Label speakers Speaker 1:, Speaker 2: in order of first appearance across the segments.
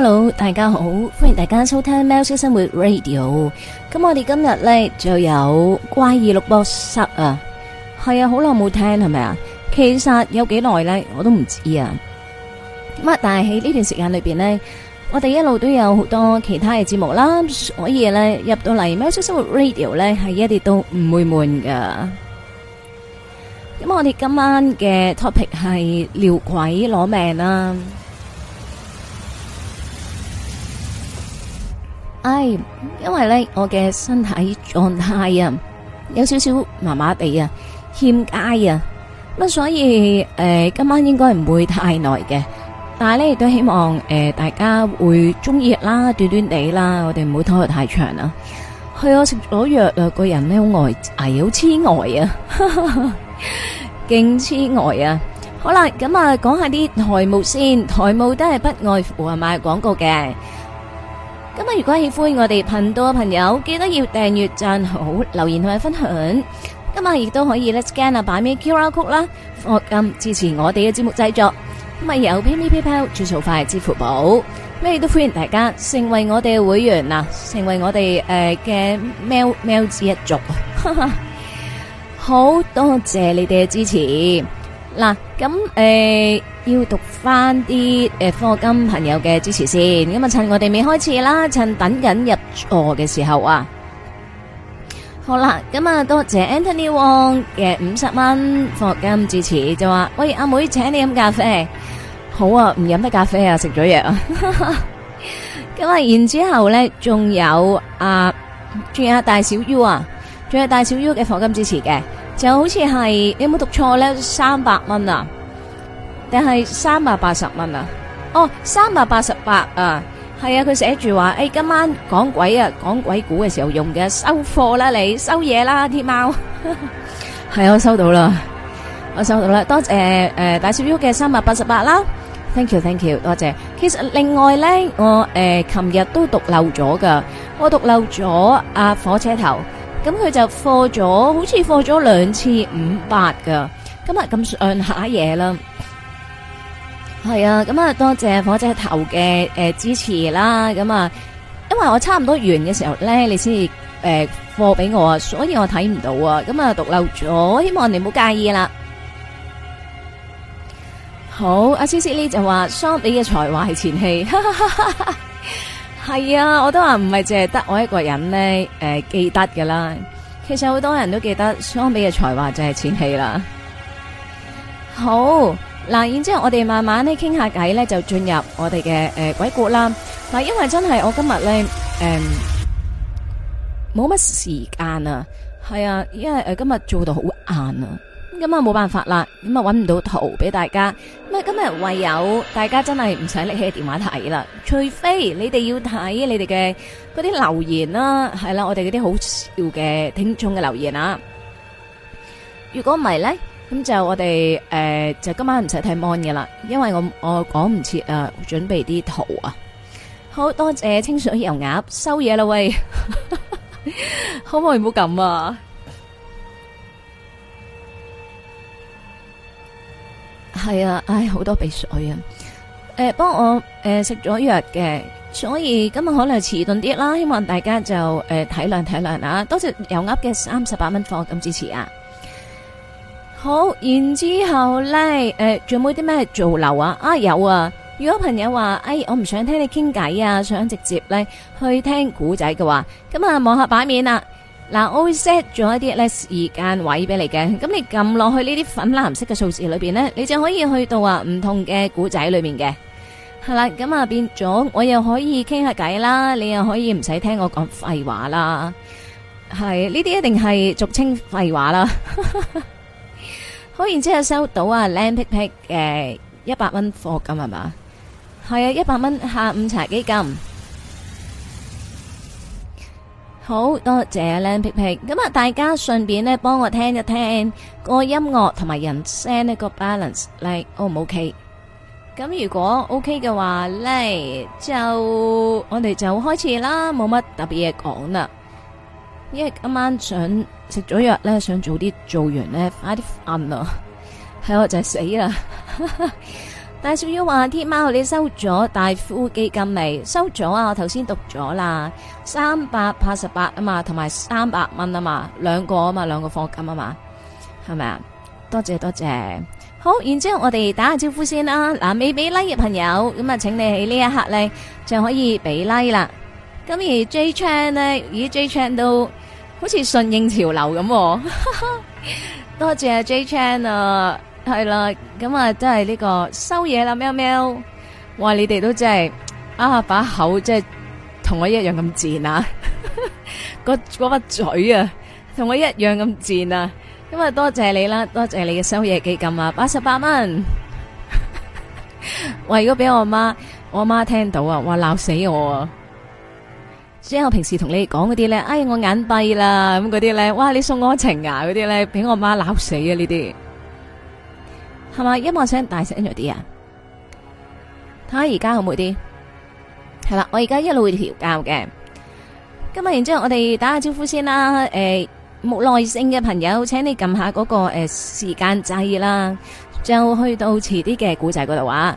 Speaker 1: hello，大家好，歡迎大家收聽《喵式生活 Radio》。咁我哋今日咧，就有怪異錄播室啊，係啊，好耐冇聽係咪啊？其實有幾耐咧，我都唔知啊。咁啊，但係喺呢段時間裏邊咧，我哋一路都有好多其他嘅節目啦，所以咧入到嚟《喵式生活 Radio》咧係一啲都唔會悶噶。咁我哋今晚嘅 topic 係撩鬼攞命啦。哎，因為咧我嘅身體狀態啊，有少少麻麻地啊，欠佳啊，咁所以誒今晚應該唔會太耐嘅，但係咧亦都希望誒大家會中意啦，短短地啦，我哋唔會拖得太長啦。係我食咗藥啊，個人咧好呆，哎，好痴呆啊，勁痴呆啊。好啦，咁啊講下啲台務先，台務都係不外乎係賣廣告嘅。今日如果喜歡我哋頻道嘅朋友，記得要訂閱、贊好、留言同埋分享。今日亦都可以咧 scan 啊，擺咩 QRcode 啦，霍金支持我哋嘅節目製作。今日有 PayMe、PayPal、轉數快、支付寶，咩都歡迎大家成為我哋嘅會員嗱，成為我哋誒嘅喵喵之一族。好多謝你哋嘅支持嗱，咁誒。要讀翻啲誒，課金朋友嘅支持先。咁啊，趁我哋未開始啦，趁等緊入座嘅時候啊，好啦。咁啊，多謝，謝 Anthony Wong 嘅五十蚊課金支持，就話喂，阿妹，請你飲咖啡。好啊，唔飲得咖啡啊，食咗藥。咁 啊，然之後咧，仲有啊，仲有大小 U 啊，仲有大小 U 嘅課金支持嘅，就好似係你有冇讀錯咧？三百蚊啊！定係三百八十蚊啊？哦，三百八十八啊，係啊，佢寫住話，誒，今晚講鬼啊，講鬼故嘅時候用嘅，收貨啦，你收嘢啦，天貓係啊，我收到啦，我收到啦，多謝誒誒大少 U 嘅三百八十八啦，thank you thank you，多謝。其實另外咧，我誒琴日都讀漏咗噶，我讀漏咗阿火車頭，咁佢就貨咗，好似貨咗兩次五百噶，今日咁上下嘢啦。係啊，咁、嗯、啊多謝火仔頭嘅誒、呃、支持啦，咁、嗯、啊，因為我差唔多完嘅時候咧，你先至誒貨俾我啊，所以我睇唔到啊，咁啊讀漏咗，希望你唔好介意啦。好，阿 cc 詩呢就話相比嘅才華係前戲，係 啊，我都話唔係淨係得我一個人咧誒、呃、記得噶啦，其實好多人都記得相比嘅才華就係前戲啦。好。嗱，然之後我哋慢慢咧傾下偈咧，就進入我哋嘅誒鬼故啦。嗱，因為真係我今日咧誒冇乜時間啊，係啊，因為誒今日做到好晏啊，咁啊冇辦法啦，咁啊搵唔到圖俾大家。咁啊、嗯、今日唯有大家真係唔使拎起電話睇啦，除非你哋要睇你哋嘅嗰啲留言啦、啊，係啦、啊，我哋嗰啲好笑嘅聽眾嘅留言啦、啊。如果唔係咧。咁就我哋誒，就今晚唔使睇 mon 嘅啦，因為我我講唔切啊，準備啲圖啊。好多謝清水油鴨收嘢啦，喂，可唔可以唔好咁啊？係啊，唉好多鼻水啊，誒，幫我誒食咗藥嘅，所以今日可能係遲鈍啲啦，希望大家就誒體諒體諒啊，多謝油鴨嘅三十八蚊貨咁支持啊！好，然之後呢誒，仲、呃、有冇啲咩做漏啊？啊，有啊！如果朋友話，哎，我唔想聽你傾偈啊，想直接呢去聽古仔嘅話，咁啊，望下版面啦。嗱，我會 set 咗一啲咧時間位俾你嘅。咁你撳落去呢啲粉藍色嘅數字裏邊呢，你就可以去到啊唔同嘅古仔裏面嘅。係啦，咁啊變咗，我又可以傾下偈啦，你又可以唔使聽我講廢話啦。係，呢啲一定係俗稱廢話啦。 好，然之後收到啊，靚皮皮嘅一百蚊貨金係嘛？係啊，一百蚊下午茶基金。好多謝靚皮皮，咁啊，大家順便咧幫我聽一聽個音樂同埋人聲呢個 balance，嚟 O 唔 OK？咁如果 OK 嘅話，嚟就我哋就開始啦，冇乜特別嘢講啦。因為今晚想食咗藥咧，想早啲做完咧，快啲瞓咯。係 我就係死啦！ 大少要話天喵，你收咗大夫基金未？收咗啊！我頭先讀咗啦，三百八十八啊嘛，同埋三百蚊啊嘛，兩個啊嘛，兩個課金啊嘛，係咪啊？多謝多謝，好，然之後我哋打下招呼先啦。嗱，未俾拉嘅朋友，咁啊，請你喺呢一刻咧，就可以俾拉啦。咁而 J Chan 咧，而 J Chan 都好似順應潮流咁。哦、 多謝 J Chan 啊，啊，係啦、這個，咁啊真係呢個收嘢啦，喵喵，哇你哋都真係啊把口，即係同我一樣咁賤啊， 啊，個嗰把嘴啊，同我一樣咁賤啊，咁啊多謝你啦，多謝你嘅收嘢基金啊，八十八蚊，喂，如果俾我媽我媽聽到啊，哇鬧死我。啊。即係我平時同你講嗰啲咧，哎我眼閉啦，咁嗰啲咧，哇你送我情牙嗰啲咧俾我媽鬧死啊呢啲，係咪？音量請大聲咗啲啊！睇下而家好唔好啲？係啦，我而家一路會調教嘅。今日然之後我哋打下招呼先啦。誒、呃，冇耐性嘅朋友，請你撳下嗰、那個誒、呃、時間掣啦，就去到遲啲嘅古仔嗰度啊。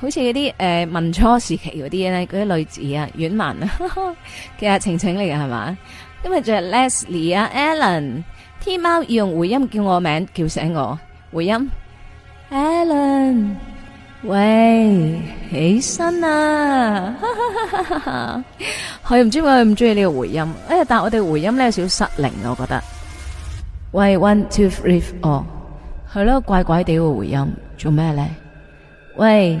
Speaker 1: 好似嗰啲誒，民初時期嗰啲咧，嗰啲女子啊，婉文啊，其實晴晴嚟嘅係嘛？今日仲有 Leslie 啊，Alan，天喵要用回音叫我名，叫醒我，回音，Alan，喂，起身啊，佢唔知我唔中意呢個回音，誒，但我哋回音咧有少少失靈，我覺得，喂，one two three four，係咯，怪怪地個回音，做咩咧？喂。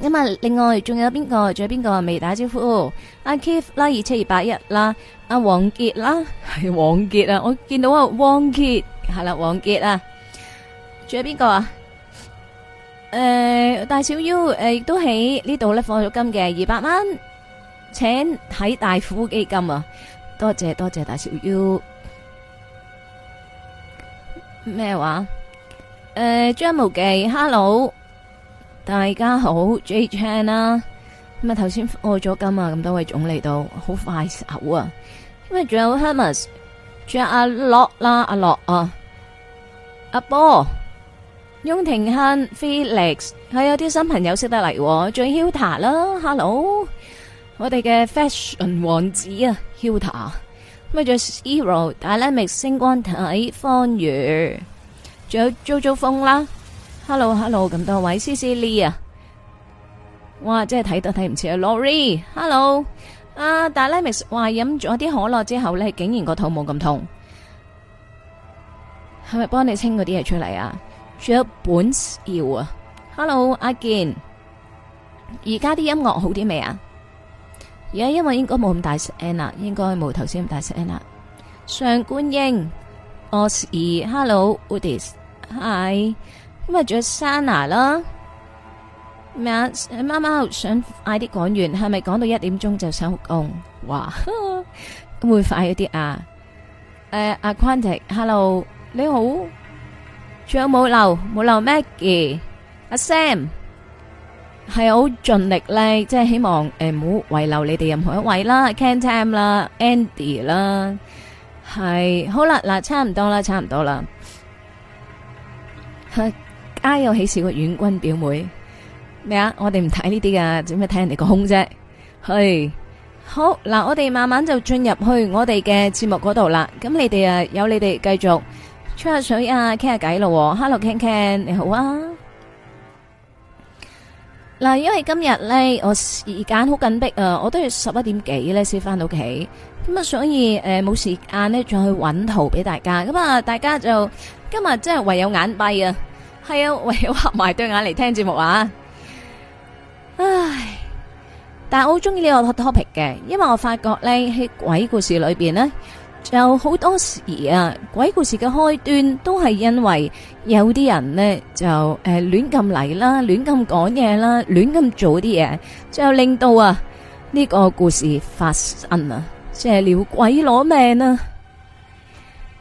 Speaker 1: 咁啊！另外仲有邊個？仲有邊個未打招呼？阿、啊、Keith 啦，二七二八一啦，阿、啊、王杰啦，係王杰啊！我見到王傑啊，王杰係啦，王杰啊！仲有邊個啊？誒，大小 U 誒，亦都喺呢度咧，放咗金嘅二百蚊，請喺大富基金啊！多謝多謝，大小 U 咩話？誒、啊，張、呃、無忌，Hello。大家好 J Chan 啦，咁啊頭先開咗金啊，咁多位總嚟到，好快手啊，咁啊仲有 Hermes 仲有阿樂啦、啊，阿樂啊，阿波，雍廷亨，Felix，係有啲新朋友識得嚟、啊，仲有 Hulter、啊、啦，Hello，我哋嘅 Fashion 王子啊 Hulter 咁啊仲有 Zero，Dynamics 星光體，方宇，仲有 JoJo 峰啦。Hello，Hello，咁多位 Celia，哇，真係睇都睇唔似啊！Lori，Hello，啊，但係 Lemix 話飲咗啲可樂之後咧，竟然個肚冇咁痛，係咪幫你清嗰啲嘢出嚟啊？Japanese 啊，Hello，阿健，而家啲音樂好啲未啊？而家因為應該冇咁大聲啦，應該冇頭先咁大聲啦。上官英，Osie，Hello，Woodis，Hi。咁咪，仲有 Sana 啦，咩啊？貓貓想快啲講完，係咪講到一點鐘就收工？哇，咁會快一啲啊？誒，阿 Quantik，Hello，你好。仲有冇漏？冇漏 Maggie，阿 Sam 係好盡力咧，即係希望誒，唔好遺留你哋任何一位啦。Ken Time 啦，Andy 啦，係好啦，嗱，差唔多啦，差唔多啦。係。啊！有喜事個婉君表妹咩啊？我哋唔睇呢啲噶，點解睇人哋個胸啫？係好嗱，我哋慢慢就進入去我哋嘅節目嗰度啦。咁你哋啊，有你哋繼續吹下水啊，傾下偈咯。Hello，Ken Ken 你好啊。嗱，因為今日咧，我時間好緊迫啊，我都要十一點幾咧先翻到屋企咁啊，所以誒冇時間咧再去搵圖俾大家咁啊。大家就今日真係唯有眼閉啊！係啊，喂，合埋對眼嚟聽節目啊！唉，但係我好中意呢個 topic 嘅，因為我發覺呢喺鬼故事裏邊呢，就好多時啊，鬼故事嘅開端都係因為有啲人呢就誒亂咁嚟啦，亂咁講嘢啦，亂咁做啲嘢，最後令到啊呢個故事發生啊，即係撩鬼攞命啊！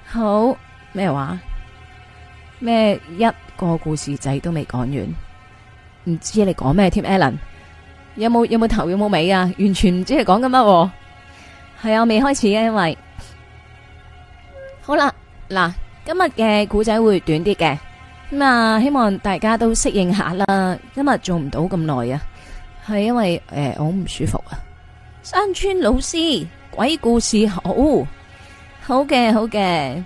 Speaker 1: 好咩話咩一？個故事仔都未講完，唔知你講咩添？Alan 有冇有冇頭有冇尾啊？完全唔知係講緊乜，係啊我未開始啊，因為好啦，嗱，今日嘅故仔會短啲嘅，咁啊，希望大家都適應下啦。今日做唔到咁耐啊，係因為誒我唔舒服啊。山村老師鬼故事好，好嘅好嘅，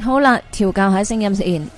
Speaker 1: 好啦，調教下聲音先。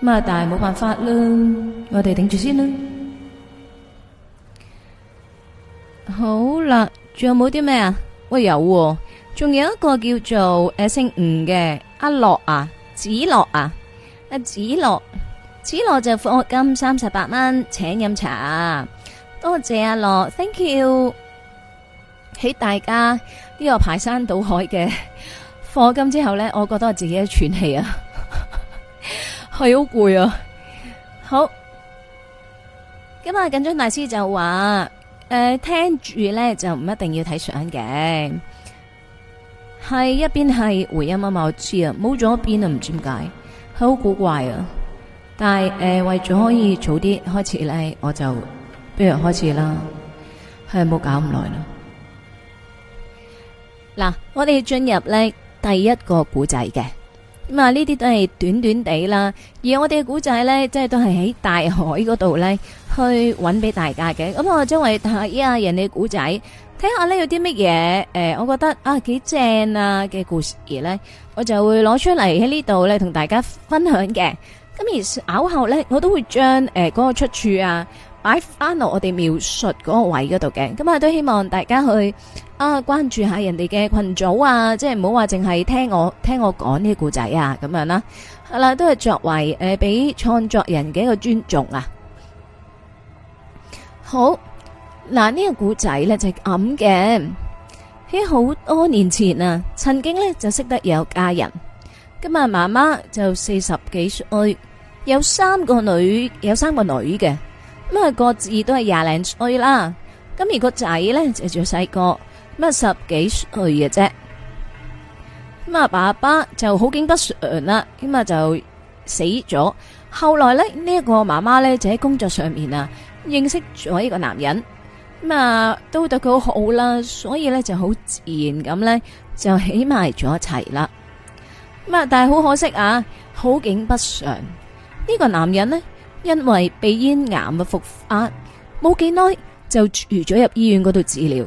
Speaker 1: 咁啊，但係冇辦法啦，我哋頂住先啦。好啦，仲有冇啲咩啊？喂，有、啊，仲有一個叫做誒姓吳嘅阿樂啊，子樂啊，阿子樂，子樂就課金三十八蚊，請飲茶，多謝阿樂，thank you。喺大家呢個排山倒海嘅課金之後呢，我覺得我自己一喘氣啊。係好攰啊！好，今日緊張大師就話：誒、呃，聽住咧就唔一定要睇相嘅。係一邊係回音啊嘛，我知啊，冇咗一邊啊，唔知點解，係好古怪啊！但係誒、呃，為咗可以早啲開始咧，我就不如開始啦，係冇搞唔耐啦。嗱，我哋進入咧第一個古仔嘅。咁啊，呢啲都係短短地啦，而我哋嘅古仔呢，即係都係喺大海嗰度呢去揾俾大家嘅。咁我將會睇下人哋古仔，睇下呢，有啲乜嘢誒，我覺得啊幾正啊嘅故事呢，我就會攞出嚟喺呢度呢同大家分享嘅。咁而稍後呢，我都會將誒嗰個出處啊擺翻落我哋描述嗰個位嗰度嘅。咁、嗯、啊，我都希望大家去。啊，關注下人哋嘅群組啊，即係唔好話淨係聽我聽我講呢個故仔啊，咁樣啦，係啦，都係作為誒俾創作人嘅一個尊重啊。好，嗱，呢個故仔呢就係咁嘅，喺好多年前啊，曾經呢就識得有家人，咁啊媽媽就四十幾歲，有三個女，有三個女嘅，咁啊各自都係廿零歲啦，咁而個仔呢，就做細個。乜十幾歲嘅啫，咁啊，爸爸就好景不常啦，咁啊就死咗。後來呢，呢一個媽媽呢就喺工作上面啊，認識咗呢個男人，咁啊都對佢好好啦，所以呢，就好自然咁呢，就住埋咗一齊啦。咁啊，但係好可惜啊，好景不常，呢個男人呢，因為鼻咽癌嘅復發，冇幾耐就住咗入醫院嗰度治療。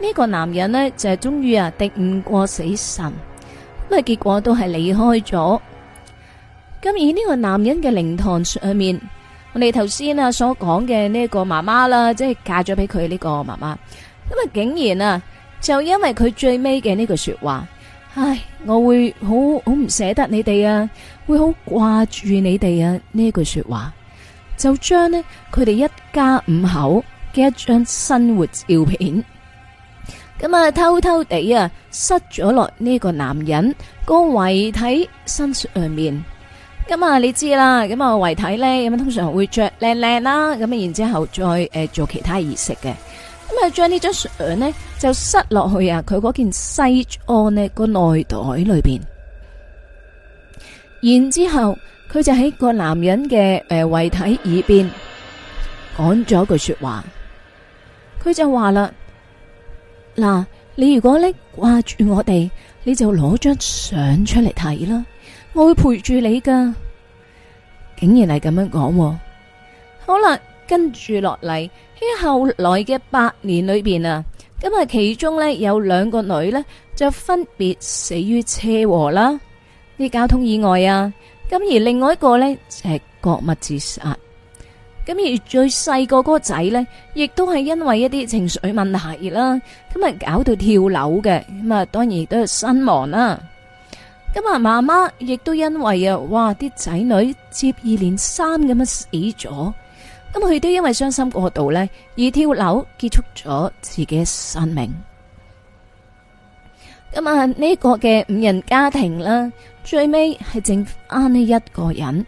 Speaker 1: 呢個男人呢，就係終於啊敵唔過死神，咁啊結果都係離開咗。咁而呢個男人嘅靈堂上面，我哋頭先啊所講嘅呢個媽媽啦，即係嫁咗俾佢呢個媽媽，咁啊竟然啊就因為佢最尾嘅呢句說話，唉，我會好好唔捨得你哋啊，會好掛住你哋啊呢句說話，就將呢佢哋一家五口嘅一張生活照片。咁啊，偷偷地啊，塞咗落呢個男人個遺體身上面。咁啊，你知啦。咁啊，遺體呢，咁啊，通常會着靚靚啦。咁啊，然之後再誒做其他儀式嘅。咁啊，將呢張相呢，就塞落去啊，佢嗰件西裝呢個內袋裏邊。然之後佢就喺個男人嘅誒遺體耳邊講咗句說話。佢就話啦。嗱，你如果呢，掛住我哋，你就攞張相出嚟睇啦，我會陪住你噶。竟然係咁樣講，好啦，跟住落嚟喺後來嘅八年裏邊啊，咁啊，其中呢有兩個女呢，就分別死於車禍啦，啲交通意外啊，咁而另外一個就係藥物自殺。咁而最細個嗰個仔呢，亦都係因為一啲情緒問題啦，咁啊搞到跳樓嘅，咁啊當然都係身亡啦。咁啊媽媽亦都因為啊，哇啲仔女接二連三咁啊死咗，咁佢都因為傷心過度呢，而跳樓結束咗自己嘅生命。咁啊呢個嘅五人家庭啦，最尾係剩翻呢一個人。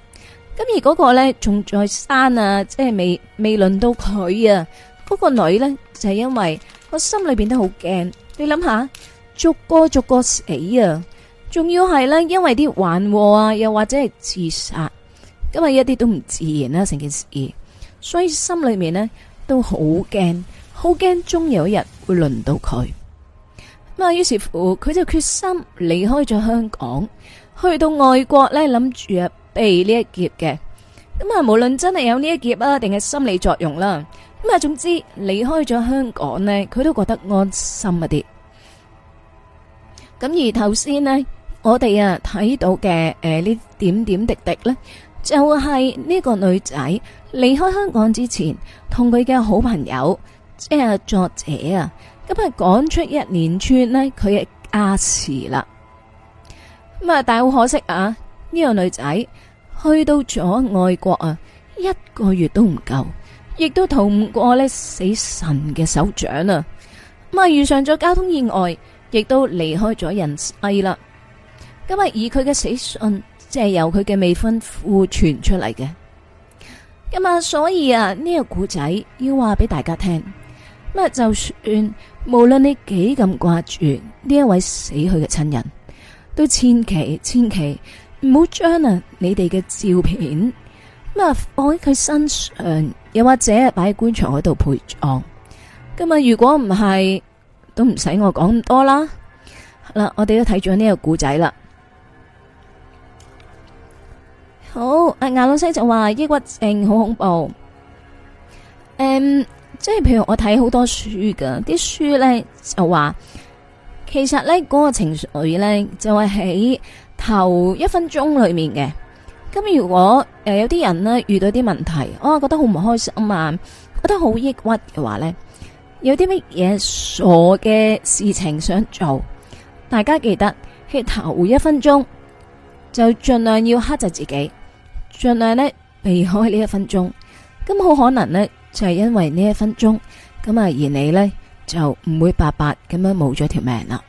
Speaker 1: 咁而嗰個呢，仲在生啊，即係未未輪到佢啊。嗰、那個女呢，就係、是、因為個心裏邊都好驚，你諗下逐個逐個死啊，仲要係呢，因為啲橫禍啊，又或者係自殺，今日一啲都唔自然啦、啊、成件事，所以心裏面呢，都好驚，好驚終有一日會輪到佢。咁啊，於是乎佢就決心離開咗香港，去到外國呢，諗住，避呢一劫嘅，咁啊，無論真係有呢一劫啊，定係心理作用啦，咁啊，總之離開咗香港呢，佢都覺得安心一啲。咁而頭先呢，我哋啊睇到嘅誒呢點點滴滴呢，就係、是、呢個女仔離開香港之前，同佢嘅好朋友即係作者啊，咁啊講出一連串呢，佢嘅家事啦。咁啊，但係好可惜啊！呢個女仔去到咗外國啊，一個月都唔夠，亦都逃唔過呢死神嘅手掌啊！咁啊，遇上咗交通意外，亦都離開咗人世啦。咁啊，以佢嘅死訊，即係由佢嘅未婚夫傳出嚟嘅。咁啊，所以啊，呢、這個古仔要話俾大家聽，咁啊，就算無論你幾咁掛住呢一位死去嘅親人，都千祈千祈。唔好將你哋嘅照片咁啊放喺佢身上，又或者擺喺棺材嗰度陪葬。咁啊，如果唔係，都唔使我講咁多啦。嗱，我哋都睇咗呢個故仔啦。好，阿亞老師就話抑鬱症好恐怖。誒、嗯，即係譬如我睇好多書噶，啲書呢就話，其實呢嗰、嗰個情緒呢，就係喺。頭一分鐘裏面嘅，咁如果誒有啲人呢，遇到啲問題，我覺得好唔開心啊，覺得好抑鬱嘅話呢，有啲乜嘢傻嘅事情想做，大家記得去頭一分鐘就盡量要克制自己，盡量呢避開呢一分鐘，咁好可能呢就係因為呢一分鐘，咁啊而你呢就唔會白白咁樣冇咗條命啦。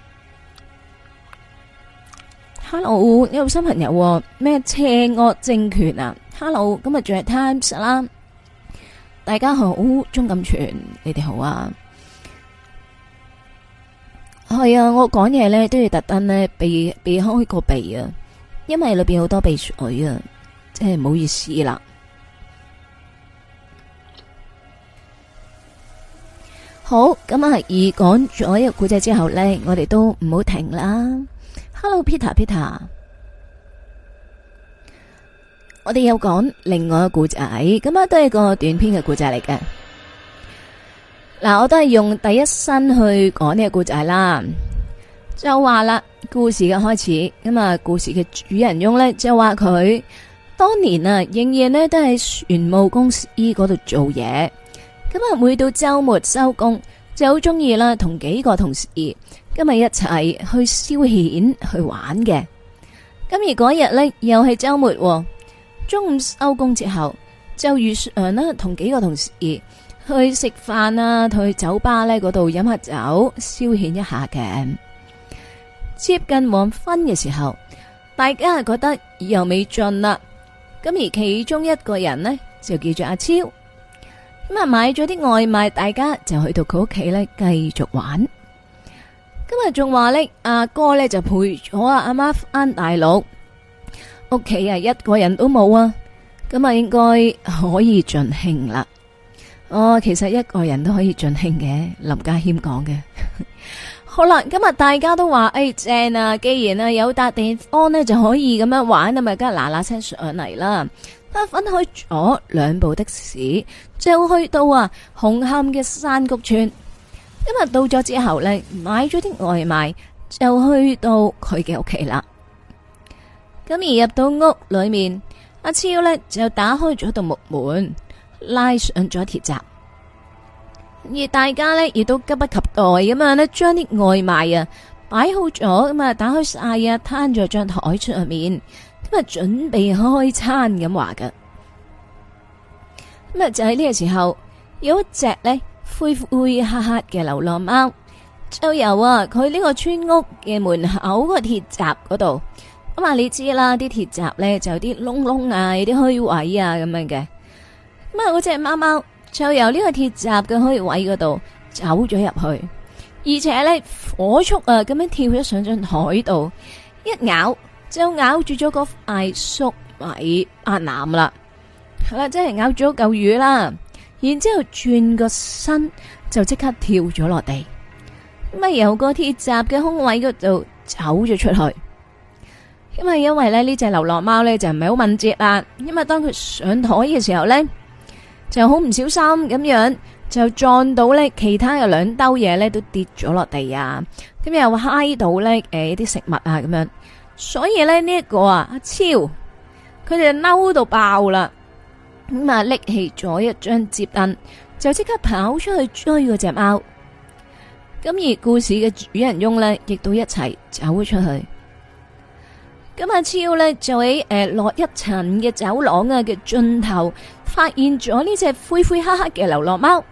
Speaker 1: hello，你有新朋友咩？哦。邪惡政權啊！hello，今日仲係 times 啦，大家好，鍾錦全，你哋好啊，係啊，我講嘢呢都要特登呢避避開個鼻啊，因為裏邊好多鼻水啊，即係唔好意思啦。好，咁日係而講咗呢個故仔之後呢，我哋都唔好停啦。Hello，Peter，Peter，Peter 我哋又講另外一個故仔。咁啊都係個短篇嘅故仔嚟嘅。嗱，我都係用第一身去講呢個故仔啦。就話啦，故事嘅開始，咁啊，故事嘅主人翁呢，就話佢當年啊，仍然呢，都係船務公司嗰度做嘢，咁啊，每到周末收工就好中意啦，同幾個同事。今日一齊去消遣去玩嘅。今日嗰日呢，又係周末喎，中午收工之後就預誒啦，同幾個同事去食飯啊，去酒吧呢嗰度飲下酒消遣一下嘅。接近黃昏嘅時候，大家係覺得意猶未盡啦，咁而其中一個人呢，就叫做阿超，咁啊買咗啲外賣，大家就去到佢屋企呢繼續玩。今日仲話呢，阿哥呢就陪咗阿阿媽翻大陸，屋企啊一個人都冇啊，咁啊應該可以盡興啦。哦，其實一個人都可以盡興嘅，林家謙講嘅。 好啦，今日大家都話誒、哎、正啊，既然啊有笪地方呢，就可以咁樣玩啊，咪梗係嗱嗱聲上嚟啦。分開咗兩部的士，就去到啊紅磡嘅山谷村。今日到咗之後呢買咗啲外賣就去到佢嘅屋企啦。咁而入到屋裏面，阿超呢就打開咗道木門，拉上咗鐵閘。而大家呢亦都急不及待咁樣呢將啲外賣啊擺好咗，咁啊打開晒啊攤咗張台出面，今日準備開餐咁話㗎。咁啊就喺呢個時候有一隻呢。灰灰黑黑嘅流浪貓，就由啊佢呢個村屋嘅門口個鐵閘嗰度，咁、嗯、啊你知啦，啲鐵閘咧就有啲窿窿啊，有啲虛位啊咁樣嘅，咁啊嗰隻貓貓就由呢個鐵閘嘅虛位嗰度走咗入去，而且咧火速啊咁樣跳咗上張台度，一咬就咬住咗個嗌粟米斑腩啦，好啦，嗯，即係咬住咗嚿魚啦。然之後轉個身就即刻跳咗落地，咁啊由個鐵閘嘅空位嗰度走咗出去。因為因為呢隻流浪貓呢，就唔係好敏捷啦，因為當佢上台嘅時候呢，就好唔小心咁樣就撞到呢其他嘅兩兜嘢，呢都跌咗落地啊，咁又嗨到呢誒啲食物啊咁樣，所以呢，呢、呢個啊阿超佢哋嬲到爆啦。咁啊！拎起咗一張摺凳，就即刻跑出去追嗰隻貓。咁而故事嘅主人翁呢，亦都一齊走咗出去。咁、啊、阿超呢，就喺誒落一層嘅走廊啊嘅盡頭，發現咗呢隻灰灰黑黑嘅流浪貓。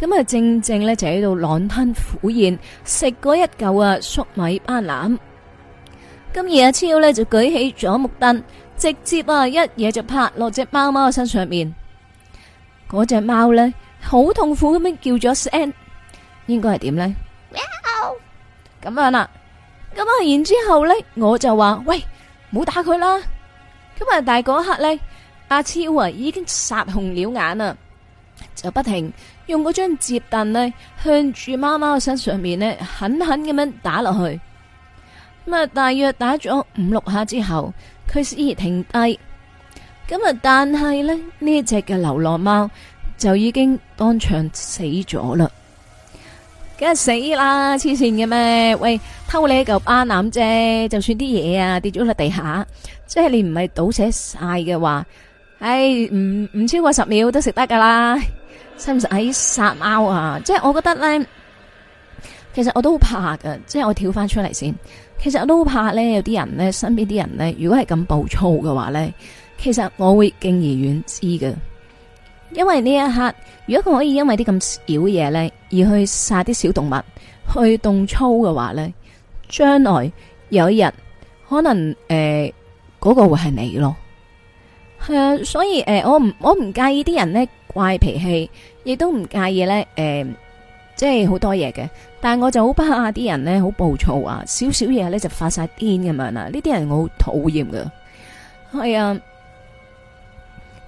Speaker 1: 咁啊，正正呢，就喺度狼吞虎咽食嗰一嚿啊粟米斑腩。咁而阿超呢，就舉起咗木凳。直接啊，一嘢就拍落隻貓貓嘅身上面。嗰隻貓呢，好痛苦咁樣叫咗聲，應該係點呢？咁喵樣啦，咁啊，然之後呢，我就話，喂，唔好打佢啦。咁啊，但係嗰刻呢，阿超啊已經殺紅了眼喇，就不停用嗰張折凳呢向住貓貓嘅身上面呢狠狠咁樣打落去。咁啊，大約打咗五六下之後。佢依然停低，咁啊！但係咧呢一隻嘅流浪貓就已經當場死咗啦，梗係死啦！黐線嘅咩？喂，偷你嚿斑腩啫！就算啲嘢啊跌咗落地下，即係你唔係倒瀉晒嘅話，唉、哎，唔唔超過十秒都食得噶啦！使唔使喺殺貓啊？即係我覺得咧，其實我都好怕噶，即係我跳翻出嚟先。其實我都怕咧，有啲人咧，身邊啲人咧，如果係咁暴躁嘅話咧，其實我會敬而遠之嘅。因為呢一刻，如果佢可以因為啲咁小嘢，咧，而去殺啲小動物，去動粗嘅話咧，將來有一日可能誒，嗰，呃嗰個會係你咯。係、嗯、啊，所以誒，呃，我唔我唔介意啲人咧怪脾氣，亦都唔介意咧誒。呃即係好多嘢嘅，但係我就好怕啲人呢，好暴躁啊，少少嘢呢就發晒癲咁樣啦。呢啲人我好討厭噶，係啊，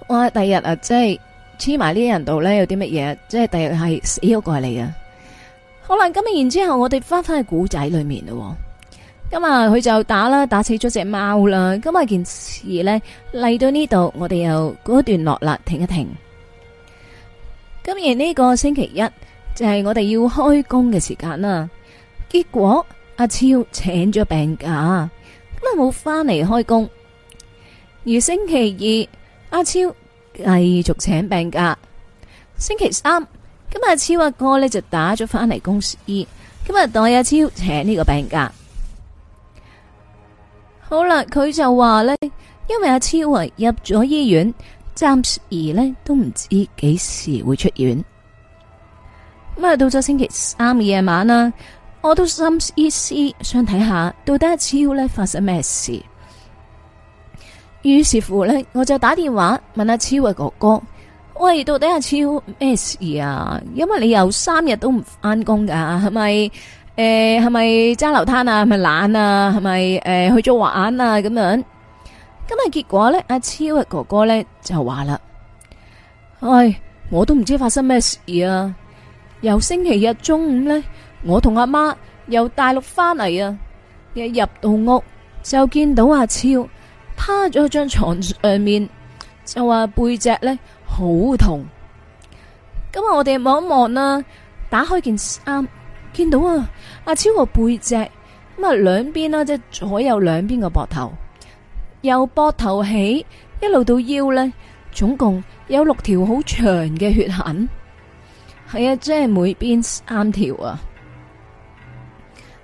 Speaker 1: 哇！第日啊，即係黐埋呢啲人度呢，有啲乜嘢？即係第日係死咗過嚟啊！好啦，咁然之後我哋翻翻去古仔裏面咯。咁啊，佢就打啦，打死咗隻貓啦。今日件事呢，嚟到呢度，我哋又嗰段落啦，停一停。今日呢個星期一。就係我哋要開工嘅時間啦，結果阿超請咗病假，今日冇翻嚟開工。而星期二阿超繼續請病假，星期三今日阿超阿哥呢就打咗翻嚟公司，今日代阿超請呢個病假。好啦，佢就話呢，因為阿超入咗醫院，暫時呢都唔知幾時會出院。咁啊，到咗星期三夜晚啦，我都心思思想睇下到底阿超呢發生咩事。於是乎呢，我就打電話問阿超嘅哥哥：，喂，到底阿超咩事啊？因為你又三日都唔翻工噶，係咪？誒、欸，係咪揸流攤啊？係咪懶啊？係咪誒去咗玩啊？咁樣。咁啊，結果呢，阿超嘅哥哥呢就話啦：，唉，我都唔知發生咩事啊！由星期日中午呢，我同阿媽由大陸翻嚟啊，一入到屋就見到阿超趴咗喺張床上面，就話背脊呢好痛。咁我哋望一望啦，打開件衫，見到啊阿超個背脊咁啊兩邊啦，即係左右兩邊個膊頭，由膊頭起一路到腰呢，總共有六條好長嘅血痕。係啊，即係每邊三條啊，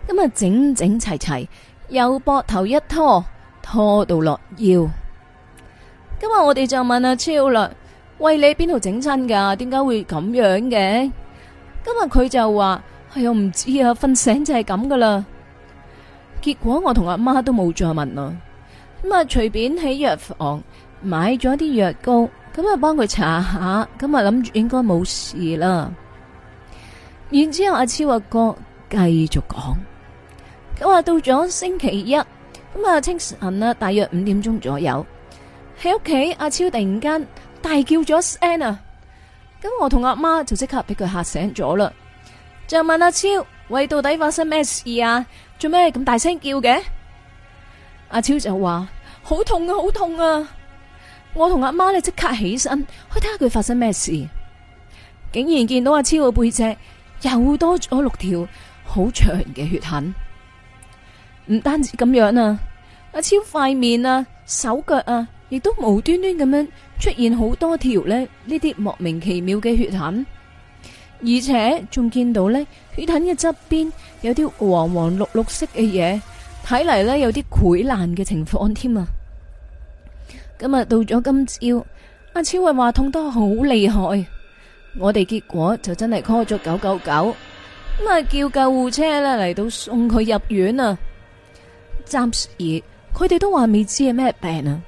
Speaker 1: 咁啊整整齊齊，由膊頭一拖拖到落腰。今日我哋就問阿超啦：喂，你邊度整親噶？點解會咁樣嘅？今日佢就話：係、哎、我唔知啊，瞓醒就係咁噶啦。結果我同阿媽都冇再問啊。咁啊、嗯，隨便喺藥房買咗啲藥膏，咁啊幫佢搽下，咁啊諗住應該冇事啦。然之後，阿超阿哥繼續講咁啊。他說到咗星期一咁啊，清晨啦，大約五點鐘左右喺屋企，阿超突然間大叫咗一聲啊。咁我同阿媽就即刻俾佢吓醒咗啦，就問阿超：喂，到底發生咩事啊？做咩咁大聲叫嘅？阿超就話：好痛啊，好痛啊！我同阿媽咧即刻起身去睇下佢發生咩事，竟然見到阿超個背脊。又多咗六條好長嘅血痕，唔單止咁樣啊，阿超塊面啊、手腳啊，亦都無端端咁樣出現好多條呢啲莫名其妙嘅血痕，而且仲見到呢血痕嘅側邊有啲黃黃綠綠色嘅嘢，睇嚟呢有啲潰爛嘅情況添啊。今日到咗今朝，阿超啊話痛得好厲害。我哋結果就真係 call 咗九九九，咁啊叫救護車呢嚟到送佢入院啊！暫時，佢哋都話未知係咩病啊！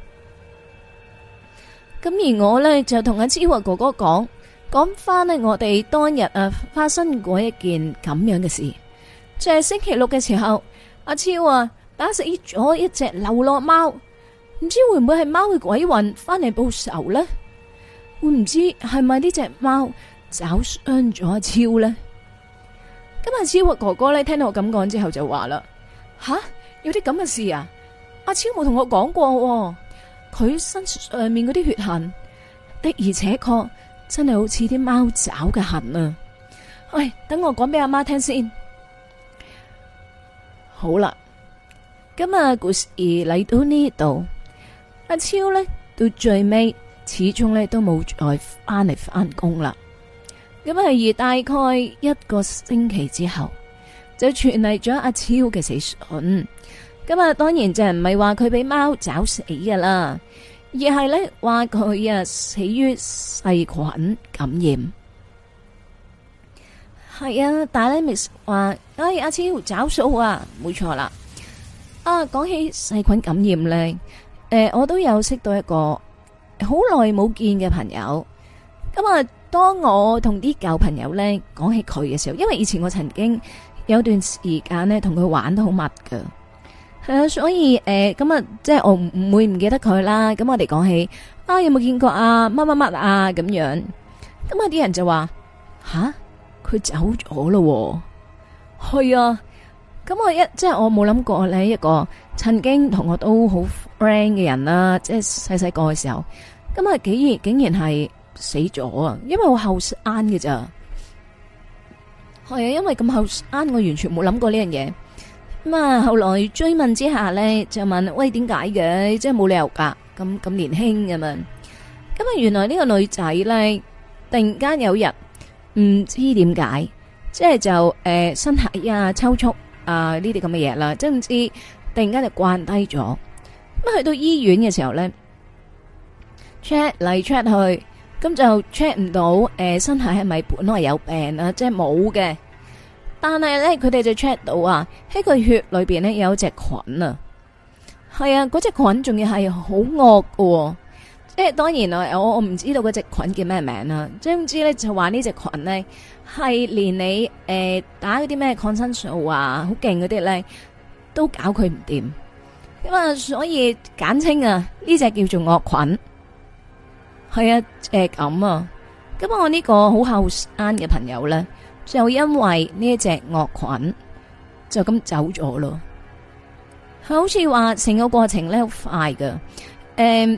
Speaker 1: 咁而我呢，就同阿超華哥哥講，講翻呢我哋當日啊發生過一件咁樣嘅事，就係、是、星期六嘅時候，阿超啊打死咗一隻流浪貓，唔知會唔會係貓嘅鬼魂翻嚟報仇呢？我唔知係咪呢隻貓爪傷咗阿超呢？今日阿超哥哥咧聽到我咁講之後就話啦：吓有啲咁嘅事啊！阿超冇同我講過、喎，佢身上面嗰啲血痕的而且確真係好似啲貓爪嘅痕啊！喂，等我講俾阿媽聽先。好啦，今日故事嚟到呢度，阿超呢，到最尾。始終咧都冇再翻嚟翻工啦。咁啊，而大概一個星期之後，就傳嚟咗阿超嘅死訊。咁啊，當然就唔係話佢俾貓找死噶啦，而係呢話佢啊死於細菌感染。係啊，但係咧，咪話，哎，阿超找數啊，冇錯啦。啊，講起細菌感染呢，誒，我都有識到一個。好耐冇見嘅朋友，咁啊，當我同啲舊朋友呢講起佢嘅時候，因為以前我曾經有段時間呢同佢玩得好密噶，係啊，所以誒，咁、呃、啊，即係我唔會唔記得佢啦。咁我哋講起啊，有冇見過啊乜乜乜啊咁樣？咁啊，啲人就話吓，佢走咗咯，係啊。咁、啊、我一即係我冇諗過咧，一個曾經同學都好。friend 嘅人啦，即係細細個嘅時候，咁啊竟然竟然係死咗啊！因為我後生嘅咋，係啊，因為咁後生，我完全冇諗過呢樣嘢。咁啊，後來追問之下咧，就問喂點解嘅，即係冇理由噶，咁咁年輕咁啊！咁啊，原來呢個女仔咧，突然間有日唔知點解，即係就誒身體啊抽搐啊呢啲咁嘅嘢啦，即係唔知突然間就瓜低咗。咁去到醫院嘅時候呢 check 嚟 check 去，咁就 check 唔到誒、呃，身體係咪本嚟有病啊？即係冇嘅，但係呢佢哋就 check 到啊，喺佢血裏邊呢有隻菌啊，係啊，嗰隻菌仲要係好惡嘅，即、呃、係當然啊，我我唔知道嗰隻菌叫咩名啦，即係唔知呢就話呢隻菌呢係連你誒、呃、打嗰啲咩抗生素啊好勁嗰啲呢都搞佢唔掂。咁啊、嗯，所以簡稱啊，呢隻叫做惡菌，係啊，誒咁啊。咁我呢個好後生嘅朋友呢，就因為呢一隻惡菌，就咁走咗咯。佢好似話成個過程呢好快噶，誒、嗯，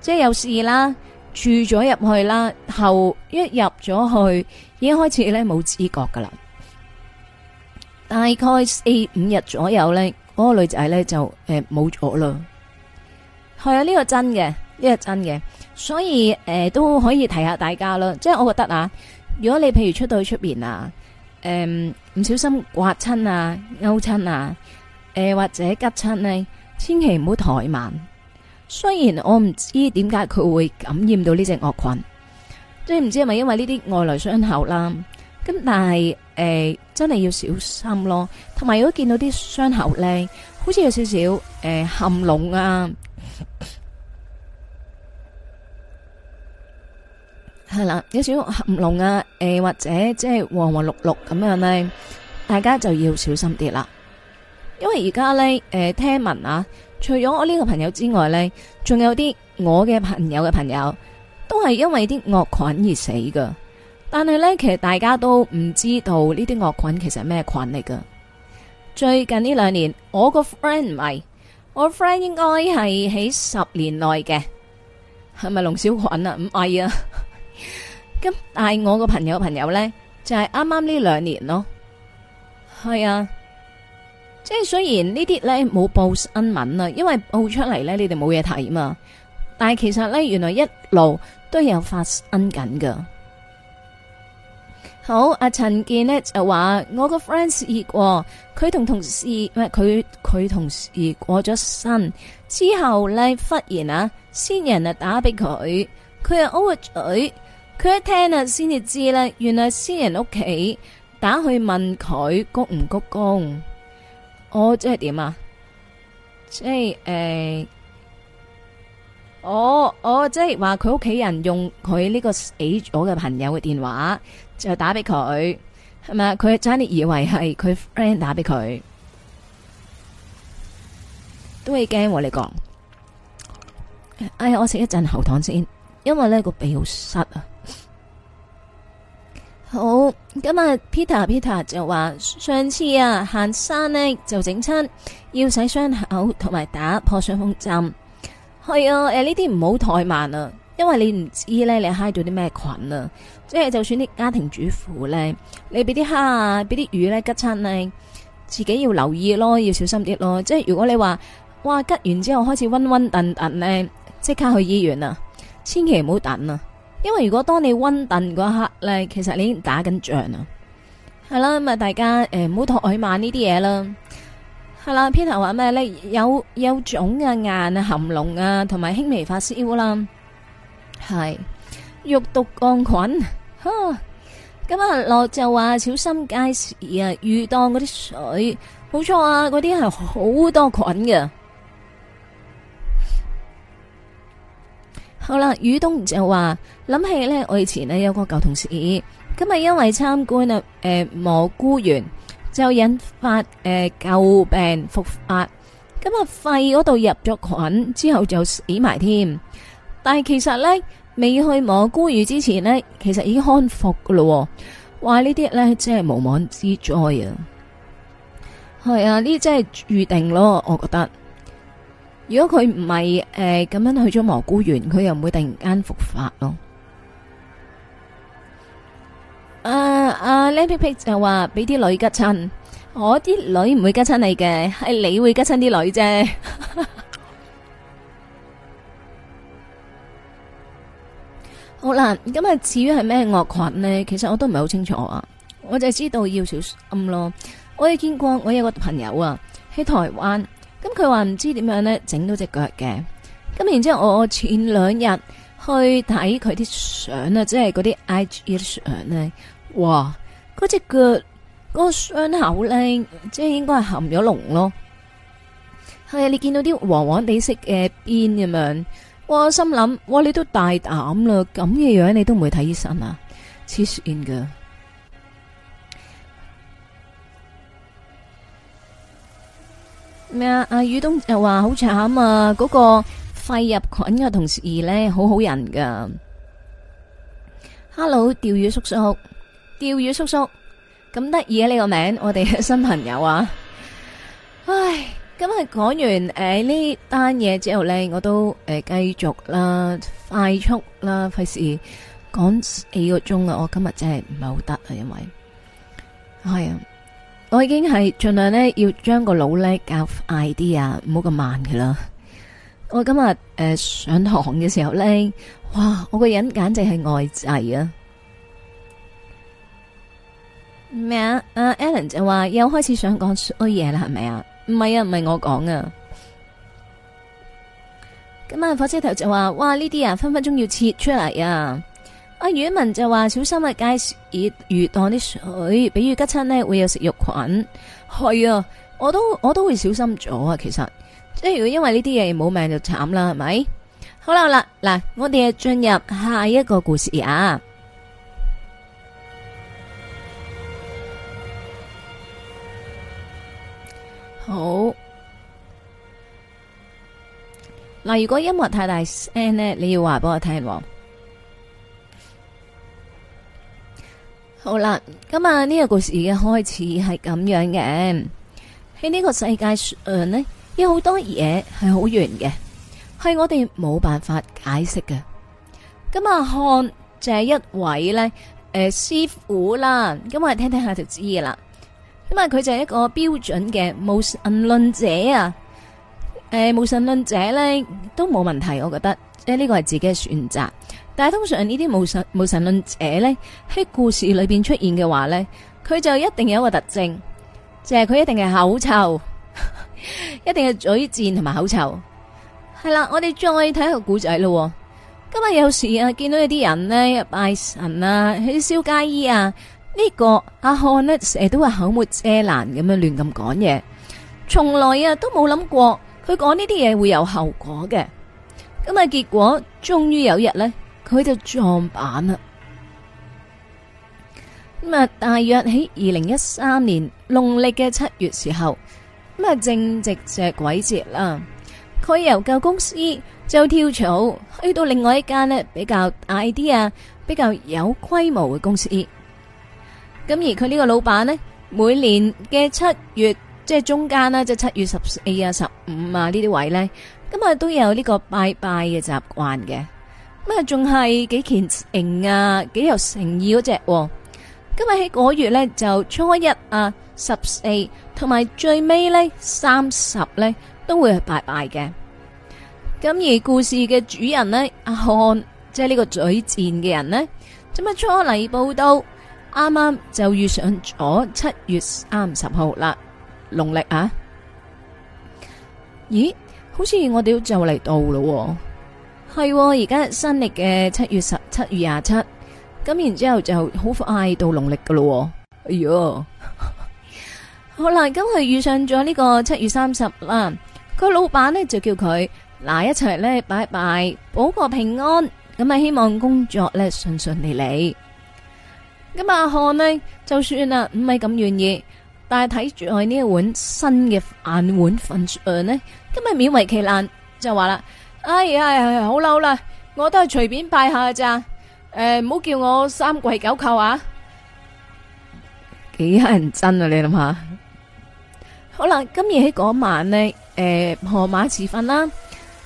Speaker 1: 即、就、係、是、有事啦，住咗入去啦，後一入咗去，已經開始咧冇知覺噶啦，大概四五日左右呢。嗰個女仔呢，就誒冇咗啦，係啊，呢個真嘅，呢個真嘅，所以誒、呃、都可以提下大家啦。即、就、係、是、我覺得啊，如果你譬如出到去出邊啊，誒、呃、唔小心刮親啊、勾親啊、誒、呃、或者拮親呢，千祈唔好怠慢。雖然我唔知點解佢會感染到呢隻惡菌，即係唔知係咪因為呢啲外來傷口啦、啊，咁但係。誒、欸，真係要小心咯，同埋如果見到啲傷口呢，好似有少少誒含膿啊，係 啦，有少含膿啊，誒、欸、或者即係黃黃綠綠咁樣，呢，大家就要小心啲啦。因為而家呢，誒、欸、聽聞啊，除咗我呢個朋友之外呢，仲有啲我嘅朋友嘅朋友，都係因為啲惡菌而死噶。但係咧，其實大家都唔知道呢啲惡菌其實係咩菌嚟噶。最近呢兩年，我個 friend 唔係我 friend，應該係喺十年內嘅係咪龍小菌啊？唔係啊。咁但係我個朋友朋友咧就係啱啱呢兩年咯，係啊。即係雖然呢啲咧冇報新聞啊，因為報出嚟咧你哋冇嘢睇嘛。但係其實咧，原來一路都有發生緊噶。好，阿、啊、陳健呢就話：我個 friend 熱佢同同事唔佢佢同事過咗身之後呢，忽然啊，先人啊打俾佢，佢又 o p 嘴，佢一聽啊，先至知啦，原來先人屋企打去問佢鞠唔鞠躬。我、哦、即係點啊？即係誒，我、欸、我、哦哦、即係話佢屋企人用佢呢個死咗嘅朋友嘅電話。就打俾佢，係咪？佢真係以為係佢 friend 打俾佢，都會驚我嚟講。哎呀，我食一陣喉糖先，因為呢個鼻好塞啊。好，今日 Peter Peter 就話上次啊行山呢，就整親，要洗傷口同埋打破傷風針。係啊，誒呢啲唔好怠慢啊，因為你唔知呢，你揩到啲咩菌啊。即係就算啲家庭主婦呢，你俾啲蝦啊，俾啲魚呢吉親呢，自己要留意咯，要小心啲咯。即係如果你話哇吉完之後開始瘟瘟頓頓呢，即刻去醫院啊，千祈唔好等啊。因為如果當你瘟頓嗰一刻呢，其實你已經打緊仗啊。係啦，咁啊大家誒唔好托佢買呢啲嘢啦。係啦，偏頭話咩咧？有有腫啊、硬啊、含膿啊，同埋輕微發燒啦、啊。係肉毒桿菌。吓！咁阿樂就話小心街市啊，魚檔嗰啲水，冇錯啊，嗰啲係好多菌嘅。好啦，雨東就話諗起呢，我以前呢有個舊同事，今日因為參觀啊，誒、欸、蘑菇園就引發誒舊、欸、病復發，咁呀肺嗰度入咗菌之後就死埋添，但係其實呢。未去蘑菇園之前呢，其實已經康復噶咯，話呢啲咧真係無妄之災啊！係啊，呢啲真係預定咯，我覺得。如果佢唔係誒咁樣去咗蘑菇園，佢又唔會突然間復發咯。啊啊，靚皮皮就話俾啲女吉親，我啲女唔會吉親你嘅，係你會吉親啲女啫。 好啦，咁啊至於係咩惡菌咧，其實我都唔係好清楚啊，我就係知道要小心咯。我有見過我有個朋友啊，喺台灣，咁佢話唔知點樣咧整到隻腳嘅，咁、嗯、然之後我前兩日去睇佢啲相啊，即係嗰啲 IG 啲相咧，哇，嗰隻腳嗰個傷口咧，即係應該係含咗膿咯，係、嗯、你見到啲黃黃地色嘅邊咁樣。我心諗，哇，你都大膽啦，咁嘅樣你都唔會睇醫生啊？黐線噶咩啊？阿宇東又話好慘啊！嗰個肺入菌嘅同事呢，好好人噶。Hello，釣魚叔叔，釣魚叔叔咁得意啊！你個名，我哋新朋友啊，唉。今日講完誒呢單嘢之後呢，我都誒、呃、繼續啦，快速啦，費事講幾個鐘啊！我今日真係唔係好得啊，因為係啊，我已經係盡量呢，要將個腦呢搞快啲啊，唔好咁慢噶啦。我今日誒、呃、上堂嘅時候呢，哇！我個人簡直係外滯啊！咩啊？誒，Alan 就話又開始想講衰嘢啦，係咪啊？唔係啊，唔係我講啊。今晚火車頭就話：，哇，呢啲啊分分鐘要切出嚟啊！阿、啊、宇文就話：，小心啊，街市魚檔啲水，比如吉親呢會有食肉菌。係啊，我都我都會小心咗啊。其實，即係如果因為呢啲嘢冇命就慘啦，係咪？好啦，好喇，嗱，我哋啊進入下一個故事啊。好嗱，如果音樂太大聲呢，你要話俾我聽。好啦，今日呢個故事嘅開始係咁樣嘅，喺呢個世界上呢，有好多嘢係好玄嘅，係我哋冇辦法解釋嘅。咁啊，看這一位呢誒、呃，師傅啦，咁我哋聽聽下就知嘅啦。因為佢就係一個標準嘅無神論者啊，誒，無神論者呢都冇問題，我覺得，呢個係自己嘅選擇。但係通常呢啲無神無神論者呢，喺故事裏邊出現嘅話呢，佢就一定有一個特徵，就係，是，佢一定係口臭，呵呵一定係嘴賤同埋口臭。係啦，我哋再睇下古仔咯。今日有時啊，見到有啲人呢，拜神啊，去燒街衣啊。呢個阿漢呢，成日都係口沒遮攔咁樣亂咁講嘢，從來啊都冇諗過佢講呢啲嘢會有後果嘅。咁啊，結果終於有日呢，佢就撞板啦。咁啊，大約喺二零一三年農曆嘅七月時候，咁啊正值石鬼節啦，佢由舊公司就跳槽去到另外一間呢比較大啲啊，比較有規模嘅公司。咁而佢呢個老闆咧，每年嘅七月即係中間啦，即係七月十四啊、十五啊呢啲位咧，咁啊都有呢個拜拜嘅習慣嘅。咁啊，仲係幾虔誠啊，幾有誠意嗰隻。咁啊喺嗰月咧，就初一啊、十四同埋最尾咧三十咧，都會拜拜嘅。咁而故事嘅主人咧，阿漢即係呢個嘴賤嘅人咧，咁啊初嚟報到。啱啱就遇上咗七月三十號啦，農曆啊！咦，好似我哋就嚟到咯，哦，係而家新曆嘅七月十七月廿七，咁然之後就好快到農曆噶咯，哦。哎喲， 好啦，今日遇上咗呢個七月三十啦，個老闆呢就叫佢嗱一齊呢，拜拜，保個平安，咁啊希望工作呢順順利利。咁阿漢呢就算啦，唔係咁願意，但係睇住佢呢一碗新嘅飯碗份上呢，今日勉為其難，就話啦，哎呀，好嬲啦，我都係隨便拜一下咋，誒、呃，唔好叫我三跪九叩啊，幾乞人憎啊，你諗下，好啦，今日喺嗰晚呢，誒、呃，河馬遲瞓啦，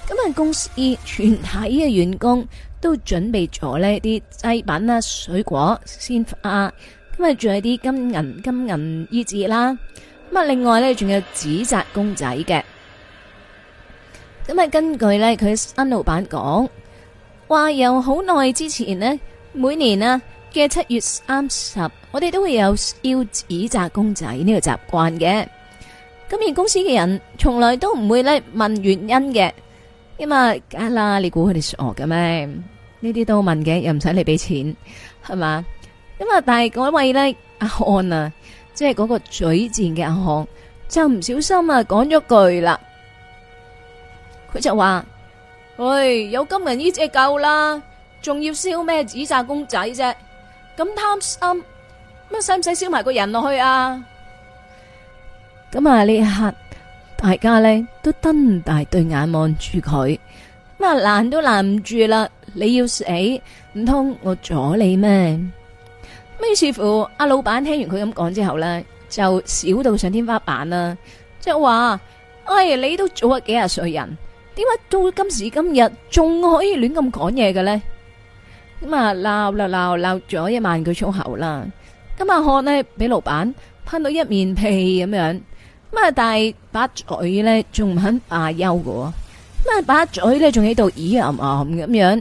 Speaker 1: 今日公司全體嘅員工。都準備咗咧，啲祭品啦，水果鮮花啊！咁啊仲有啲金銀金銀衣紙啦，咁啊另外咧仲有紙紮公仔嘅。咁啊根據咧佢新老闆講，話由好耐之前咧，每年啊嘅七月三十，我哋都會有要紙紮公仔呢個習慣嘅。咁而公司嘅人從來都唔會咧問原因嘅，因為梗啦，你估佢哋傻嘅咩？呢啲都問嘅，又唔使你俾錢，係嘛？咁啊，但係嗰位咧，阿漢啊，即係嗰個嘴賤嘅阿漢，就唔小心啊，講咗句啦，佢就話：，喂，有金銀呢隻夠啦，仲要燒咩紙紮公仔啫？咁貪心乜使唔使燒埋個人落去啊？咁啊，呢一刻大家咧都瞪大對眼望住佢，乜攔都攔唔住啦。你要死唔通我阻你咩？咁於是乎，阿老闆聽完佢咁講之後咧，就少到上天花板啦。即係話，哎，你都做咗幾廿歲人，點解到今時今日仲可以亂咁講嘢嘅咧？咁啊，鬧鬧鬧鬧咗一萬句粗口啦。咁啊，看咧俾老闆噴到一面屁咁樣。咁啊，但係把嘴咧仲唔肯罷休噶。.咩把嘴咧，仲喺度咦暗暗咁樣，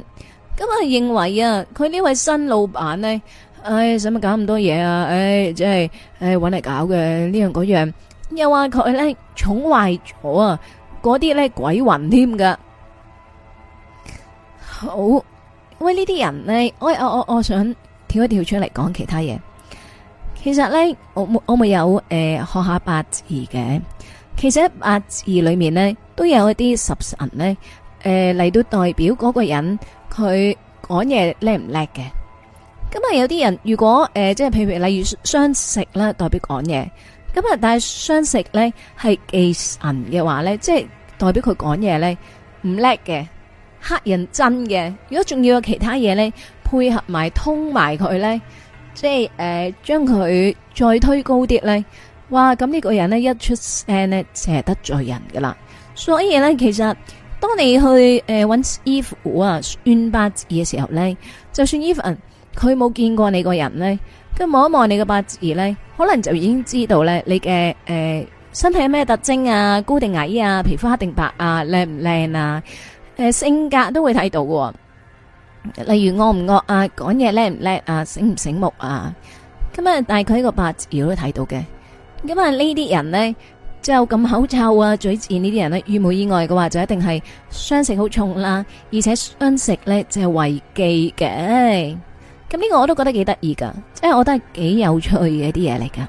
Speaker 1: 咁我認為啊，佢呢位新老闆呢，唉，使乜搞咁多嘢啊？唉，即係唉搵嚟搞嘅呢樣嗰樣，又話佢咧寵壞咗啊，嗰啲咧鬼魂添噶。好，喂呢啲人呢，喂我我我，我想跳一跳出嚟講其他嘢。其實呢，我冇我有誒、呃、學下八字嘅。其實八字裏面呢。都有一啲十神咧，誒、呃、嚟到代表嗰個人佢講嘢叻唔叻嘅。咁啊，有啲人如果誒、呃，即係譬如例如傷食啦，代表講嘢。咁啊，但係傷食咧係忌神嘅話咧，即係代表佢講嘢咧唔叻嘅黑人真嘅。如果仲要有其他嘢咧配合埋通埋佢咧，即係誒、呃、將佢再推高啲咧，哇！咁呢個人咧一出聲咧就係得罪人噶啦。所以咧，其實當你去誒搵、呃、師傅啊算八字嘅時候咧，就算師傅佢冇見過你個人咧，佢望一望你嘅八字咧，可能就已經知道咧你嘅誒、呃、身體有咩特徵啊，高定矮啊，皮膚黑定白啊，靚唔靚啊，誒、呃、性格都會睇到嘅，哦。例如惡唔惡啊，講嘢叻唔叻啊，醒唔醒目啊，咁啊，大概個八字都睇到嘅。咁啊，些人呢啲人咧。即係咁口臭啊、嘴賤呢啲人呢，遇冇意外嘅話，就一定係傷食好重啦。而且傷食呢，就係違忌嘅。咁呢個我都覺得幾得意噶，即係我覺得係幾有趣嘅啲嘢嚟噶。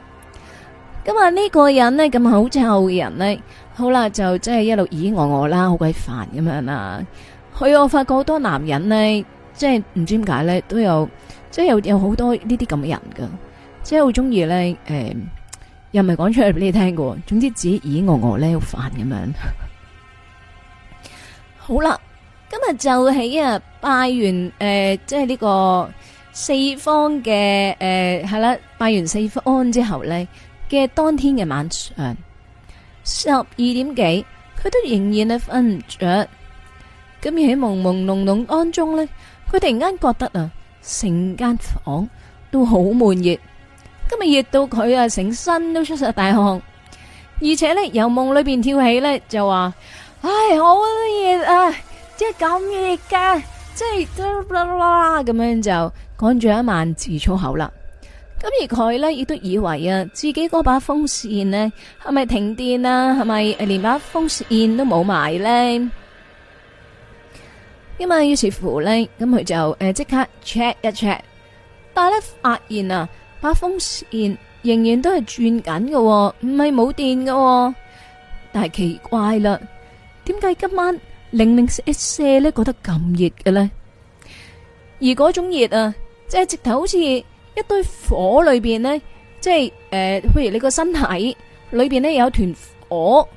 Speaker 1: 咁啊呢個人呢，咁口臭嘅人呢，好啦，就即係一路咦我我啦，好鬼煩咁樣啦。佢我發覺好多男人呢，即係唔知點解呢，都有即係有有好多呢啲咁嘅人噶，即係好中意呢。誒。又唔係講出嚟俾你聽嘅，總之自己耳我呆呆咧，我的 好煩咁樣。好啦，今日就起啊，拜完誒，即係呢個四方嘅誒，係、呃、啦，拜完四方安之後呢嘅當天嘅晚上十二點幾，佢都仍然啊瞓唔着，咁而喺朦朦朧朧當中呢，佢突然間覺得啊，成間房都好悶熱。今日熱到佢啊，成身都出晒大汗，而且呢，由夢裏邊跳起呢，就話：，唉，好熱、啊，唉、啊，即係咁熱嘅，即係咁樣就講咗一萬字粗口啦。咁而佢呢，亦都以為啊，自己嗰把風扇呢，係咪停電啊？係咪連把風扇都冇埋呢？咁啊，於是乎呢，咁佢就誒即刻 check 一 check，但係呢，發現啊。把風扇仍然都係轉緊嘅，唔係冇電嘅，但係奇怪啦，點解今晚零零一些咧覺得咁熱嘅咧？而嗰種熱啊，即係直頭好似一堆火裏邊咧，即係誒，譬如你個身體裏邊咧，有一團火，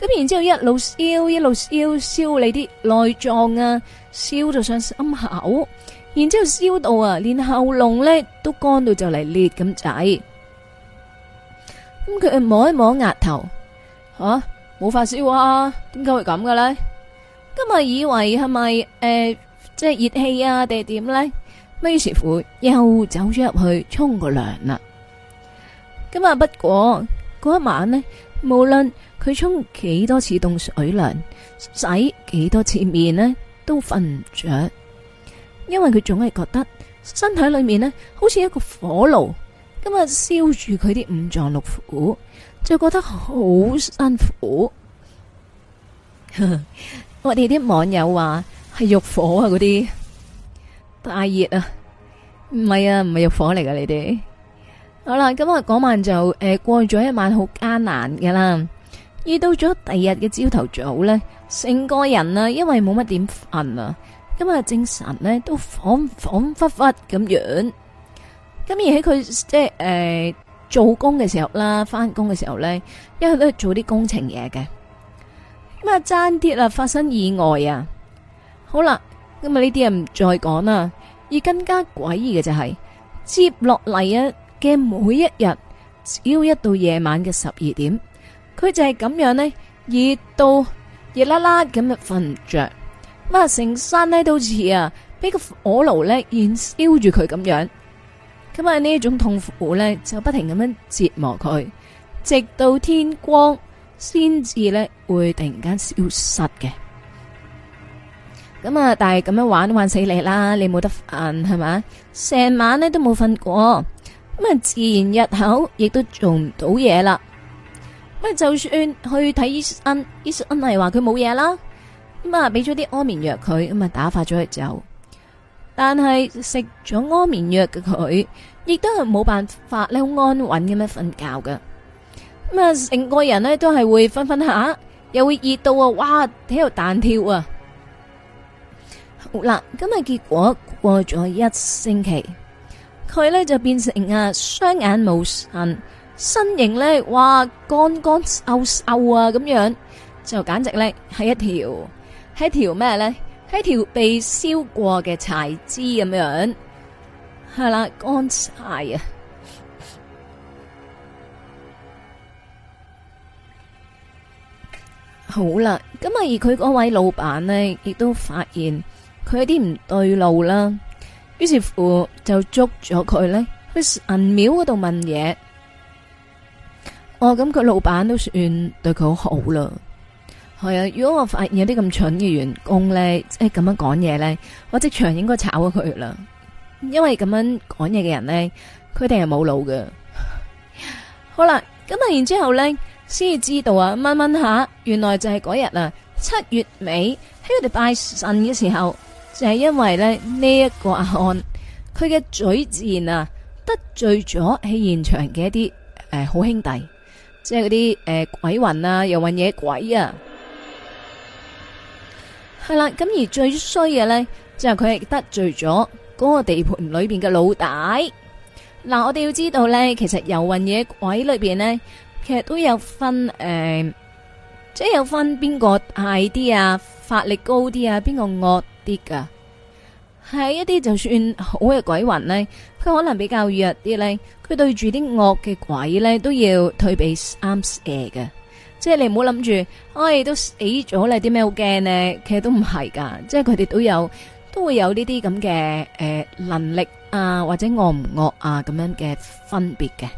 Speaker 1: 咁然之後一路燒一路燒，燒你啲內臟啊，燒到上心口。然之後燒到啊，連喉嚨呢都乾到就嚟裂咁仔。咁佢摸一摸額頭，吓、啊、冇發燒啊？點解會咁嘅呢？今日以為係咪誒，即係熱氣啊，定係點呢？咩師乎又走咗入去沖個涼啦？今日不過嗰一晚呢，無論佢沖幾多次凍水涼，洗幾多次面呢，都瞓唔着。因為佢總係覺得身體裏面咧，好似一個火爐，今日燒住佢啲五臟六腑，就覺得好辛苦。 我哋啲網友話係肉火啊，嗰啲大熱啊，唔係啊，唔係肉火嚟，啊、噶，你哋好啦。咁、嗯、啊，嗰、那個、晚就誒、呃、過咗一晚好艱難噶啦。遇到咗第二日嘅朝頭早呢，成個人啊，因為冇乜點瞓啊。今日精神呢都恍恍惚惚咁樣，咁而喺佢即係誒，做工嘅時候啦，翻工嘅時候呢，因為都係做啲工程嘢嘅。咁啊，爭啲啦，發生意外啊，好啦，今日呢啲啊唔再講啦，而更加詭異嘅就係、是、接落嚟啊嘅每一日，只要一到夜晚嘅十二點，佢就係咁樣呢，熱到熱啦啦咁啊瞓唔着。成山呢都似啊，俾個火爐咧燃燒住佢咁樣，咁啊呢一種痛苦咧就不停咁樣折磨佢，直到天光先至咧會突然間消失嘅。咁啊，但係咁樣玩都玩死你啦，你冇得瞓係咪？成晚咧都冇瞓過，咁啊自然日頭，亦都做唔到嘢啦。咁啊就算去睇醫生，醫生係話佢冇嘢啦。咁啊，俾咗啲安眠藥佢，咁啊打發咗佢走。但係食咗安眠藥嘅佢，亦都係冇辦法咧，好安穩咁樣瞓覺嘅。咁啊，成個人呢都係會瞓瞓下，又會熱到啊，哇喺度彈跳啊。好啦，咁啊，結果過咗一星期，佢呢就變成啊雙眼無神，身形呢，哇乾乾瘦瘦啊咁樣，就簡直呢係一條。係條咩呢？係條被燒過嘅柴枝咁樣，係啦，乾柴啊！好啦，咁啊，而佢嗰位老闆呢，亦都發現佢有啲唔對路啦，於是乎就捉咗佢呢，去銀廟嗰度問嘢。哦，咁佢老闆都算對佢好好啦。係啊！如果我發現有啲咁蠢嘅員工咧，即係咁樣講嘢咧，我職場應該炒咗佢啦。因為咁樣講嘢嘅人咧，佢哋係冇腦㗎。 好啦，咁啊，然之後咧先至知道啊，問問下，原來就係嗰日啊，七月尾喺佢哋拜神嘅時候，就係、是、因為咧呢一、這個阿案，佢嘅嘴賤啊，得罪咗喺現場嘅一啲誒、呃、好兄弟，即係嗰啲誒鬼魂啊，又混嘢鬼啊。係啦，咁而最衰嘅呢，就係佢係得罪咗嗰個地盤裏邊嘅老大。嗱、啊，我哋要知道呢，其實遊魂野鬼裏邊呢，其實都有分誒，即、呃、係、就是、有分邊個大啲啊，法力高啲啊，邊個惡啲噶。係一啲就算好嘅鬼魂呢，佢可能比較弱啲呢，佢對住啲惡嘅鬼呢，都要退避三舍嘅嘅。即係你唔好諗住，哎都死咗咧，啲咩好驚咧？其實都唔係噶，即係佢哋都有，都會有呢啲咁嘅誒能力啊，或者惡唔惡啊咁樣嘅分別嘅。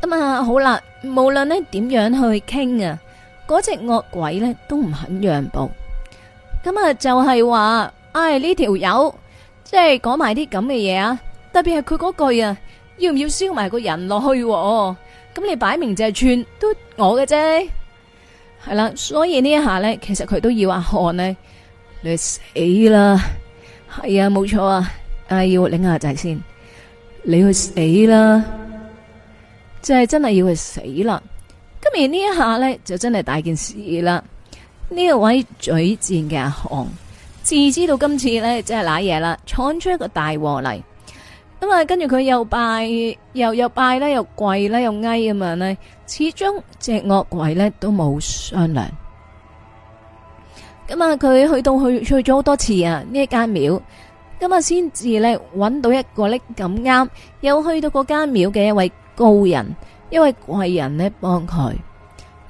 Speaker 1: 咁啊好啦，無論咧點樣去傾啊，嗰隻惡鬼咧都唔肯讓步。咁啊就係話，哎呢條友即係講埋啲咁嘅嘢啊，特別係佢嗰句啊，要唔要燒埋個人落去？咁你擺明就係串都我嘅啫，係啦，所以呢一下呢，其實佢都要阿漢呢，你死啦，係啊，冇錯啊，但要擰下仔先，你去死啦，即係真係要去死啦。今年呢一下呢，就真係大件事啦。呢一位嘴賤嘅阿漢，自知道今次呢，真係瀨嘢啦，闖出一個大禍嚟。咁啊，跟住佢又拜，又又拜啦，又跪啦，又跪咁呢，始終隻惡鬼呢都冇商量。咁、嗯、啊，佢去到去去咗好多次啊，呢間廟，咁、嗯、啊，先至呢搵到一個呢咁啱，又去到嗰間廟嘅一位高人，一位貴人呢幫佢。咁、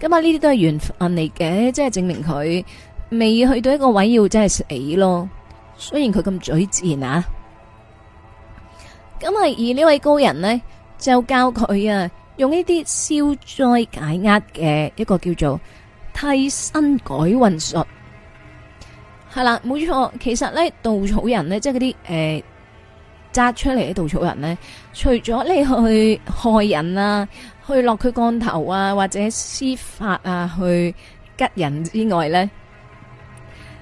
Speaker 1: 嗯、啊，呢啲都係緣分嚟嘅，即係證明佢未去到一個位要真係死咯。雖然佢咁嘴賤啊。咁係而呢位高人呢，就教佢啊用呢啲消災解厄嘅一個叫做替身改運術。係啦，冇錯，其實呢，稻草人呢，即係嗰啲誒紮出嚟嘅稻草人呢，除咗你去害人啊，去落佢降頭啊或者施法啊去吉人之外呢，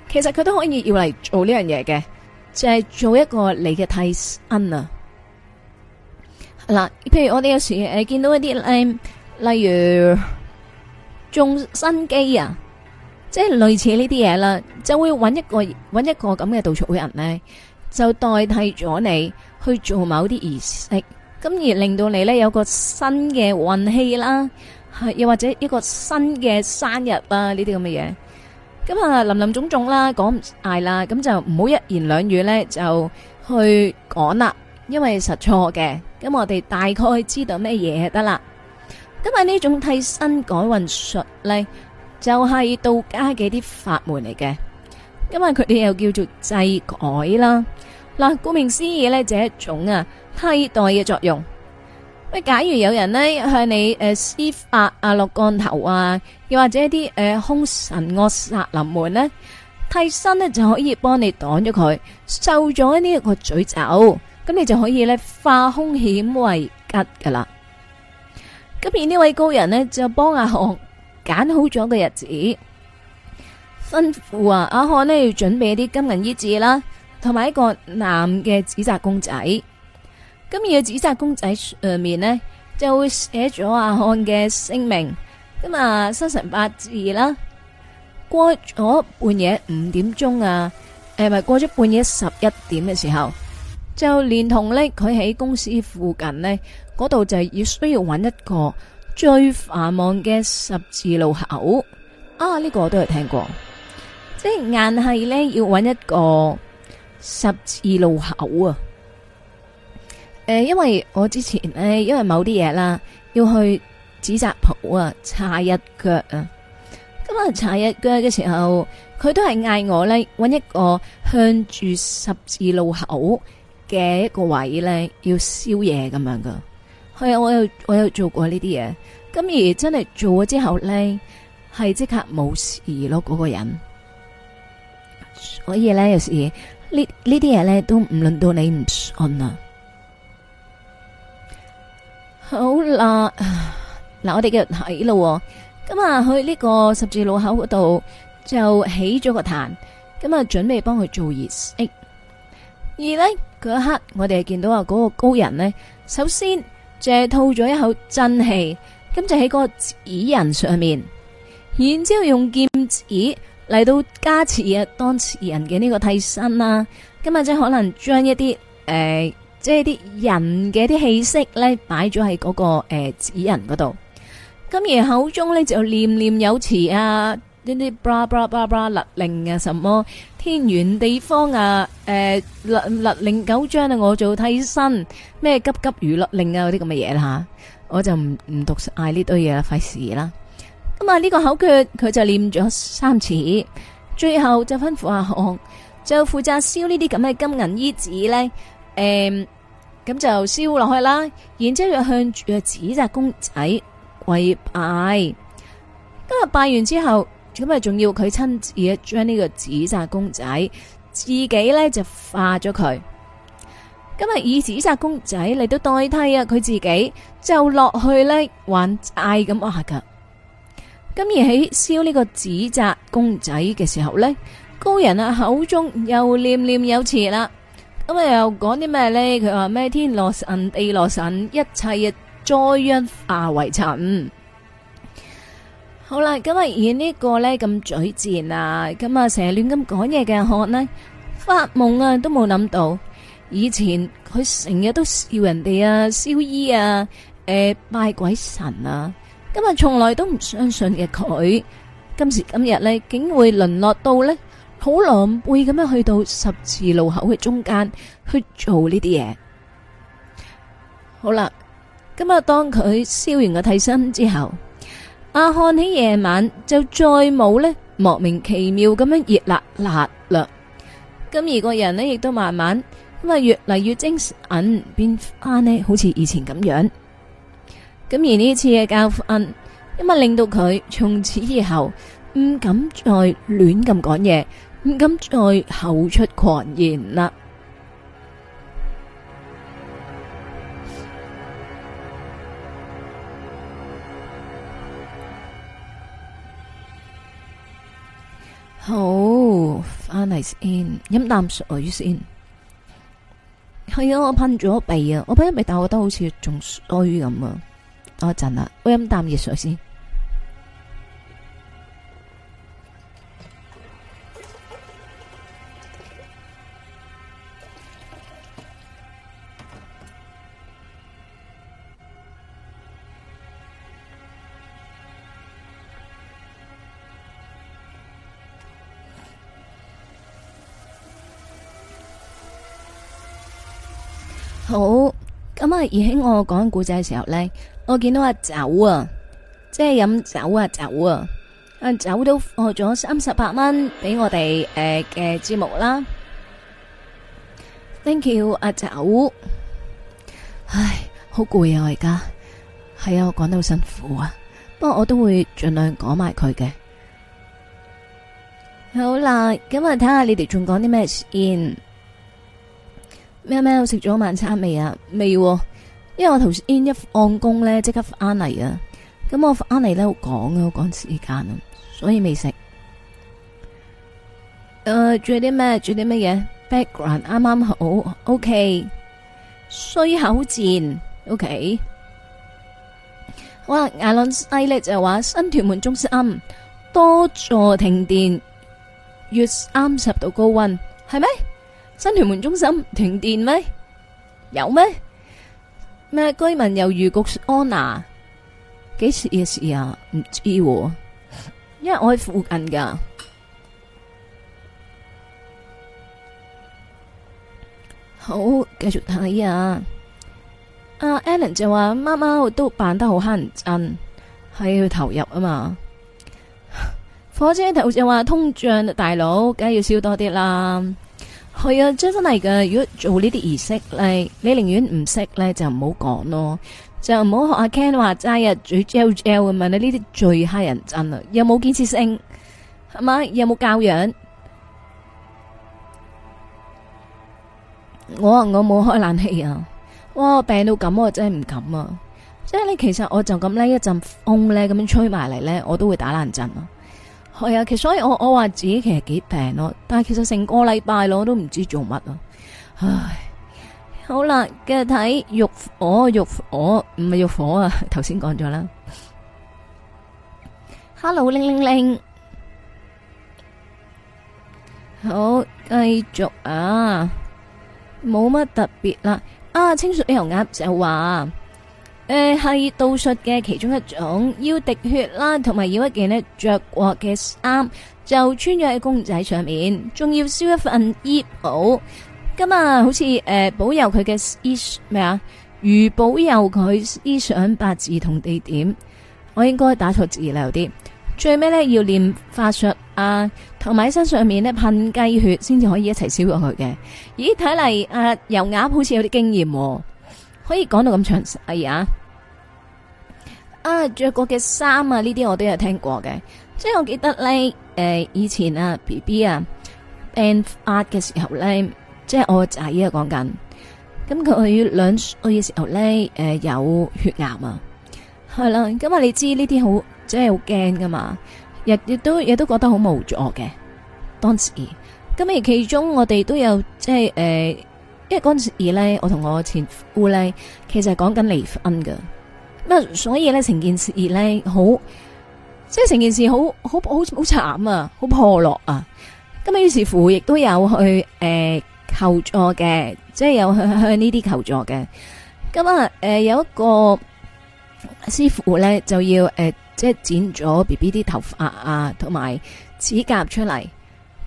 Speaker 1: 其實佢都可以要嚟做呢樣嘢嘅，就係、是、做一個你嘅替身啊。嗱，譬如我哋有時誒見到一啲誒，例如種新機啊，即係類似呢啲嘢啦，就會揾一個揾一個咁嘅稻草人咧，就代替咗你去做某啲儀式，咁而令到你咧有個新嘅運氣啦，係又或者一個新嘅生日啊呢啲咁嘅嘢，咁啊林林總總啦，講唔晒啦，咁就唔好一言兩語咧就去講啦。因為實錯嘅，咁我哋大概知道咩嘢得啦。咁啊，呢種替身改運術咧，就係道家嘅啲法門嚟嘅。因為佢哋又叫做祭改啦。嗱，顧名思義咧，就係一種啊替代嘅作用。喂，假如有人咧向你誒施法啊落降頭啊，又或者一啲誒凶神惡煞臨門咧，替身咧就可以幫你擋咗佢，受咗呢一個詛咒。咁你就可以呢化凶險為吉噶啦。咁而呢位高人呢，就幫阿漢揀好咗個日子，吩咐啊阿漢呢，要準備啲金銀衣紙啦，同埋一個男嘅紙紮公仔。咁而個紙紮公仔上面呢，就會寫咗阿漢嘅姓名。咁啊生辰八字啦。過咗半夜五點鐘啊，誒咪過咗半夜十一點嘅時候。就連同呢，佢喺公司附近呢嗰度就要需要揾一個最繁忙嘅十字路口啊！呢、呢個我都係聽過，即係硬係呢，要揾一個十字路口啊！誒、呃，因為我之前呢，因為某啲嘢啦，要去紙紮舖啊，踩一腳啊，咁啊，踩一腳嘅時候，佢都係嗌我呢，揾一個向住十字路口。嘅一個位咧，要燒嘢咁樣噶，係啊，我有我有做過呢啲嘢，咁而真係做咗之後咧，係即刻冇事咯，嗰、那個人，所以咧有時呢呢啲嘢咧都唔輪到你唔信啊！好啦，嗱我哋繼續睇咯，咁啊去呢個十字路口嗰度就起咗個壇，咁啊準備幫佢做儀式，欸，而呢。嗰一刻，我哋見到啊，嗰個高人呢，首先借吐咗一口真氣，咁就喺、是、個紙人上面，然之後用劍指嚟到加持啊，當事人嘅呢個替身啦，今日即可能將一啲誒，即係啲人嘅啲氣息呢、那個，擺咗喺嗰個誒紙人嗰度，咁而口中呢，就念念有詞啊，呢啲 blah 令啊，什麼？什麼天圓地方啊，誒、呃，律令九章啊，我做替身，咩急急如律令啊，嗰啲咁嘅嘢啦吓，我就唔唔讀嗌呢堆嘢啦，費事啦。咁啊，呢、啊這個口訣佢就念咗三次，最後就吩咐阿昂就負責燒呢啲咁嘅金銀衣紙咧，誒、嗯，咁就燒落去啦，然之後向住啊隻公仔跪拜，今日、啊、拜完之後。咁啊，仲要佢親自將呢個紙紮公仔自己呢就化咗佢。今日以紙紮公仔嚟到代替啊，佢自己就落去呢還債，咁話噶。今日喺燒呢個紙紮公仔嘅時候呢，高人啊口中又念念有詞啦。咁啊又講啲咩呢？佢話咩天落神地落神，一切嘅災殃化為塵。好啦，今日演呢個咧咁嘴賤啊，咁啊成日亂咁講嘢嘅漢咧，發夢啊都冇諗到，以前佢成日都笑人哋啊燒衣啊，誒拜鬼神啊，今日從來都唔相信嘅佢，今時今日咧，竟會淪落到咧好狼狽咁樣去到十字路口嘅中間去做呢啲嘢。好啦，今日當佢燒完個替身之後。阿漢，喺夜晚就再冇呢莫名其妙咁樣熱辣辣嘞。咁而個人呢，亦都慢慢咁啊越嚟越精神變翻呢，好似以前咁樣，咁而呢次嘅教訓，咁啊令到佢從此以後唔敢再亂咁講嘢，唔敢再口出狂言嗱。好，翻嚟先，飲啖水先。係啊，我噴咗鼻啊，我噴咗鼻，但係我覺得好似仲衰咁啊。我一陣啊，我飲啖熱水先。好咁啊！而喺我講古仔嘅時候呢，我見到阿酒啊，即係飲酒啊，酒啊，阿酒都開咗三十八蚊俾我哋誒嘅節目啦。Thank you，阿酒。唉，好攰啊，啊！我而家係啊，我講得好辛苦啊。不過我都會盡量講埋佢嘅。好啦，咁睇下你哋仲講啲咩先。咩咩？我食咗晚餐未啊？未，因為我頭先 in 一放工咧，即刻翻嚟啊！咁我翻嚟咧，我趕啊，我趕時間啊，所以未食。誒，仲有啲咩？做啲乜嘢？Background 啱啱好，OK。衰口賤，OK。好啦，艾倫西咧就係話新屯門中心多座停電，約三十度高温，係咪？新屯門中心停電咩？有咩咩居民猶豫局安娜幾時嘅事啊？唔知、啊，因為我喺附近噶。好，繼續睇啊！阿、啊、Alan 就話媽媽都扮得好乞人憎，係要投入啊嘛。火車頭就話通脹大佬，梗係要燒多啲啦。係啊，真係嚟噶！如果做呢啲儀式咧，你寧願唔識咧就唔好講咯，就唔好學阿 Ken 話齋日最 LGL 咁樣！你呢啲最乞人憎啦，又冇建設性，係咪？又冇教養。我我冇開冷氣啊！哇，我病到咁我真係唔敢啊！即係你其實我就咁咧一陣風咧咁樣吹埋嚟咧，我都會打冷震啊！係啊，其實所以我我話自己其實幾平咯，但係其實成個禮拜咯，我都唔知做乜啊，唉，好啦，繼續睇玉火玉火，唔係玉火啊，頭先講咗啦。Hello，鈴鈴鈴，好繼續啊，冇乜特別啦。啊，青水牛鴨就話。誒，係、呃、道術嘅其中一種，要滴血啦，同埋要一件呢着過嘅衫，就穿咗喺公仔上面，仲要燒一份衣保。咁啊，好似誒、呃，保佑佢嘅衣咩啊？如保佑佢衣上八字同地點，我應該打錯字留啲。最尾呢，要練法術啊，同埋喺身上面呢噴雞血，先至可以一齊燒落去嘅。咦，睇嚟，啊，油鴨好似有啲經驗喎、啊。可以講到咁詳細，哎、呀？啊，啊着過嘅衫啊，呢啲我都有聽過嘅。即係我記得呢，誒、呃、以前啊 B B 啊 r t 嘅時候呢，即係我阿依家講緊，咁佢兩歲嘅時候呢，誒、呃、有血癌啊，係啦。咁、嗯、啊，你知呢啲好即係好驚噶嘛，亦亦都亦都覺得好無助嘅，當時。咁而其中我哋都有即係誒。呃因為嗰時咧，我同我前夫咧，其實係講緊離婚噶，咁所以咧，成件事咧好，即係成件事好好好好慘啊，好破落啊。咁啊，於是乎亦都有去誒、呃、求助嘅，即係有向、向呢啲求助嘅，咁啊誒有一個師傅咧就要誒、呃、即係剪咗 B B 啲頭髮啊同埋指甲出嚟，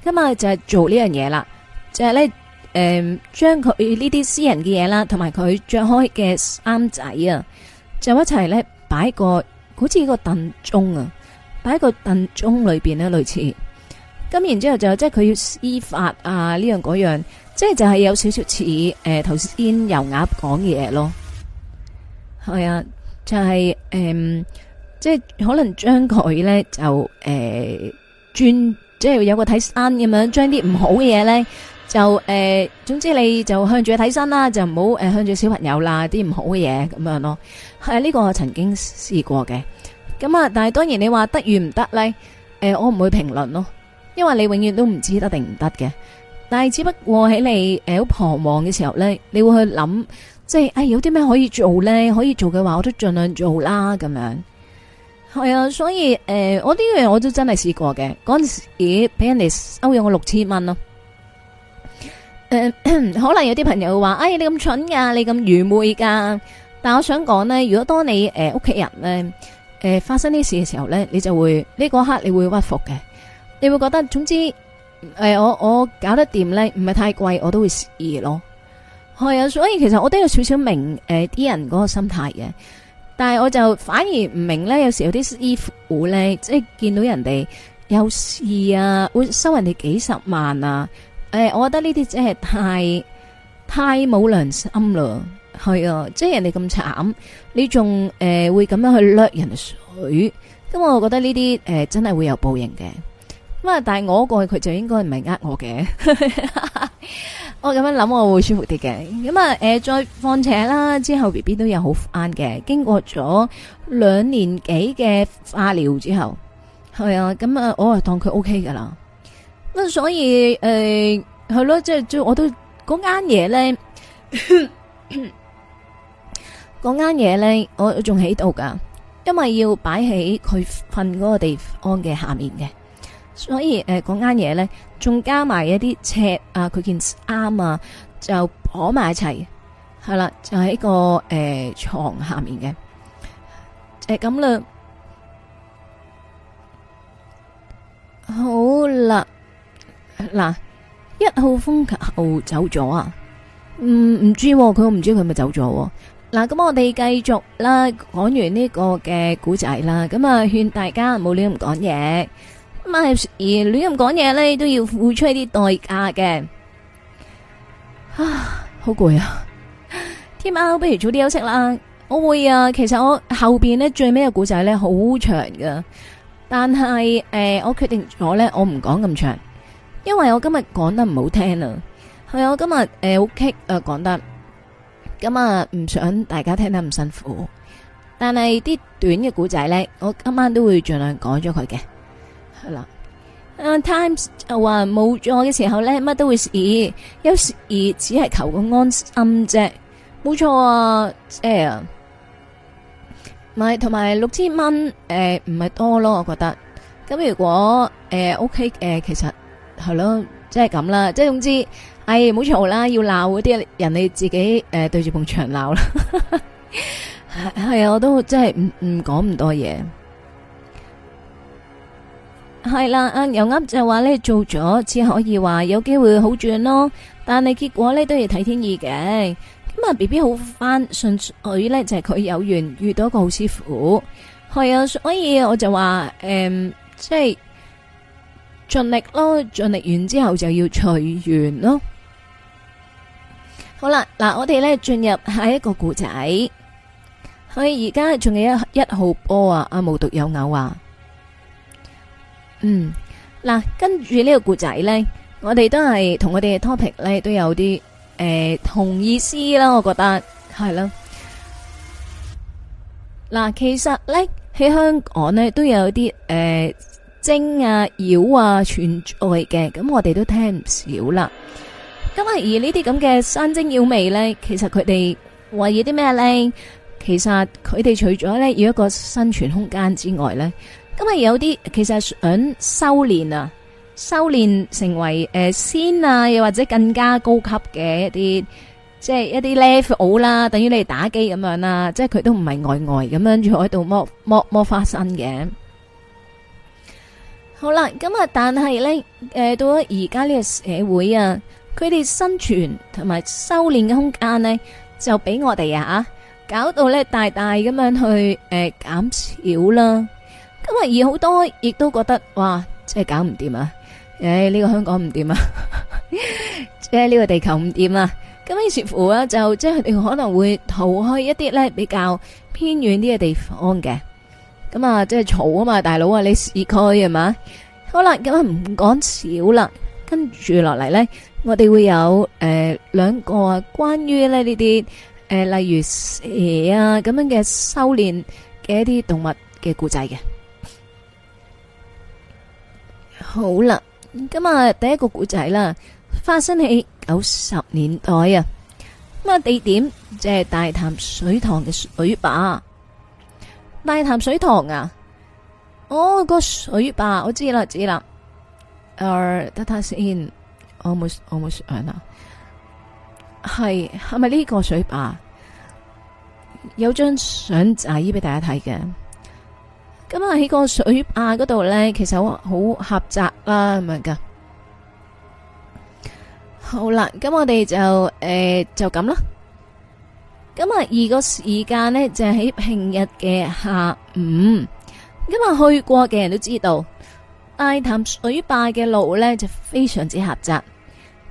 Speaker 1: 咁、嗯、啊，就係做呢樣嘢啦，就係咧。誒，將佢呢啲私人嘅嘢啦，同埋佢着開嘅衫仔啊，就一齊咧擺個好似個燉盅啊，擺個燉盅裏邊咧類似。咁然之後就即係佢要施法啊，呢樣嗰樣，即係就係有少少似誒頭先油鴨講嘢咯。係啊，就係誒，即係可能將佢咧就誒轉，即、呃、係、就是、有個睇衫咁樣，將啲唔好嘅嘢咧。就誒、呃，總之你就向住睇新啦，就唔好誒向住小朋友啦，啲唔好嘅嘢咁樣咯。係、啊、呢、這個我曾經試過嘅，咁啊，但係當然你話得與唔得呢？誒、呃，我唔會評論咯，因為你永遠都唔知得定唔得嘅。但係只不過喺你好彷、呃、徨嘅時候呢，你會去諗，即係誒、哎、有啲咩可以做呢？可以做嘅話，我都盡量做啦，咁樣係啊、嗯。所以誒、呃，我呢樣我都真係試過嘅，嗰陣時俾人哋收咗我六千蚊咯。誒、呃，可能有啲朋友會話，哎，你咁蠢噶？你咁愚昧噶？但係我想講呢，如果當你誒屋企人呢誒、呃、發生啲事嘅時候呢，你就會呢、這個刻你會屈服嘅，你會覺得總之，誒、呃、我我搞得掂呢，唔係太貴，我都會試咯。我、嗯、啊，所以其實我都有少少明誒啲、呃、人嗰個心態嘅，但係我就反而唔明呢，有時有啲師傅呢，即係見到人哋有事啊，會收人哋幾十萬啊。誒、哎，我覺得呢啲真係太太冇良心啦，係啊，即係人哋咁慘，你仲誒、呃、會咁樣去掠人水，咁我覺得呢啲誒真係會有報應嘅。咁啊，但係我過去佢就應該唔係呃我嘅， 我咁樣諗我會舒服啲嘅。咁啊，誒、呃，再況且啦，之後 B B 都有好翻嘅，經過咗兩年幾嘅化療之後，係啊，咁啊，我就當佢 OK 噶啦。咁所以誒，係咯，即係即係，我都嗰間嘢咧，嗰間嘢咧，我我仲喺度噶，因為要擺喺佢瞓嗰個地方嘅下面嘅，所以誒，嗰間嘢咧，仲加埋一啲尺啊，佢件衫啊，就綁埋一齊，係啦，就喺個誒床下面嘅，誒咁啦，好啦。嗱、啊，一號風球後走咗、嗯、啊？唔唔知佢，唔知佢係咪走咗、啊。嗱、啊，咁我哋繼續啦，講完呢個嘅古仔啦，咁啊勸大家唔好亂咁講嘢。咁啊，而亂咁講嘢咧，都要付出一啲代價嘅。啊，好攰啊！天喵、啊，不如早啲休息啦。我會啊，其實我後邊呢最尾嘅古仔咧好長噶，但係誒、呃，我決定咗咧，我唔講咁長。因為我今日講得唔好聽啊，係啊我今日誒，O K 誒，講得咁啊，唔想大家聽得唔辛苦。但係啲短嘅古仔咧，我今晚都會盡量講咗佢嘅係啦。啊，Times 話冇咗嘅時候咧，乜都會試，有時而只係求個安心啫，冇錯啊。誒，咪同埋六千蚊誒，唔係多咯，我覺得咁。如果誒，O K 誒，其實。係咯，即係咁啦，即、就、係、是、總之，唉，唔好嘈啦，要鬧嗰啲人，你自己誒、呃、對住埲牆鬧啦，係啊， 我都真係唔唔講咁多嘢，係啦，啊又啱就話呢，做咗只可以話有機會好轉咯，但係結果呢，都要睇天意嘅，咁啊 B B 好翻，順許呢就係、是、佢有緣遇到一個好師傅，係啊，所以我就話誒、嗯，即係。盡力咯，盡力完之後就要隨緣咯。好啦，嗱，我哋咧進入下一個故仔。佢而家仲有一號波啊，阿無獨有偶啊。嗯，嗱，跟住呢個故仔咧，我哋都係同我哋嘅 topic 咧都有啲誒同意思啦，我覺得係啦。嗱，其實咧喺香港咧都有啲誒。精啊妖啊存在嘅，咁我哋都聽唔少啦。咁啊，而呢啲咁嘅山精妖魅咧，其實佢哋為咗啲咩咧？其實佢哋除咗咧要一個生存空間之外咧，咁啊有啲其實想修煉啊，修煉成為誒仙啊，又或者更加高級嘅一啲，即係一啲 level 啦，等於你哋打機咁樣啦，即係佢都唔係外外咁樣坐喺度剝剝剝花生嘅。好啦，咁啊，但係咧，誒，到咗而家呢個社會啊，佢哋生存同埋修煉嘅空間咧，就俾我哋啊吓，搞到咧大大咁樣去誒減少啦。咁啊，而好多亦都覺得哇，真係搞唔掂啊！誒、哎，呢個香港唔掂啊，即係呢個地球唔掂啊，咁於是乎啊就即係佢哋可能會逃去一啲咧比較偏遠啲嘅地方嘅。咁啊，即係草啊嘛，大佬啊，你試佢係嘛？好啦，咁啊唔講笑啦，跟住落嚟呢，我哋會有誒兩個呃關於呢呢啲誒，例如蛇啊咁樣嘅修煉嘅一啲動物嘅故仔嘅。好啦，咁啊第一個故仔啦，發生喺九十年代啊，咁啊地點即係大潭水塘嘅水壩。大潭水塘啊！哦，個水壩我知啦，知啦。誒、呃，得睇先。我冇，我冇。誒，嗱，係係咪呢個水壩？有張相仔俾大家睇嘅。咁啊，喺個水壩嗰度咧，其實好好狹窄啦、啊，咁樣噶。好啦，咁我哋就誒、呃，就咁啦。咁啊，而個時間呢，就係、是、喺平日嘅下午。咁啊，去過嘅人都知道，大潭水壩嘅路呢，就非常之狹窄。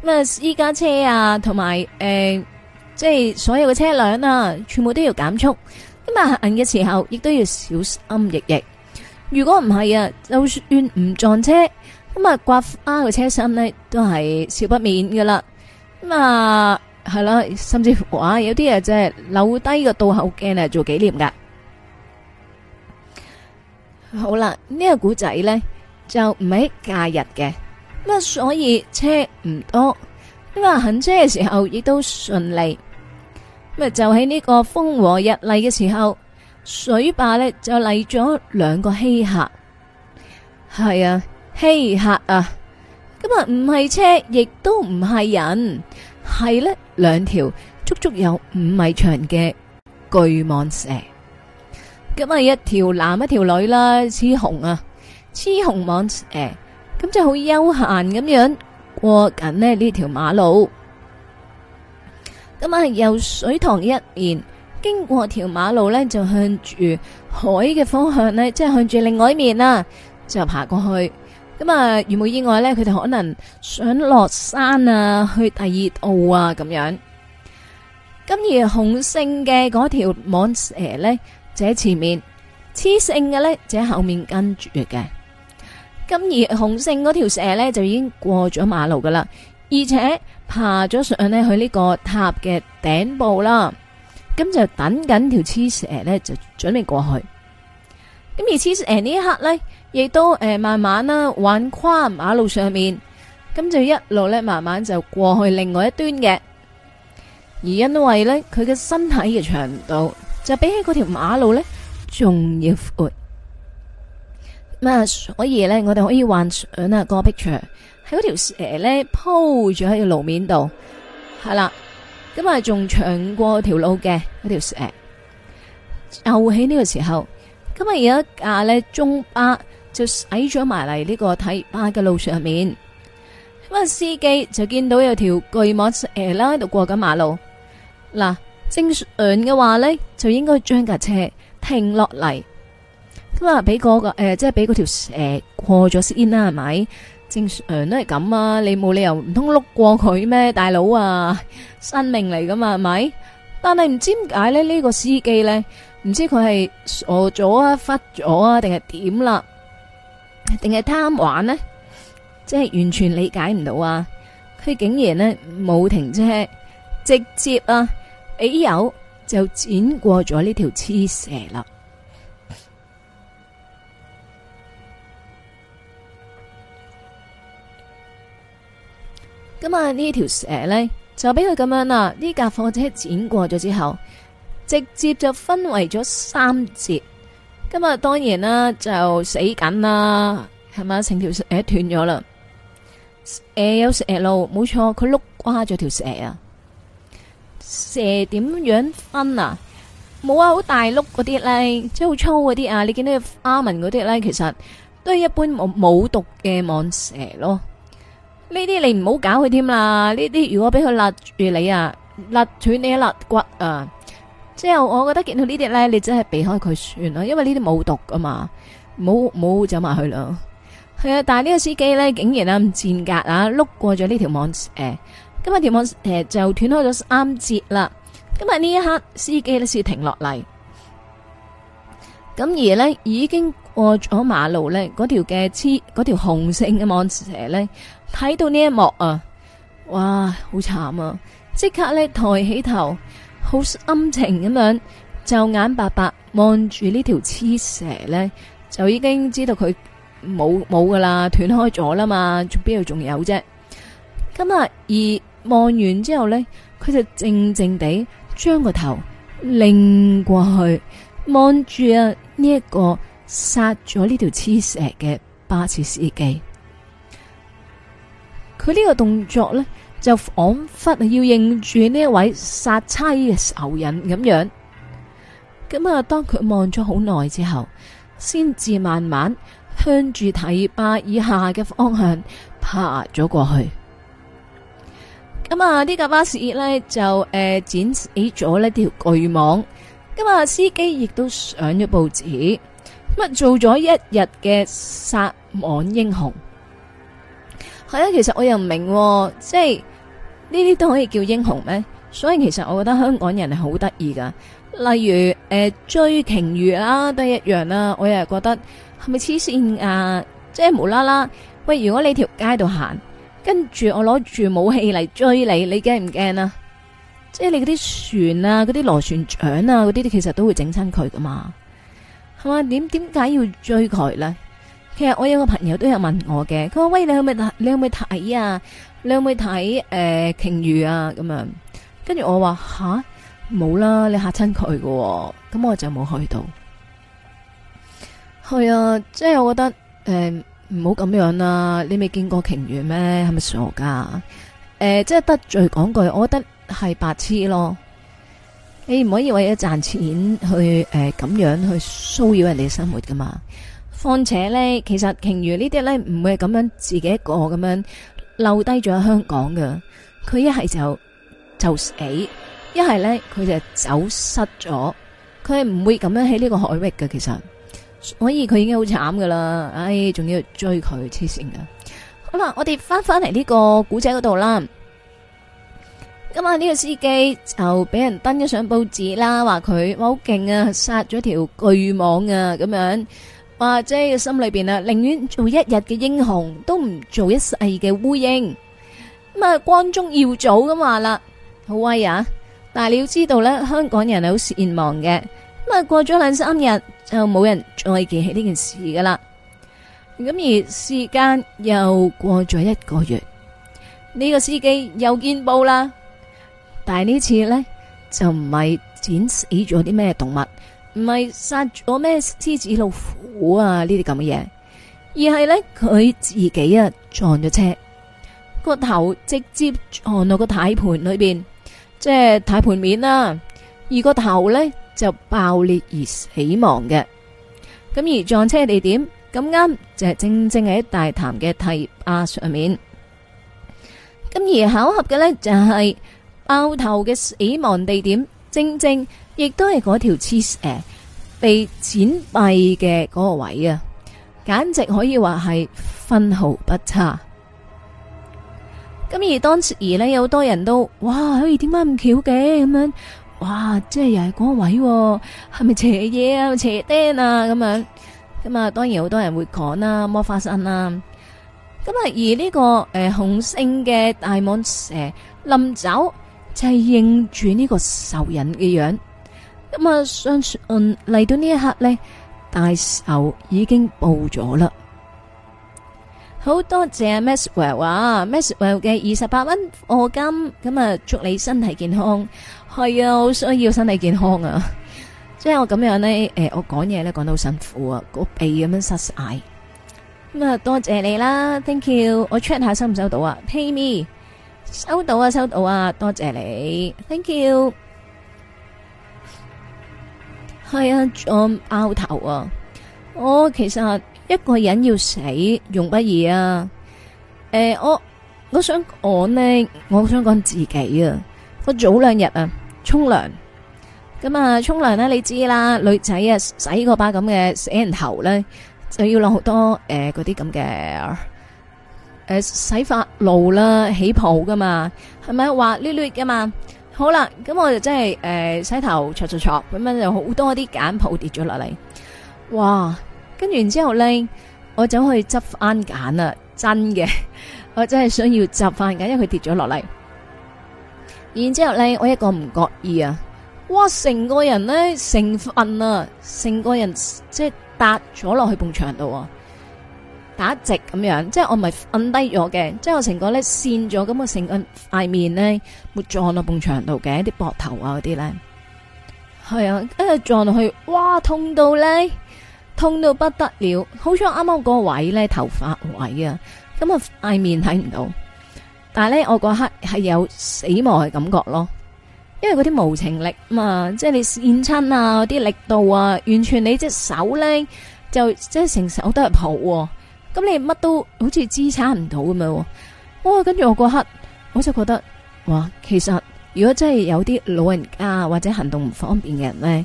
Speaker 1: 咁啊，依家車啊，同埋誒，即、呃、係、就是、所有嘅車輛啊，全部都要減速。咁啊，行嘅時候亦都要小心翼翼、翼。如果唔係啊，就算唔撞車，咁啊，刮花個車身呢，都係少不免噶啦。咁啊。係啦，甚至話有啲人，真係留低個倒後鏡嚟做紀念噶。好啦，呢個古仔呢，就唔喺假日嘅，咁啊，所以車唔多，咁啊，行車嘅時候亦都順利。咁就喺呢個風和日麗嘅時候，水壩呢，就嚟咗兩個稀客。係啊，稀客啊，咁啊，唔係車，亦都唔係人。係咧，兩條足足有五米長嘅巨蟒蛇，咁啊一條男一條女啦，雌雄啊，雌雄蟒蛇，咁就好悠閒咁樣過緊咧呢條馬路，咁啊由水塘一面經過條馬路咧，就向住海嘅方向咧，即係向住另外一面啦，就爬過去。咁啊，如冇意外咧，佢哋可能想落山啊，去第二度啊，咁樣。咁而雄性嘅嗰條蟒蛇咧，喺前面；雌性嘅咧，喺後面跟住嘅。咁而雄性嗰條蛇咧，就已經過咗馬路噶啦，而且爬咗上咧去呢個塔嘅頂部啦。咁就等緊條雌蛇咧，就準備過去。咁而雌蛇呢一刻咧。亦都誒，慢慢啦，橫跨馬路上面，咁就一路咧，慢慢就過去另外一端嘅。而因為咧，佢嘅身體嘅長度就比起嗰條馬路咧，仲要闊。咁啊，所以咧，我哋可以幻想啊，個壁牆喺嗰條蛇咧鋪住喺個路面度，係啦，咁啊仲長過條路嘅嗰條蛇。又喺呢個時候，咁啊有一架咧中巴。就駛咗埋嚟呢個睇巴嘅路上面咁啊！司機就見到有條巨蟒誒啦喺度過緊馬路嗱。正常嘅話呢，就應該將架車停落嚟咁啊，俾個誒，即係俾嗰條蛇過咗先啦，係咪？正常都係咁啊，你冇理由唔通碌過佢咩？大佬啊，生命嚟噶嘛，係咪？但係唔知點解呢？呢個司機呢，唔知佢係傻咗啊、忽咗啊，定係點啦？定係貪玩呢？即係完全理解唔到啊！佢竟然咧冇停車，直接啊，哎友就剪過咗呢條黐蛇啦！咁啊，呢條蛇呢，蛇就俾佢咁樣啦，呢架貨車剪過咗之後，直接就分為咗三節。今日當然啦，就死緊啦，係咪？成條蛇斷咗啦，誒，有蛇路，冇錯，佢碌瓜咗條蛇啊。蛇點樣分啊？冇啊，好大碌嗰啲咧，即係好粗嗰啲啊！你見到花紋嗰啲咧，其實都係一般冇冇毒嘅蟒蛇咯。呢啲你唔好搞佢添啦。呢啲如果俾佢勒住你啊，勒斷你一肋骨啊！之後我覺得見到呢啲咧，你真係避開佢算啦，因為呢啲冇毒噶嘛，冇冇走埋去啦。係啊，但係呢個司機咧竟然啊，唔戰格啊，碌過咗呢條蟒蛇，今日條蟒蛇就斷開咗三節啦。今日呢一刻，司機咧先停落嚟，咁而呢，已經過咗馬路咧，嗰條嘅黐嗰條紅色嘅蟒蛇咧睇到呢一幕啊，哇，好慘啊！即刻咧抬起頭。好深情咁樣，就眼白白望住呢條黐蛇呢，就已經知道佢冇冇噶啦，斷開咗啦嘛，仲邊度仲有啫？咁呀而望完之後呢，佢就靜靜地將個頭擰過去，望住啊呢一個殺咗呢條黐蛇嘅巴士司機，佢呢個動作呢。就仿彿要認住呢一位殺妻嘅仇人咁樣，咁啊，當佢望咗好耐之後，先至慢慢向住堤壩以下嘅方向爬咗過去。咁啊，呢架巴士呢，就誒剪起咗呢條巨蟒，咁啊司機亦都上咗報紙，咁啊做咗一日嘅殺蟒英雄。係啊，其實我又唔明，即係。呢啲都可以叫英雄咩？所以其實我覺得香港人係好得意噶，例如誒、呃、追鯨魚啦、啊、都一樣啦、啊，我又係覺得係咪黐線啊？即係無啦啦，喂！如果你條街度行，跟住我攞住武器嚟追你，你驚唔驚啊？即係你嗰啲船啊、嗰啲螺旋槳啊、嗰啲，其實都會整親佢噶嘛，係嘛？點點解要追佢呢？其實我有個朋友都有問我嘅，佢話喂你有冇，你有冇睇啊？你有冇睇誒鯨魚啊？咁樣，跟住我話吓冇啦，你嚇親佢喎。咁我就冇去到。係啊，即係我覺得誒唔好咁樣啦、啊。你未見過鯨魚咩？係咪傻噶？誒、呃，即係得罪講句，我覺得係白痴咯。你唔可以為咗賺錢去誒咁、呃、樣去騷擾人哋嘅生活噶嘛？況且咧，其實鯨魚呢啲咧唔會係咁樣自己一個咁樣。留低咗喺香港嘅，佢一係就就死，一係咧佢就走失咗，佢係唔會咁樣喺呢個海域嘅。其實，所以佢已經好慘噶啦，唉，仲要追佢黐線嘅。好啦，我哋翻翻嚟呢個古仔嗰度啦。今晚，呢個司機就俾人登咗上報紙啦，話佢好勁啊，殺咗條巨蟒啊，咁樣。話即係心裏邊啊，寧願做一日嘅英雄，都唔做一世嘅烏蠅。咁啊，光宗耀祖咁話啦，好威啊！但係你要知道咧，香港人係好善忘嘅。咁啊，過咗兩三日就冇人再記起呢件事噶啦。咁而時間又過咗一個月，呢個司機又見報啦，但係呢次呢，就唔係展示咗啲咩動物。唔係殺咗咩獅子老虎啊呢啲咁嘅嘢，而係呢，佢自己啊撞咗車，個頭直接撞到個軚盤裏邊，即係軚盤面啦，而個頭呢，就爆裂而死亡嘅。咁而撞車地點咁啱就係正正喺大潭嘅堤壩上面。咁而巧合嘅呢，就係、是、爆頭嘅死亡地點正正。亦都係嗰條黐誒被剪斃嘅嗰個位啊，簡直可以話係分毫不差。咁而當時而呢，有好多人都哇，可以點解咁巧嘅咁樣？哇，即係又係嗰個位，係咪邪嘢啊？邪釘啊？咁樣咁啊？當然，好多人會講啦，魔化身啦。咁啊，而呢、這個誒、呃、紅星嘅大蟒蛇臨走就係、是、認住呢個仇人嘅樣。咁啊，相信嚟到呢一刻呢，大仇已經報咗啦。好多謝 Maswell、啊、s 啊，Maswell s 嘅二十八蚊貨金，咁、嗯、啊，祝你身體健康。係啊，好需要身體健康啊。即 係我咁樣呢，誒、呃，我講嘢咧講得好辛苦啊，那個鼻咁樣塞晒。咁啊、嗯，多謝你啦,謝你啦，Thank you。我 check 下收唔收到啊 Pay Me 收到啊，收到啊，多謝你，Thank you。係啊，我、嗯、拗頭啊！我、哦、其實一個人要死容不易啊？誒、欸，我我想講呢，我想講自己啊！我早兩日啊，沖涼，咁、嗯、啊沖涼咧，你知啦，女仔、欸、啊，洗個把咁嘅死人頭咧，就要落好多誒，嗰啲咁嘅誒洗髮露啦，起泡噶嘛，係咪滑捋捋噶嘛？好啦，咁我就真係誒、呃、洗頭髒髒，挫挫挫，咁樣就好多啲簡譜跌咗落嚟，哇！跟住然之後咧，我就去執翻簡啦，真嘅，我真係想要執翻簡，因為佢跌咗落嚟。然之後咧，我一個唔覺意啊，哇！成個人咧成份啊，成個人即係搭咗落去埲牆度啊！打直咁樣，即係我咪瞓低咗嘅，即係我成個咧線咗咁個成個塊面咧，冇撞到埲牆度嘅啲膊頭啊嗰啲咧，係啊，跟住撞落去，哇痛到咧，痛到不得了。好彩啱啱個位咧頭髮位啊，咁啊塊面睇唔到，但係咧我嗰刻係有死亡嘅感覺咯，因為嗰啲無情力啊嘛，即係你線親啊啲力度啊，完全你隻手咧就即係成手都係泡啊。咁你乜都好似支撐唔到咁樣。哦，我跟住我嗰刻，我就覺得，哇，其實如果真係有啲老人家或者行動唔方便嘅人咧，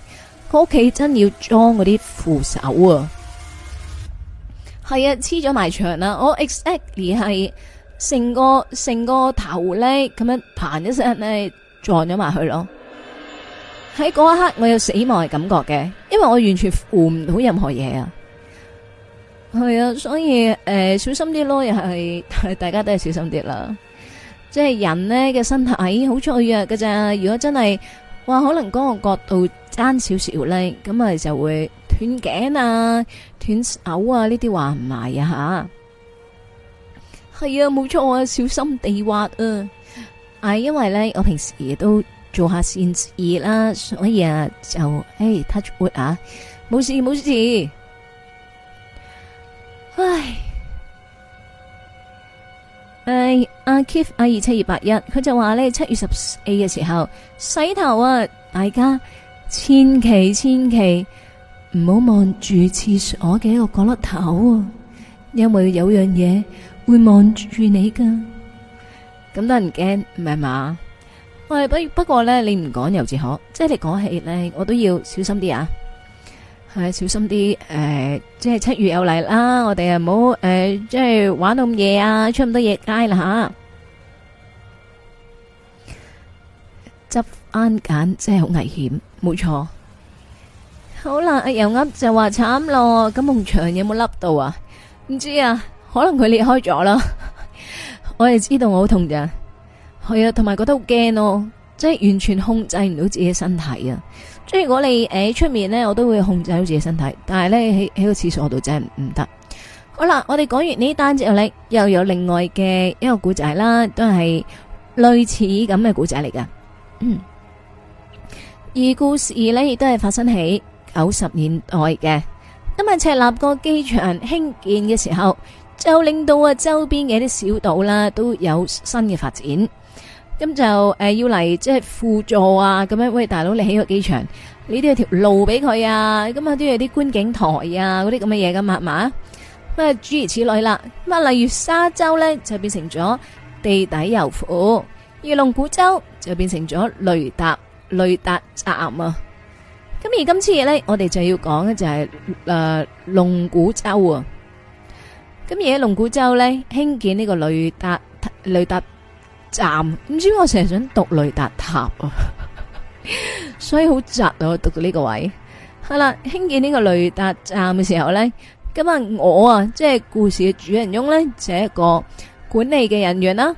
Speaker 1: 佢屋企真要裝嗰啲扶手啊！係、嗯、啊，黐咗埋牆啦，我 exactly 係成個成個頭咧咁樣嘭一聲咧撞咗埋去咯。喺嗰一刻，我有死亡嘅感覺嘅，因為我完全扶唔到任何嘢啊！係啊，所以誒、呃、小心啲咯，又係大家都係小心啲啦。即係人呢嘅身體好、哎、脆弱嘅咋，如果真係話可能嗰個角度爭少少咧，咁啊就會斷頸啊、斷手啊呢啲話唔埋啊吓。係啊，冇、啊、錯啊，小心地滑啊。係、哎、因為咧，我平時亦都做下善事啦，所以啊就誒、哎、touch wood, 啊，冇事冇事。唉，唉、啊，阿 Kif 阿、啊、二七二八一，佢就話咧七月十四嘅時候洗頭啊，大家千祈千祈唔好望住廁所嘅一個角落頭啊，因為有樣嘢會望住你噶，咁多人驚唔係嘛？喂，不不，不過咧你唔講又自可，即、就、係、是、你講起咧，我都要小心啲啊。係小心啲，誒，即係七月又嚟啦，我哋啊唔好，誒，即係玩到咁夜啊，出咁多嘢街啦吓，執翻揀真係好危險，冇錯。好啦，阿油鷗就話慘咯，咁夢場有冇凹到啊？唔知啊，可能佢裂開咗啦。我亦知道我好痛嘅，係啊，同埋覺得好驚咯，即係完全控制唔到自己身體啊。即係如果你誒出面呢，我都會控制好自己身體，但係呢，喺喺個廁所度真係唔得。好啦，我哋講完呢單之後呢，又有另外嘅一個古仔啦，都係類似咁嘅古仔嚟噶。而故事呢，亦都係發生喺九十年代嘅，今日赤鱲角機場興建嘅時候，就令到啊周邊嘅啲小島啦，都有新嘅發展。咁就誒要嚟，即係輔助啊，咁樣，喂，大佬你起個機場，呢啲有條路俾佢啊，咁啊都有啲觀景台啊，嗰啲咁嘅嘢嘅嘛嘛，咁啊諸如此類啦，咁啊例如沙洲咧就變成咗地底油庫，而龍鼓洲就變成咗雷達雷達站啊，咁而今次咧我哋就要講嘅就係誒龍鼓洲啊，咁而喺龍鼓洲咧興建呢個雷達雷達。站。唔知我成日想讀雷達塔啊， 所以好窒啊！我讀到呢個位係啦，興建呢個雷達站嘅時候呢。咁啊，我啊即係故事嘅主人翁呢，就係，一個管理嘅人員啦。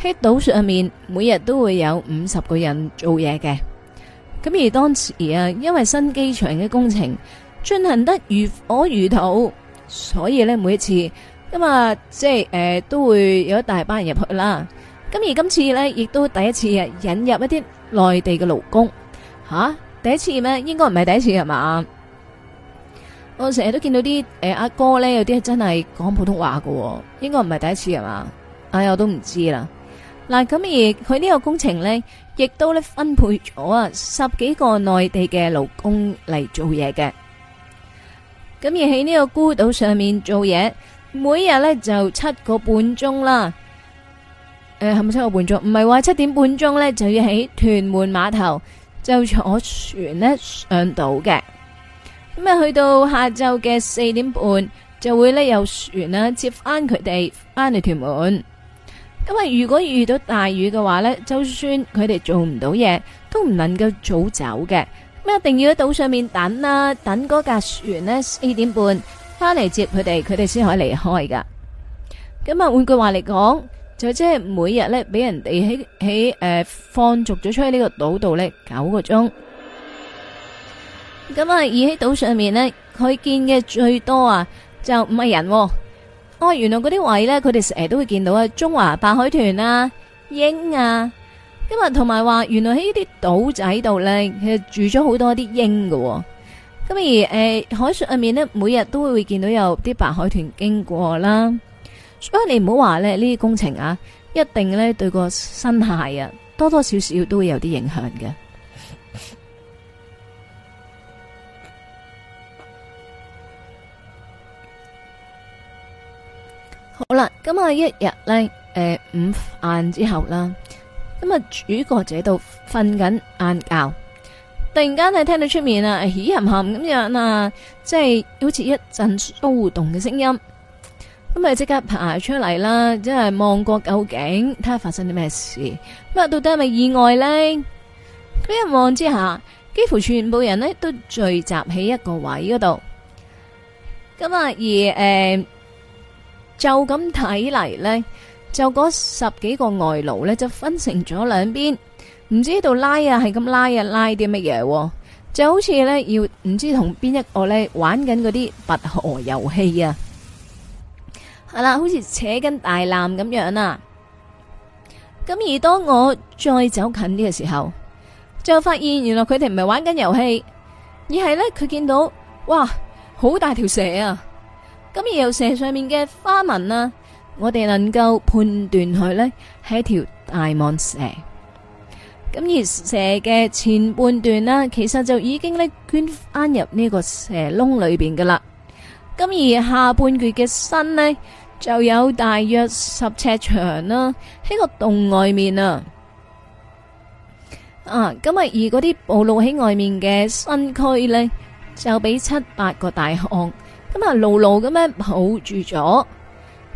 Speaker 1: 喺島上面，每日都會有五十個人做嘢嘅。咁而當時啊，因為新機場嘅工程進行得如火如荼，所以呢，每一次咁啊，即係誒、呃、都會有一大班人入去啦。咁而今次咧，亦都第一次啊引入一啲內地嘅勞工吓，第一次咩？應該唔係第一次係嘛？我成日都見到啲誒阿哥咧，有啲係真係講普通話㗎，應該唔係第一次係嘛？哎呀，我都唔知啦。嗱，咁而佢呢個工程咧，亦都咧分配咗啊十幾個內地嘅勞工嚟做嘢嘅。咁而喺呢個孤島上面做嘢，每日咧就七個半鐘啦。誒，係咪七個半鐘，唔係話七點半鐘呢就要喺屯門碼頭就坐船呢上島嘅。咁啊，去到下晝嘅四點半就會呢有船啊接翻佢哋翻嚟屯門。咁啊，如果遇到大雨嘅話呢，就算佢哋做唔到嘢，都唔能夠早走嘅。咁一定要喺島上面等啦，等嗰架船呢四點半翻嚟接佢哋，佢哋先可以離開噶。咁啊，換句話嚟講。就即係每日咧，俾人哋喺喺誒放逐咗出去呢個島度咧，九個鐘。咁啊，而喺島上面咧，佢見嘅最多啊，就唔係人。哦，原來嗰啲位咧，佢哋成日都會見到啊，中華白海豚啊，鷹啊。今日同埋話，原來喺呢啲島仔度咧，其實住咗好多啲鷹嘅。咁而誒，海上面咧，每日都會見到有啲白海豚經過啦。所以你唔好話咧，呢啲工程啊，一定咧對個身體啊，多多少少都會有啲影響嘅。好啦，咁啊，一日呢，誒，午晏之後啦，咁啊，主角就喺度瞓緊晏覺，突然間係聽到出面啊，咦，喊喊咁樣啊，即係好似一陣騷動嘅聲音。咁啊！即刻爬出嚟啦，即係望過究竟，睇下發生啲咩事。咁啊，到底係咪意外呢？佢一望之下，幾乎全部人呢都聚集喺一個位嗰度。咁啊，而誒，就咁睇嚟呢，就嗰十幾個外勞呢，就分成咗兩邊，唔知道拉啊，係咁拉啊，拉啲乜嘢？就好似呢，要唔知同邊一個呢玩緊嗰啲拔河遊戲啊！係啦，好似扯緊大纜咁樣啊！咁而當我再走近啲嘅時候，就發現原來佢哋唔係玩緊遊戲，而係呢佢見到哇，好大條蛇啊！咁而由蛇上面嘅花紋啊，我哋能夠判斷佢呢係一條大蟒蛇。咁而蛇嘅前半段呢，其實就已經呢捐翻入呢個蛇窿裏邊噶啦。咁而下半段嘅身呢。就有大約十尺長啦，喺個洞外面啊，啊，咁啊，而嗰啲暴露喺外面嘅身軀咧，就俾七八個大漢咁啊，牢牢咁樣抱住咗。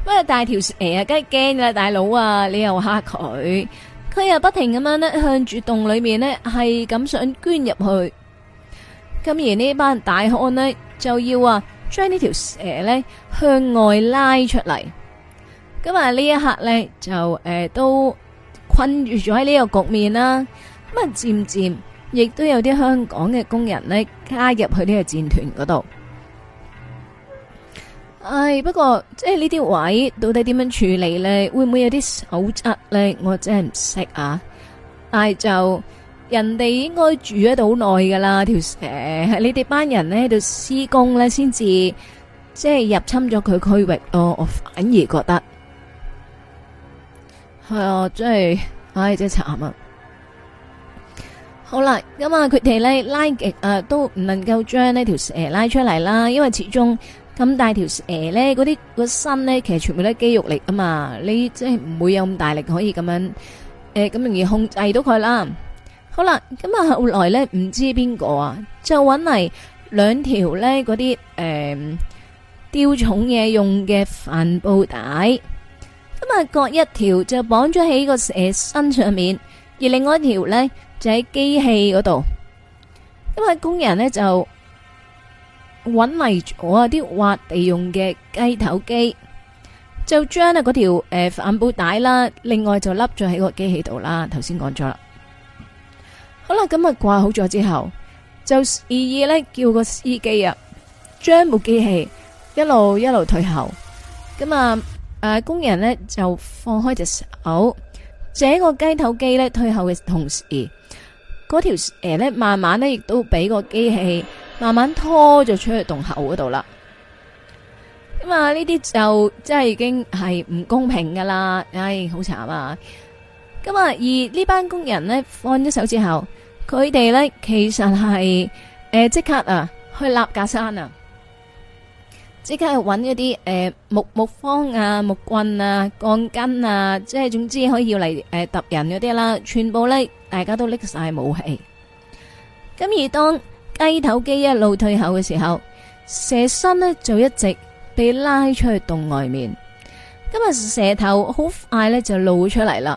Speaker 1: 不過大條蛇啊，梗係驚啦，大佬啊，你又嚇佢，佢又不停咁樣咧向住洞裏面咧，係咁想捐入去。咁而呢班大漢咧，就要啊。將呢條蛇呢，向外拉出嚟。咁啊呢一刻呢，就誒、呃、都困住咗喺呢個局面啦，啊。咁漸漸亦都有啲香港嘅工人呢，加入去呢個戰團嗰度。唉，不過即係呢啲位到底點樣處理呢？會唔會有啲守則呢？我真係唔識啊！但係就。人哋應該住喺度好耐噶啦，條蛇，你哋班人咧喺度施工咧，先至即係入侵咗佢區域咯。我反而覺得係啊，真係，唉，真係慘啊！好啦，咁啊，佢哋咧拉極啊，都唔能夠將呢條蛇拉出嚟啦。因為始終咁大條蛇咧，嗰啲個身咧，其實全部都係肌肉嚟㗎嘛。你即係唔會有咁大力可以咁樣誒咁容易控制到佢啦。好啦，咁啊，後來呢唔知邊個啊，就搵嚟兩條呢嗰啲誒吊重嘢用嘅帆布帶，咁啊各一條就綁咗喺個蛇身上面，而另外一條呢就喺機器嗰度。咁啊，工人呢，就搵嚟咗啊啲挖地用嘅雞頭機，就將啊嗰條誒帆布帶啦，另外就笠咗喺個機器度啦。頭先講咗啦。好啦，咁啊掛好咗之後，就示意咧叫個司機啊，將部機器一路一路退後。咁啊誒，工人咧就放開隻手，這個雞頭機咧退後嘅同時，嗰條誒咧慢慢咧亦都俾個機器慢慢拖咗出去洞口嗰度啦。咁啊呢啲就真係已經係唔公平噶啦，唉，好慘啊！咁啊而呢班工人咧放咗手之後。佢哋咧，其實係誒即刻啊去立架山啊，即刻去搵一啲誒木木方啊、木棍啊、鋼筋啊，即係總之可以要嚟誒揼人嗰啲啦。全部咧，大家都拎晒武器。咁而當雞頭機一路退後嘅時候，蛇身咧就一直被拉出去洞外面。咁啊蛇頭好快咧就露出嚟啦。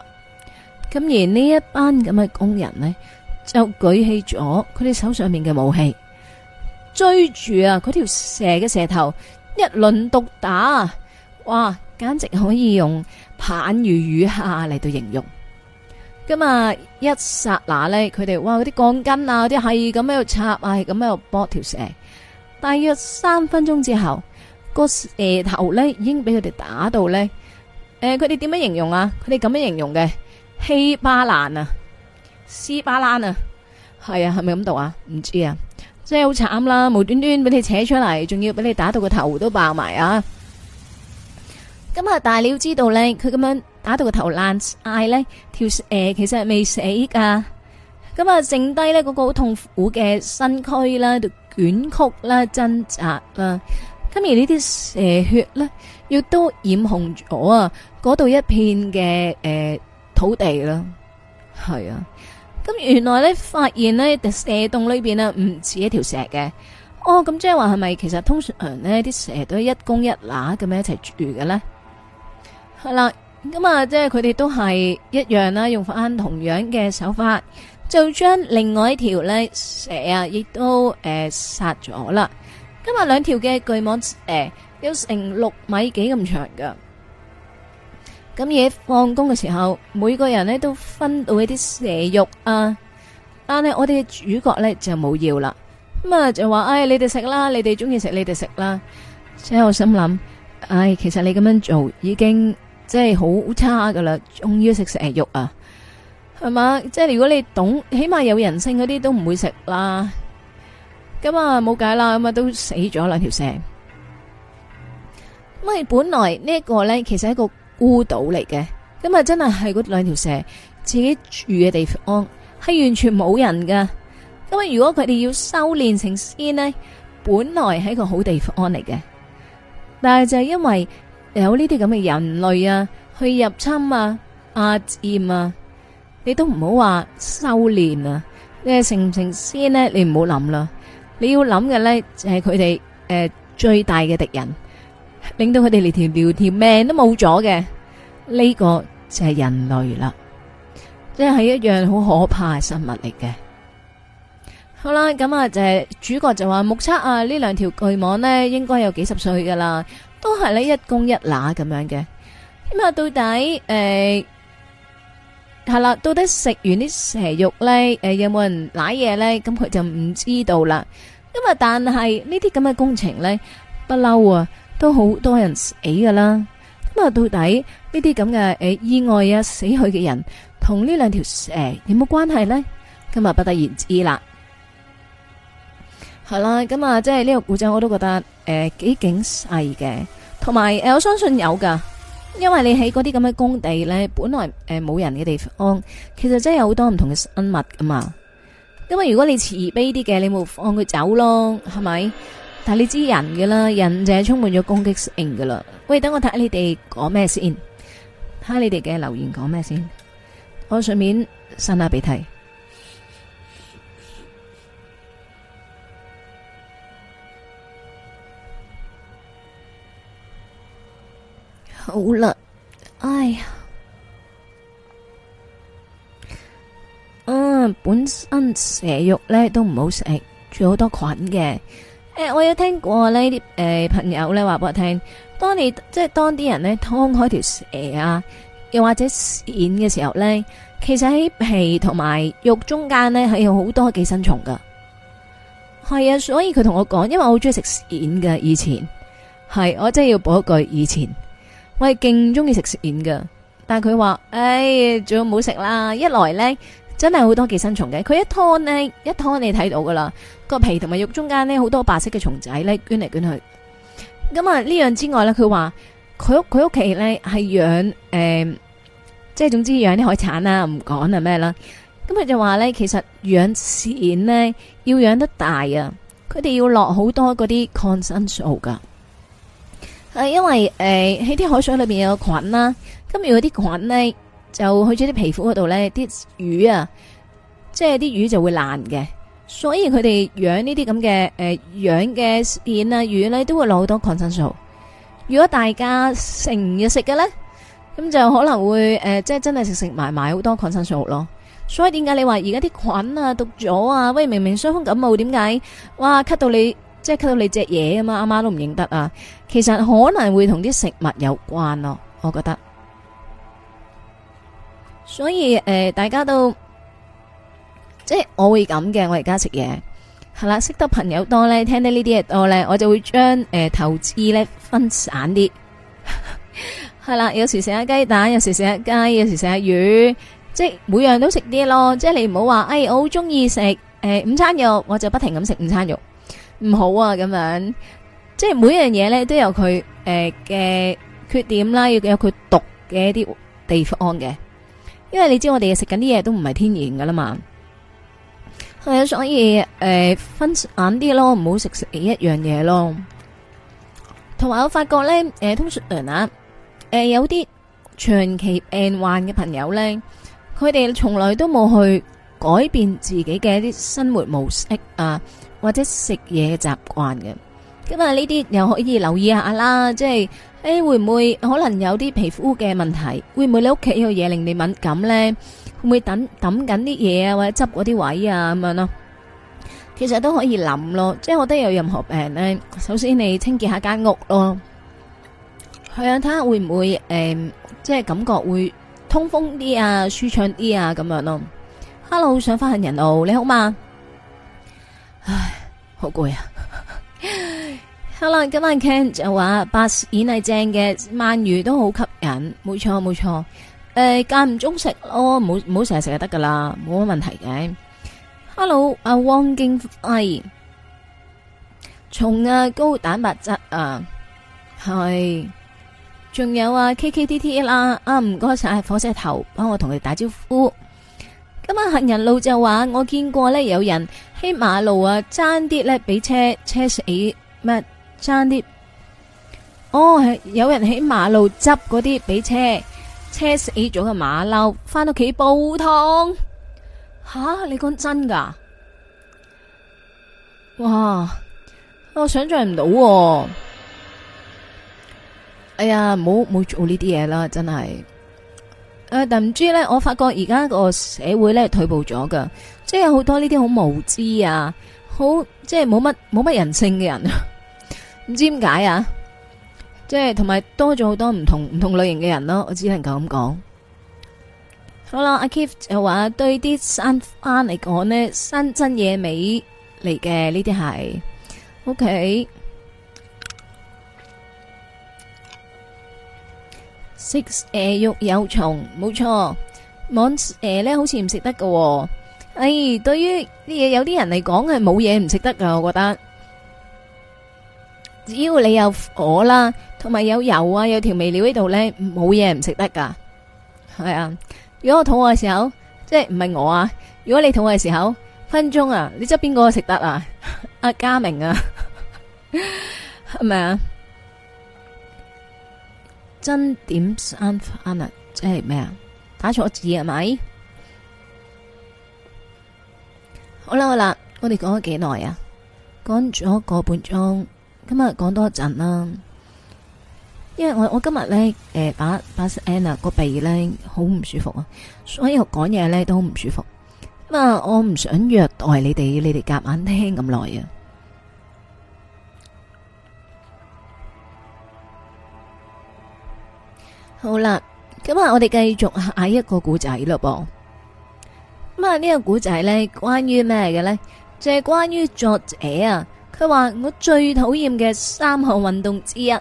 Speaker 1: 咁而呢一班咁嘅工人咧。又舉起咗佢哋手上面嘅武器，追住啊！佢條蛇嘅蛇頭，一輪毒打，哇，簡直可以用棒如雨下嚟到形容。咁啊，一剎那呢，佢哋哇嗰啲鋼筋啊，啲係咁喺度插啊，係咁喺度搏條蛇。大約三分鐘之後，個蛇頭呢已經俾佢哋打到、呃、們麼呢。誒，佢哋點樣形容啊？佢哋咁樣形容嘅，稀巴爛啊！斯巴爛啊，係啊，係咪咁讀啊？唔知啊，真係好慘啦，無端端俾你扯出嚟，仲要俾你打到個頭都爆埋啊！咁啊，大鳥知道咧，佢咁樣打到個頭爛嗌咧，條蛇其實未死㗎。咁啊，剩低咧嗰個好痛苦嘅身軀啦，捲曲啦，掙扎啦。咁而呢啲蛇血咧，要都染紅咗、欸、啊！嗰度一片嘅誒土地啦，係啊。咁原來咧發現咧蛇洞裏邊啊唔似一條蛇嘅。哦，咁即係話係咪其實通常咧啲蛇都係一公一乸咁樣一齊住嘅咧？係啦，咁啊即係佢哋都係一樣啦，用翻同樣嘅手法，就將另外一條咧蛇啊亦都誒殺咗啦。今日兩條嘅巨蟒誒有成六米幾咁長噶咁嘢放工嘅時候，每個人咧都分到一啲蛇肉啊！但係我哋嘅主角咧就冇要啦。咁啊就話：哎，你哋食啦，你哋中意食，你哋食啦。即係我心諗，哎，其實你咁樣做已經即係好差噶啦，仲要食蛇肉啊，係嘛？即係如果你懂，起碼有人性嗰啲都唔會食啦。咁啊冇計啦，咁啊都死咗兩條蛇。因為本來呢一個咧，其實一個。孤島嚟嘅，咁啊真係係嗰兩條蛇自己住嘅地方，係完全冇人噶。咁啊，如果佢哋要修煉成仙咧，本來係一個好地方嚟嘅，但係就係因為有呢啲咁嘅人類啊，去入侵啊、壓佔啊，你都唔好話修煉啊，你成唔成仙咧？你唔好諗啦，你要諗嘅咧，就係佢哋誒最大嘅敵人。令到佢哋連條條命都冇咗嘅，呢個就係人類啦，即係一樣好可怕嘅生物嚟嘅。好啦，咁啊就係主角就話目測啊呢兩條巨蟒咧應該有幾十歲噶啦，都係咧一公一乸咁樣嘅。咁啊到底誒係啦，到底食完啲蛇肉咧誒有冇人舐嘢咧？咁佢就唔知道啦。咁啊但係呢啲咁嘅工程咧不嬲啊！都好多人死噶啦，咁啊到底呢啲咁嘅誒意外啊死去嘅人，同呢兩條蛇有冇關係呢？咁就不得而知啦。係啦，咁啊即係呢個故仔我都覺得誒幾警世嘅，同埋誒我相信有噶，因為你喺嗰啲咁嘅工地呢，本來誒冇、呃、人嘅地方，其實真係有好多唔同嘅生物噶嘛。因為如果你慈悲啲嘅，你冇放佢走咯，係咪？但你知人嘅啦，人就係充滿咗攻擊性嘅啦。喂，等我睇下你哋講咩先，睇下你哋嘅留言講咩先。我順便擤下鼻涕。好啦，哎呀，嗯，本身蛇肉咧都唔好食，仲好多菌嘅。誒、呃，我有聽過呢啲誒、呃、朋友咧話俾我聽，當你即係當啲人咧劏開條蛇啊，又或者鱔嘅時候咧，其實喺皮同埋肉中間咧係有好多寄生蟲噶。係啊，所以佢同我講，因為我好中意食鱔嘅，以前係我真係要補一句，以前我係勁中意食鱔噶，但係佢話，唉、哎，仲要唔好食啦，一來咧。真係好多寄生蟲嘅，佢一拖呢，一拖你睇到噶啦，個皮同埋肉中間呢，好多白色嘅蟲仔呢，捐嚟捐去。咁啊，呢樣之外呢，佢話佢屋佢屋企呢係養誒，即係總之養啲海產、啊、啦，唔講係咩啦。咁佢就話呢，其實養鱔呢，要養得大啊，佢哋要落好多嗰啲抗生素噶。啊、呃，因為誒喺啲海水裏邊有菌啦、啊，咁如果啲菌呢……就去咗啲皮膚嗰度呢，啲魚啊，即係啲魚就會爛嘅，所以佢哋養呢啲咁嘅誒養嘅魚啊，魚呢，都會落好多抗生素。如果大家成日食嘅呢，咁就可能會誒、呃，即係真係食食埋埋好多抗生素咯。所以點解你話而家啲菌啊毒咗啊？喂，明明傷風感冒，點解哇咳到你即係咳到你隻嘢吖嘛，阿媽都唔認得啊！其實可能會同啲食物有關咯，我覺得。所以誒、呃，大家都即係我會咁嘅。我而家食嘢係啦，識得朋友多咧，聽得呢啲嘢多咧，我就會將誒、呃、投資咧分散啲係 啦。有時食下雞蛋，有時食下雞，有時食下魚，即係每樣都食啲咯。即係你唔好話誒，我好中意食誒午餐肉，我就不停咁食午餐肉，唔好啊咁樣。即係每樣嘢咧都有佢誒嘅缺點啦，要有佢毒嘅一啲地方嘅。因為你知我哋食緊啲嘢都唔係天然噶啦嘛，係啊，所以誒、呃、分眼啲咯，唔好食食一樣嘢咯。同埋我發覺呢，誒、呃，通常啊，誒、呃，有啲長期病患嘅朋友呢，佢哋從來都冇去改變自己嘅一啲生活模式啊、呃，或者食嘢嘅習慣嘅，咁啊呢啲又可以留意下啦，即係。誒，會唔會可能有啲皮膚嘅問題？會唔會你屋企有嘢，令你敏感咧？會唔會抌抌緊啲嘢啊，或者執嗰啲位啊？咁樣咯，其實都可以諗咯，即係我都有任何病咧。首先你清潔下間屋咯，係啊，睇下會唔會誒，即係感覺會通風啲啊，舒暢啲啊，咁樣咯。Hello，想翻行人路你好嘛？唉，好攰啊！好嘞今晚 Ken 就話八演嚟正嘅鰻魚都好吸引，冇錯冇錯，誒間唔中食咯，唔好唔好成日食就得噶啦，冇乜問題嘅。hello，阿、啊、汪敬輝，從、哎、啊高蛋白質啊，係、哎，仲有啊 K K T T 啦、啊，啊唔該晒火車頭，幫我同佢打招呼。今晚行人路就話我見過咧，有人喺馬路啊爭啲呢，俾車車死咩？爭啲哦，係有人喺馬路執嗰啲俾車車死咗嘅馬騮翻到屋企煲湯吓？你講真噶？哇，我想象唔到。哎呀，唔好唔好做呢啲嘢啦，真係誒。但唔知咧，我發覺而家個社會咧退步咗噶，即係有好多呢啲好無知啊，好即係冇乜冇乜人性嘅人。唔知點解啊！即係同埋多咗好多唔同唔同類型嘅人咯，我只能夠咁講。好啦，阿 Keith 就話，對啲山花嚟講呢，山珍野味嚟嘅呢啲係。OK，食誒肉有蟲，冇錯。蚊誒呢好似唔食得噶。哎，對於啲嘢，有啲人嚟講係冇嘢唔食得噶，我覺得。只要你有火啦、啊，同埋有油啊，有調味料呢度呢，冇嘢唔食得噶。係啊，如果我肚餓嘅時候，即係唔係我啊？如果你肚餓嘅時候，分鐘啊，你執邊個食得啊？阿、啊、嘉明啊，係 咪啊？真點生翻啊？即係咩啊？打錯字係咪？好啦好啦，我哋講咗幾耐啊？講咗個半鐘。今日講多一陣啦，因為我我今日咧誒，把把 Anna 個鼻咧好唔舒服啊，所以我講嘢咧都唔舒服。咁啊，我唔想虐待你哋，你哋夾硬聽咁耐啊。好啦，咁啊，我哋繼續下一個古仔咯噃。咁啊，呢個古仔咧，關於咩嘅咧？就係關於作者啊。佢話我最討厭嘅三項運動之一，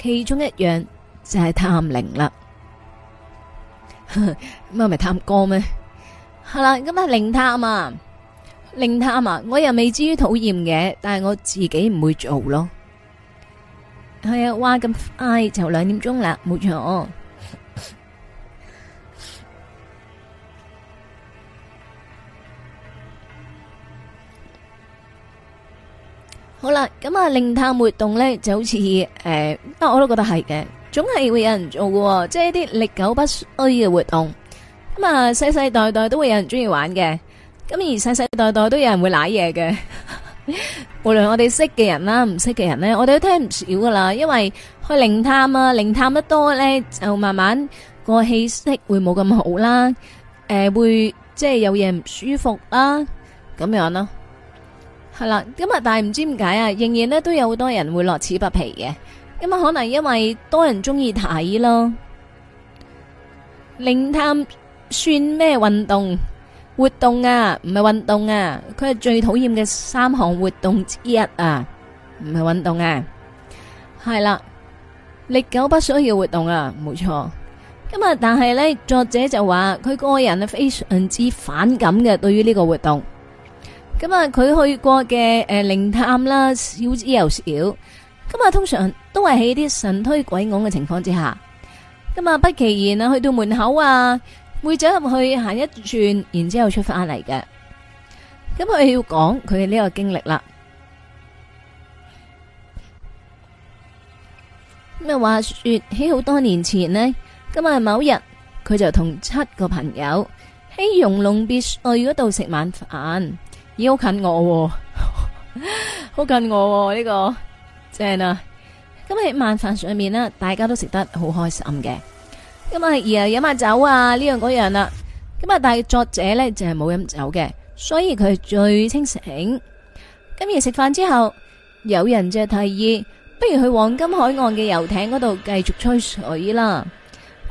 Speaker 1: 其中一樣就係探靈啦。咁啊，咪探歌咩？係啦，咁啊，靈探啊，靈探啊，我又未至於討厭嘅，但係我自己唔會做咯。係啊，話咁快就兩點鐘啦，冇錯。好啦，咁啊，靈探活動呢就好似誒，我都覺得係嘅，總係會有人做嘅，即係一啲歷久不衰嘅活動。咁啊，世世代代都會有人中意玩嘅，咁而世世代代都有人會瀨嘢嘅，無論我哋識嘅人啦，唔識嘅人呢，我哋都聽唔少噶啦。因為去靈探啊，靈探得多呢，就慢慢個氣息會冇咁好啦，誒，會即係有嘢唔舒服啦，咁樣囉。係啦，今日但係唔知點解啊，仍然咧都有好多人會樂此不疲嘅。咁啊，可能因為多人中意睇咯。靈探算咩運動活動啊？唔係運動啊，佢係最討厭嘅三項活動之一啊，唔係運動啊。係啦，歷久不衰嘅活動啊，冇錯。今日但係呢，作者就話佢個人啊非常之反感嘅，對於呢個活動。咁啊，佢、嗯、去過嘅誒靈探啦，少之又少。咁、嗯、啊，通常都係喺啲神推鬼拱嘅情況之下。咁、嗯、啊，不其然啊，去到門口啊，會走入去行一轉，然之後出翻嚟嘅。咁、嗯、佢、嗯、要講佢嘅呢個經歷啦。咁、嗯、啊，話說喺好多年前呢，咁、嗯、啊、嗯、某日，佢就同七個朋友喺容龍別墅嗰度食晚飯。咦，好近我喎，好近我喎，呢個正啊！咁喺晚飯上面呢，大家都食得好開心嘅。咁啊，而啊飲下酒啊，呢樣嗰樣啦。咁啊，但係作者呢，就係冇飲酒嘅，所以佢係最清醒。今日食飯之後，有人就提議，不如去黃金海岸嘅遊艇嗰度繼續吹水啦。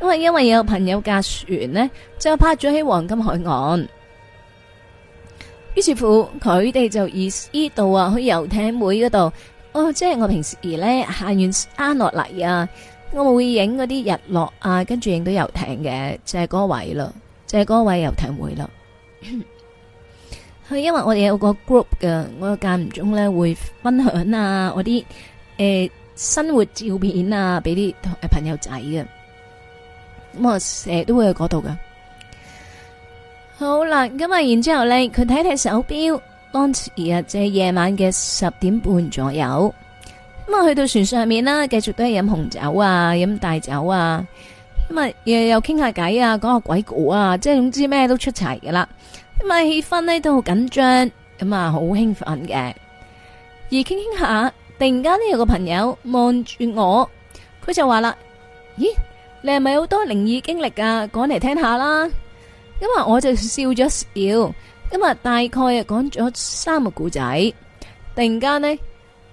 Speaker 1: 因為因為有朋友駕船呢，就泊咗喺黃金海岸。於是乎，佢哋就以呢度啊，去遊艇會嗰度。哦，即係我平時咧行完山落嚟啊，我會影嗰啲日落啊，跟住影到遊艇嘅，就係、是、嗰位咯，就係、是、嗰位遊艇會咯。係 因為我哋有個 group 嘅，我間唔中咧會分享啊我啲誒、呃、生活照片啊，俾啲朋友仔嘅。咁我成日都會去嗰度嘅。好啦，咁啊，然之後咧，佢睇睇手錶，當時啊，即係夜晚嘅十點半左右，咁啊，去到船上面啦，繼續都係飲紅酒啊，飲大酒啊，咁啊，又傾下偈啊，講下鬼故啊，即係總之咩都出齊噶啦，咁啊，氣氛呢都好緊張，咁啊，好興奮嘅。而傾傾下，突然間呢，有個朋友望住我，佢就話啦，咦，你係咪好多靈異經歷啊？講嚟聽下啦。今日、嗯、我就笑咗笑，今、嗯、日大概啊講咗三個故仔，突然間呢，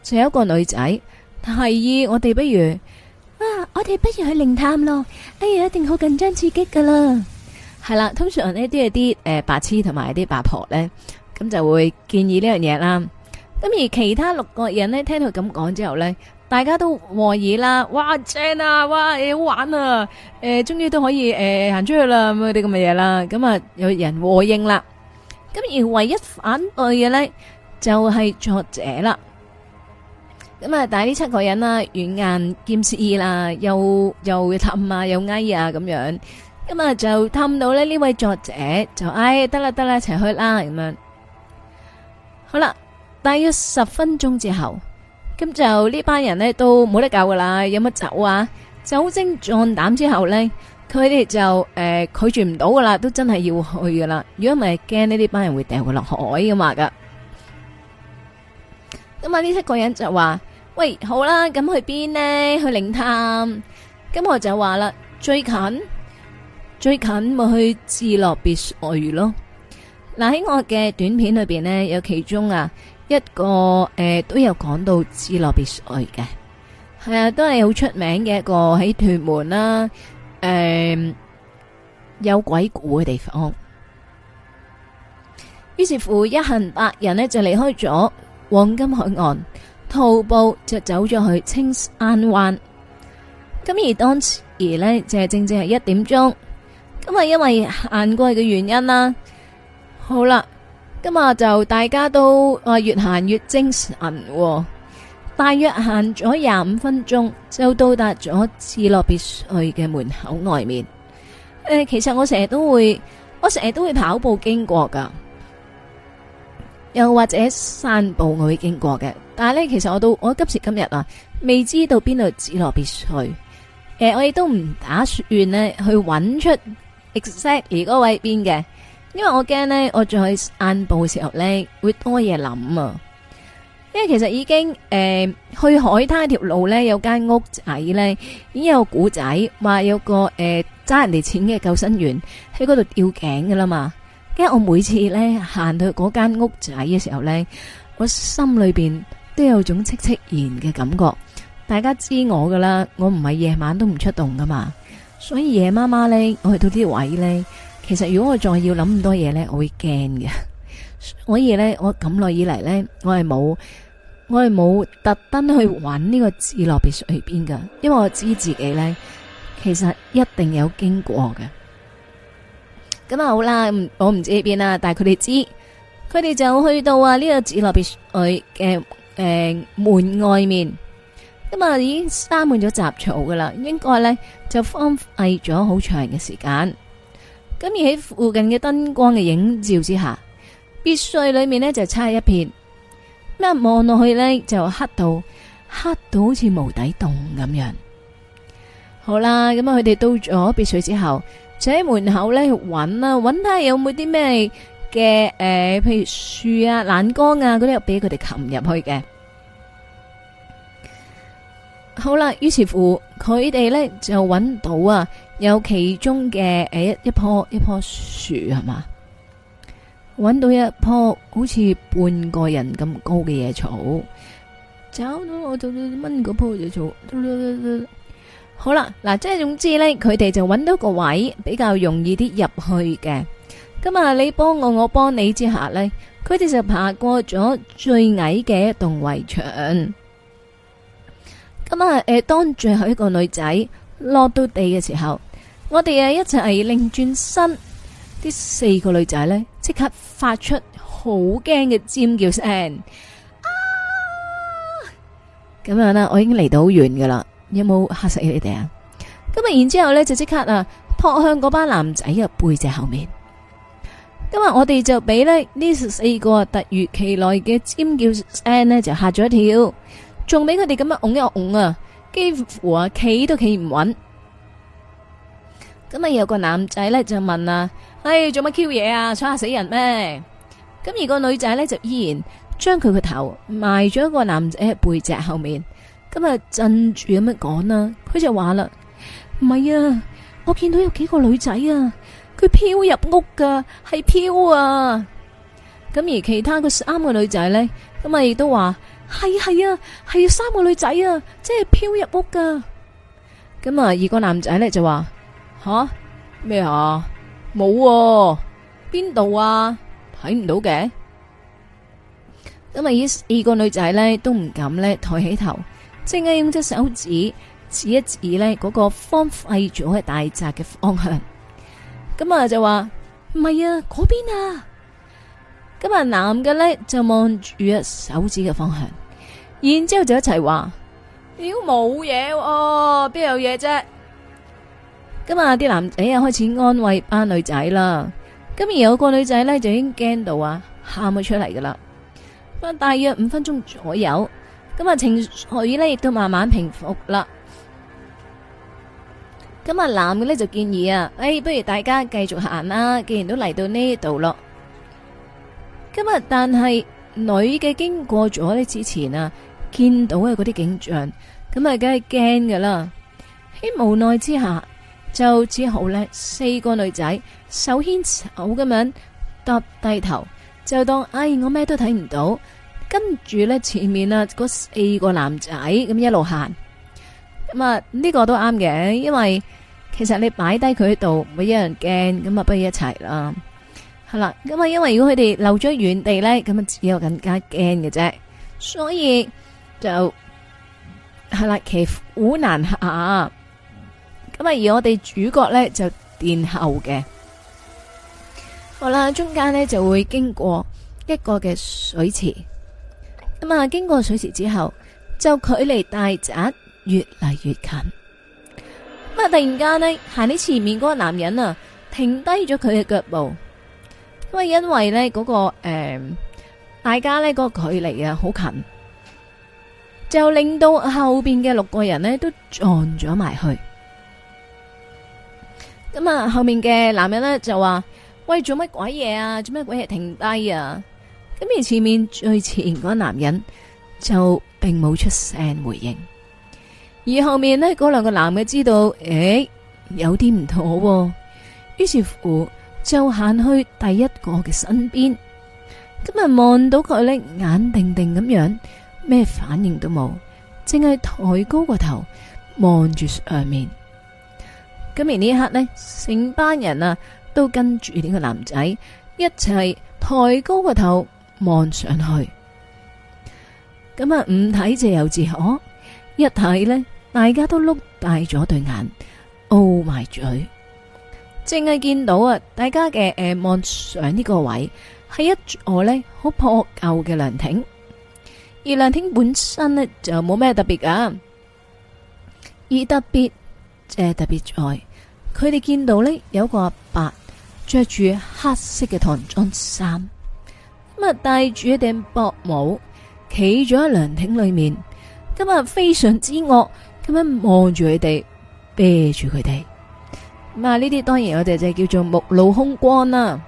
Speaker 1: 就有一個女仔，提議我哋不如啊，我哋不如去靈探咯，哎呀，一定好緊張刺激噶啦，係啦、嗯，通常呢都係啲誒白痴同埋啲白婆呢，咁就會建議呢樣嘢啦，咁而其他六個人呢聽到佢咁講之後呢。大家都和議啦，哇正啊，哇誒好玩啊，誒終於都可以誒行出去啦，咁嗰啲咁嘅嘢啦，咁啊有人和應啦，咁而唯一反對嘅咧就係作者啦，咁啊，但係呢七個人啦軟硬兼施啦，又又氹啊又嗌啊咁樣，咁啊就氹到咧呢位作者就唉，得啦得啦一齊去啦咁樣，好啦，大約十分鐘之後。咁就呢班人呢都冇得救噶啦，有乜酒啊？酒精壯膽之後呢，佢哋就誒、呃、拒絕唔到噶啦，都真係要去噶啦。如果唔係，驚呢啲班人會掉佢落海噶嘛噶。咁啊，呢七個人就話：「喂，好啦，咁去邊呢？去靈探。咁我就話啦，最近最近咪去智樂別墅咯。嗱，喺我嘅短片裏邊呢，有其中啊。一個誒、呃、都有講到智樂別墅嘅，係啊，都係好出名嘅一個喺屯門啦。誒，有鬼故嘅地方。於是乎，一行八人呢就離開咗黃金海岸，徒步就走咗去青山灣。咁而當時而呢，就正正係一點鐘，咁啊，因為行過嚟嘅原因啦、啊。好啦。今日就大家都啊越行越精神，大約行咗廿五分鐘就到達咗紫樂別墅嘅門口外面。誒，其實我成日都會，我成日都會跑步經過噶，又或者散步我會經過嘅。但係咧，其實我到我今時今日啊，未知道邊度紫樂別墅。誒，我亦都唔打算咧去揾出 exactly 嗰位邊嘅。因為我驚呢，我再散步嘅時候呢，會多嘢諗啊。因為其實已經誒、呃、去海灘條路呢，有間屋仔呢已經有古仔話有個誒揸、呃、人哋錢嘅救生員喺嗰度吊頸噶啦嘛。咁我每次呢行到嗰間屋仔嘅時候呢，我心裏邊都有種戚戚然嘅感覺。大家知我噶啦，我唔係夜晚都唔出動噶嘛，所以夜媽媽呢，我去到啲位呢。其實如果我再要諗咁多嘢呢，我會驚嘅。所以呢，我咁耐以嚟呢，我係冇，我係冇特登去揾呢個智落別墅喺邊噶因為我知自己呢，其實一定有經過嘅。咁啊、嗯、好啦，我唔知喺邊啦，但係佢哋知，佢哋就去到啊呢個智落別墅佢嘅誒門外面。咁、嗯、啊已經生滿咗雜草噶啦，應該呢，就荒廢咗好長嘅時間。咁而喺附近嘅燈光嘅影照之下，別墅裏面呢就差一片，咩望落去呢，就黑到黑到好似無底洞咁樣。好啦，咁啊，佢哋到咗別墅之後，就喺門口呢揾啊揾睇下有冇啲咩嘅誒，譬如樹啊、欄杆啊嗰啲，俾佢哋擒入去嘅。好啦，於是乎佢哋呢就揾到啊，有其中嘅誒一棵一棵樹係嘛，揾到一棵好似半個人咁高嘅野草，找到我就掹嗰棵野草。噠噠噠噠，好啦，嗱即係總之呢，佢哋就揾到個位比較容易啲入去嘅。咁啊，你幫我我幫你之下呢，佢哋就爬過咗最矮嘅一棟圍牆。咁啊！誒，當最後一個女仔落到地嘅時候，我哋啊一齊擰轉身，呢四個女仔呢，即刻發出好驚嘅尖叫聲。啊，咁樣啦，我已經嚟到好遠噶啦，有冇吓死咗你哋啊？咁啊，然之後咧就即刻啊撲向嗰班男仔嘅背脊後面。今日我哋就俾咧呢四個突如其來嘅尖叫聲呢，就嚇咗一跳。仲俾佢哋咁樣拱一拱啊，幾乎啊企都企唔穩。咁啊有個男仔咧就問啊：哎「唉，做乜 Q 嘢啊？嚇死人咩？咁而個女仔咧就依然將佢個頭埋咗個男仔背脊後面。咁啊，鎮住咁樣講啦，佢就話啦：唔係啊，我見到有幾個女仔啊，佢飄入屋噶，係飄啊。咁而其他個三個女仔咧，咁啊亦都話。係啊係，啊係三個女仔啊，即係飄入屋噶。咁啊，二個男仔咧就話，吓咩啊？冇邊度啊？睇唔到嘅。咁啊，二個女仔咧都唔敢咧抬起頭，即係用隻手指指一指咧嗰個荒廢咗嘅大宅嘅方向。咁啊就話唔係啊，嗰邊啊。咁啊男嘅咧就望住手指嘅方向。然之後就一齊話，妖冇嘢哦，邊有嘢啫？今日啲男仔啊開始安慰班女仔啦。今日有個女仔呢，就已經驚到啊，喊咗出嚟噶啦。咁啊，大約五分鐘左右，咁啊，情緒呢亦都慢慢平復啦。咁啊，男嘅呢就建議啊，誒、哎，不如大家繼續行啦。既然都嚟到呢度咯，今日但係女嘅經過咗呢之前啊。見到啊嗰啲景象，咁啊梗係驚噶啦！喺無奈之下，就只好咧四個女仔手牽手咁樣耷低頭，就當哎我咩都睇唔到。跟住咧前面啊嗰四個男仔咁一路行，咁、嗯、啊呢、這個都啱嘅，因為其實你擺低佢喺度，每一人驚，咁啊不如一齊啦。係、嗯、啦，咁、嗯、啊因為如果佢哋留咗原地咧，咁啊只有更加驚嘅啫，所以。就係啦，騎虎難下，咁啊而我哋主角呢，就殿後嘅，好啦，中間呢，就會經過一個嘅水池，咁、嗯、啊經過水池之後，就距離大宅越嚟越近，咁啊突然間呢，行喺前面嗰個男人啊停低咗佢嘅腳步，咁啊因為呢，嗰、那個誒、呃、大家呢，嗰、那個距離啊好近。就令到後邊嘅六個人咧都撞咗埋去。咁啊，後面嘅男人咧就話：喂，做乜鬼嘢啊？做咩鬼嘢停唔低啊？咁而前面最前個男人就並冇出聲回應。而後面咧嗰兩個男嘅知道，誒，有啲唔妥，於是乎就行去第一個嘅身邊。今日望到佢咧眼定定咁樣。咩反應都冇，淨係抬高個頭望住上面。咁而呢一刻呢，成班人啊都跟住呢個男仔，一齊抬高個頭望上去。咁啊，唔睇猶自可，一睇呢，大家都碌大咗對眼，O 埋嘴，淨係見到啊，大家嘅，誒、呃、望上呢個位係一座呢，好破舊嘅涼亭。而涼亭本身咧就冇咩特別噶，而特別即係特別在佢哋見到呢，有個阿伯着住黑色嘅唐裝衫，咁啊戴住一頂薄帽，企咗喺涼亭裏面，今日非常之惡咁樣望住佢哋，啤住佢哋。咁啊呢啲當然我哋就叫做目露凶光啦，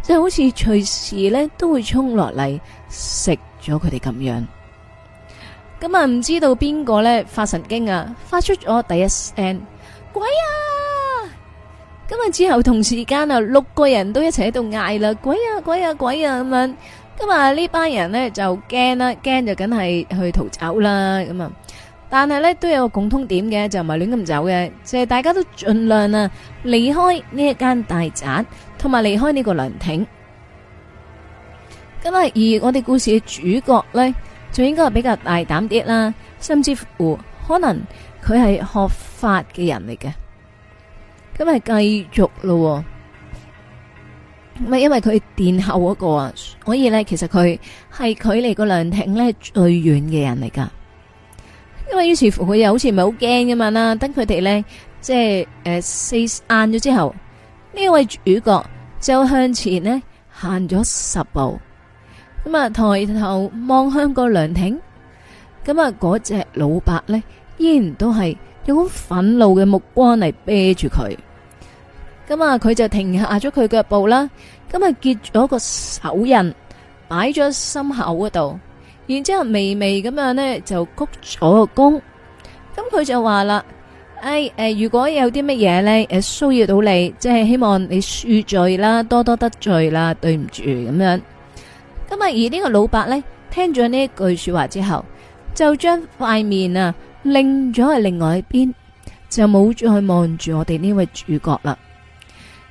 Speaker 1: 即係好似隨時咧都會衝落嚟食咗佢哋咁樣，咁啊唔知道邊個呢發神經啊，發出咗第一聲鬼啊！咁啊之後同時間啊六個人都一齊喺度嗌啦，鬼啊鬼啊鬼啊咁樣，咁啊呢班人呢就驚啦，驚就梗係去逃走啦咁啊，但係呢都有個共通點嘅，就唔係亂咁走嘅，就係大家都盡量啊離開呢間大宅，同埋離開呢個涼亭。咁啊，而我哋故事嘅主角咧，就應該係比較大膽啲啦，甚至乎可能佢係學法嘅人嚟嘅。咁咪繼續咯，咪因為佢殿後嗰個啊，所以咧其實佢係佢離個涼亭咧最遠嘅人嚟噶。因為於是乎，佢又好似唔係好驚㗎嘛啦。等佢哋咧，即係誒、呃、四晏咗之後，呢位主角就向前呢行咗十步。咁啊！抬頭望向個涼亭，咁啊，嗰隻老伯咧依然都係用好憤怒嘅目光嚟啤住佢。咁啊，佢就停下咗佢腳步啦。咁啊，結咗個手印，擺咗心口嗰度，然之後微微咁樣呢，就鞠咗個躬。咁佢就話啦：哎、呃、誒，如果有啲乜嘢咧，騷擾到你，即係希望你恕罪啦，多多得罪啦，對唔住咁樣。咁而呢個老伯咧，聽咗呢一句說話之後，就將塊面啊擰咗去另外一邊，就冇再去望住我哋呢位主角啦。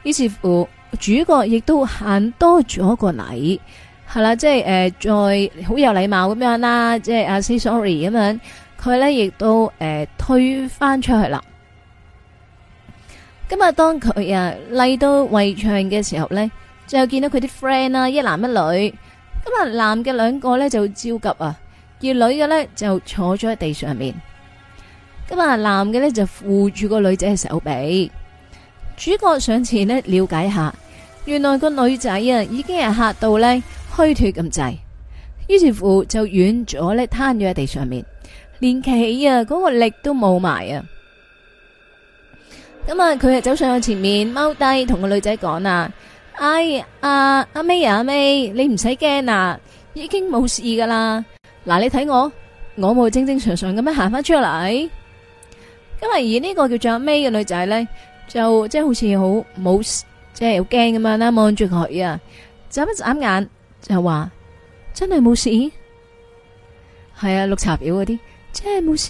Speaker 1: 於是乎，主角亦都行多咗個禮，係啦，即係誒、呃，再好有禮貌咁樣啦，即係阿 say sorry 咁樣，佢咧亦都誒、呃、退返出去啦。今、嗯、日當佢啊嚟到圍牆嘅時候咧，就見到佢啲 friend 啦，一男一女。咁啊，男嘅兩個呢就焦急啊，而女嘅呢就坐咗喺地上面。咁啊，男嘅呢就扶住個女仔嘅手臂。主角上前呢了解下，原來個女仔啊已經係嚇到呢虛脫咁滯，於是乎就軟咗呢，癱咗喺地上面，連企啊嗰個力都冇埋啊。咁啊，佢啊走上去前面踎低，同個女仔講啊。哎、啊，阿妹、啊、阿 May 阿 May，你唔使驚啦，已經冇事噶啦。嗱、啊，你睇我，我冇正正常常咁樣行翻出嚟。今、啊、為而呢個叫做阿 May 嘅女仔咧，就即係、就是、好似好冇事，即係好驚咁樣啦。望住佢啊，眨一眨眼就話真係冇事。係啊，綠茶表嗰啲，真係冇事。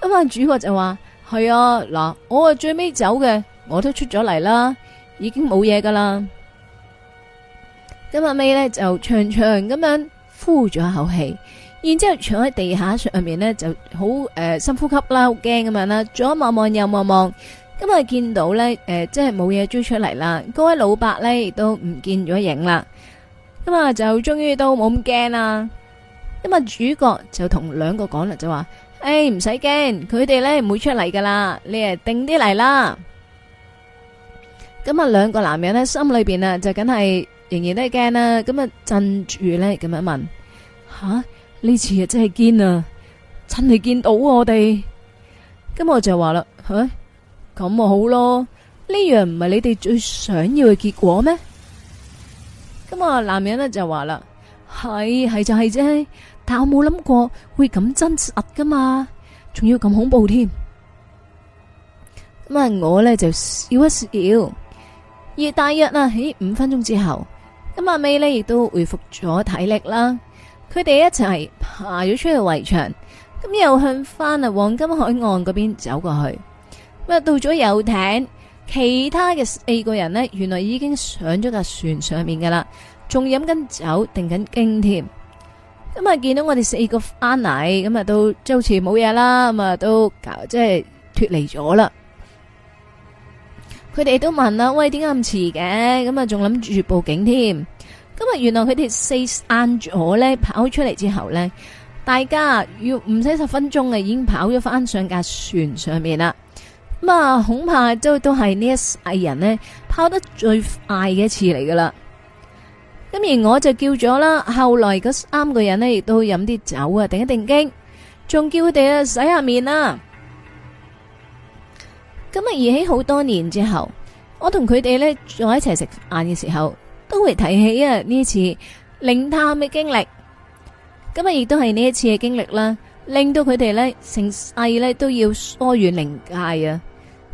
Speaker 1: 今 晚、啊、主角就話係啊，嗱、啊，我啊最尾走嘅，我都出咗嚟啦。已經冇嘢噶啦，咁阿尾呢，就長長咁樣呼咗一口氣，然之後坐喺地下上面呢，就好誒、呃、深呼吸啦，好驚咁樣啦，左望望右望望，咁啊見到呢，誒即係冇嘢追出嚟啦，嗰位老伯呢，亦都唔見咗影啦，咁啊就終於都冇咁驚啦，咁啊主角就同兩個講啦就話：誒唔使驚，佢哋呢唔會出嚟噶啦，你誒定啲嚟啦。咁啊，兩個男人咧，心裏邊啊，就梗係仍然都係驚啦。咁啊，震住咧，咁樣問：吓呢次啊，真係見啊，真係見到我哋。咁我就話啦，吓咁咪好咯，呢樣唔係你哋最想要嘅結果咩？咁啊，男人咧就話啦，係係就係啫，但我冇諗過會咁真實噶嘛，仲要咁恐怖添。咁啊，我咧就笑一笑。而大約啊喺五分鐘之後，咁阿美呢亦都回復咗體力啦。佢哋一齊爬咗出去圍牆，咁又向翻啊黃金海岸嗰邊走過去。咁啊到咗遊艇，其他嘅四個人呢，原來已經上咗架船上面噶啦，仲飲緊酒，定緊經添。咁啊見到我哋四個返嚟，咁啊就好似冇嘢啦，咁啊都即係脫離咗啦。佢哋都問啦，喂，點解咁遲嘅？咁啊，仲諗住報警添。咁啊原來佢哋四散咗咧，跑出嚟之後呢，大家要唔使十分鐘啊，已經跑咗翻上架船上面啦。咁啊，恐怕都都係呢一世人呢，跑得最快嘅一次嚟噶啦。咁而我就叫咗啦，後來嗰三個人呢，亦都飲啲酒啊，定一定驚，仲叫佢哋啊洗下面啦。咁日而喺好多年之後，我同佢哋呢在一齊食飯嘅時候，都會提起啊呢次靈探嘅經歷。咁啊亦都係呢一次嘅經歷啦，令到佢哋呢成世呢都要疏遠靈界啊。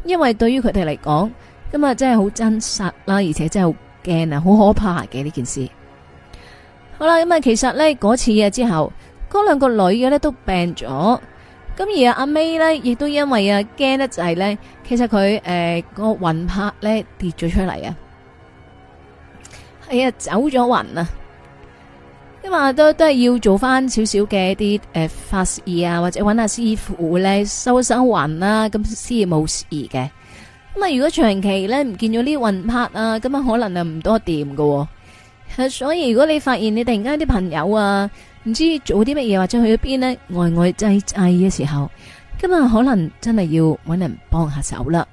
Speaker 1: 因為對於佢哋嚟講，咁啊真係好真實啦，而且真係好驚啊，好可怕嘅呢件事。好啦，咁啊，其實呢嗰次啊之後，嗰兩個女嘅呢都病咗。咁而阿 May 咧，亦都因為啊，驚得滯係咧，其實佢誒、呃那個魂魄咧跌咗出嚟啊，係、哎、啊，走咗魂啊，因為都都係要做翻少少嘅啲誒法事啊，或者揾下、啊、師傅咧收一收魂啦，咁先冇事嘅。咁啊，如果長期咧唔見咗啲魂魄啊，咁啊可能啊唔多掂噶。所以如果你發現你突然間啲朋友啊，唔知做啲乜嘢或者去咗邊呢？呆呆滯滯嘅時候，今日可能真係要搵人幫下手啦。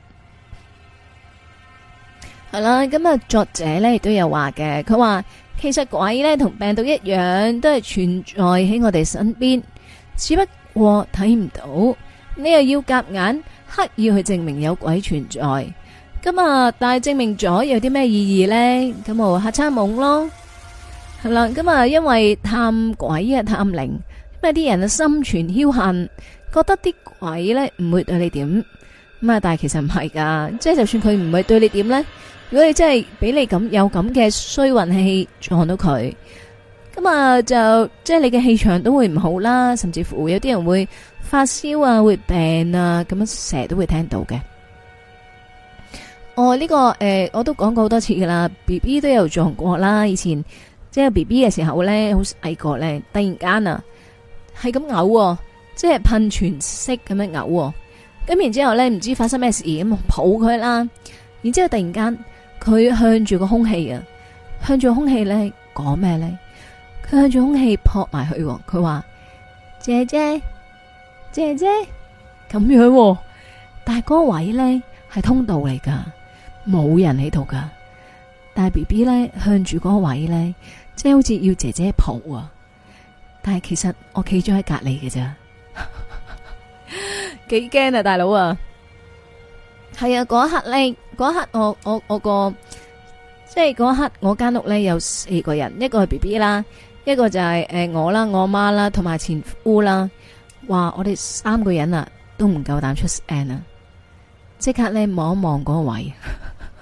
Speaker 1: 係啦，咁 啊樂，作者呢都有話嘅，佢話其實鬼呢同病毒一樣，都係存在喺我哋身邊，只不過睇唔到，你又要夾硬刻意去證明有鬼存在，今日但係證明咗有啲咩意義呢？咁啊，吓餐懵咯。係啦，咁啊、嗯嗯，因為探鬼啊，探靈咁啊，啲人啊心存僥倖，覺得啲鬼咧唔會對你點咁啊。但係其實唔係噶，即係就算佢唔會對你點咧，如果你真係俾你咁有咁嘅衰運氣撞到佢，咁、嗯、啊就即係、就是、你嘅氣場都會唔好啦。甚至乎有啲人會發燒啊，會病啊，咁樣成日都會聽到嘅。哦，呢、這個誒、呃，我都講過好多次噶啦，B B 都有撞過啦，以前。即係 B B 嘅時候咧，好細個咧，突然間啊，係咁嘔，即係噴泉式咁樣嘔，咁然之後咧唔知發生咩事，咁抱佢啦，然之後突然間佢向住個空氣啊，向住空氣咧講咩咧？佢向住空氣撲埋去，佢話姐姐姐姐咁樣，哦，但係嗰位咧係通道嚟噶，冇人喺度噶，但係 B B 咧向住嗰個位咧。即係好似要姐姐抱啊！但係其實我企咗喺隔籬嘅咋，幾驚啊！大佬啊，係啊！嗰一刻咧，嗰一刻我我我個，即係嗰一刻我間屋咧有四個人，一個係 B B 啦，一個就係誒我啦，我阿媽啦，同埋前夫啦。哇！我哋三個人啊，都唔夠膽出聲啊！即刻咧望一望嗰個位，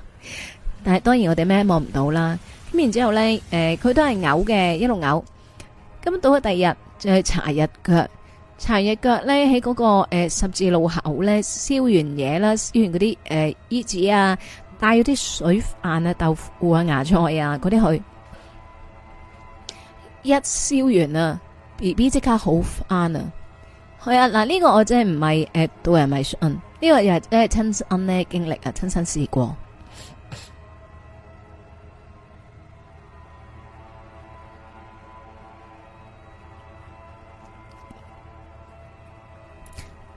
Speaker 1: 但係當然我哋咩望唔到啦。咁然之後呢，誒、呃，佢都係嘔嘅，一路嘔。咁到咗第二日就去擦日腳，擦日腳呢，喺嗰、那個誒、呃、十字路口呢，燒完嘢啦，燒完嗰啲誒衣紙啊，帶咗啲水飯啊、豆腐啊、芽菜啊嗰啲去，一燒完啊，B B 即刻好翻啊！係啊，嗱、這、呢個我真係唔係誒，都係唔係信呢個又係真係親身咧經歷啊，親身試過。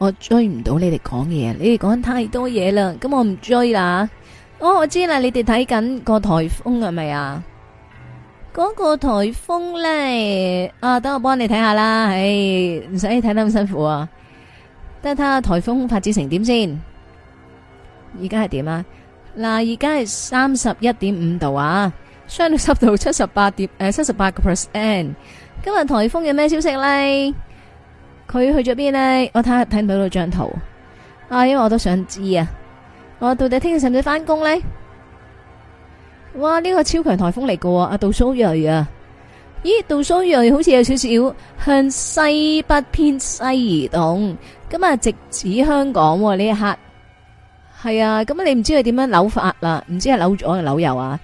Speaker 1: 我追唔到你哋講嘢，你哋講太多嘢啦，咁我唔追啦。哦，我知啦，你哋睇緊個台風係咪啊？嗰個台風咧，啊，等我幫你睇下啦。唉，唔使睇得咁辛苦啊，睇睇下台風發展成點先。而家係點啊？嗱，而家係三十一點五度啊，相對濕度七十八點誒，七十八個 percent。今日台風有咩消息咧？佢去咗邊呢？我睇下睇唔到嗰張圖啊！因為我都想知啊，我到底聽日使唔使翻工呢？哇！呢、這個超強颱風嚟喎，阿、啊、杜蘇芮啊！咦？杜蘇芮好似有少少向西北偏西移動，咁啊直指香港呢、啊、一刻。係啊，咁你唔知佢點樣扭法啦？唔知係扭左扭右啊？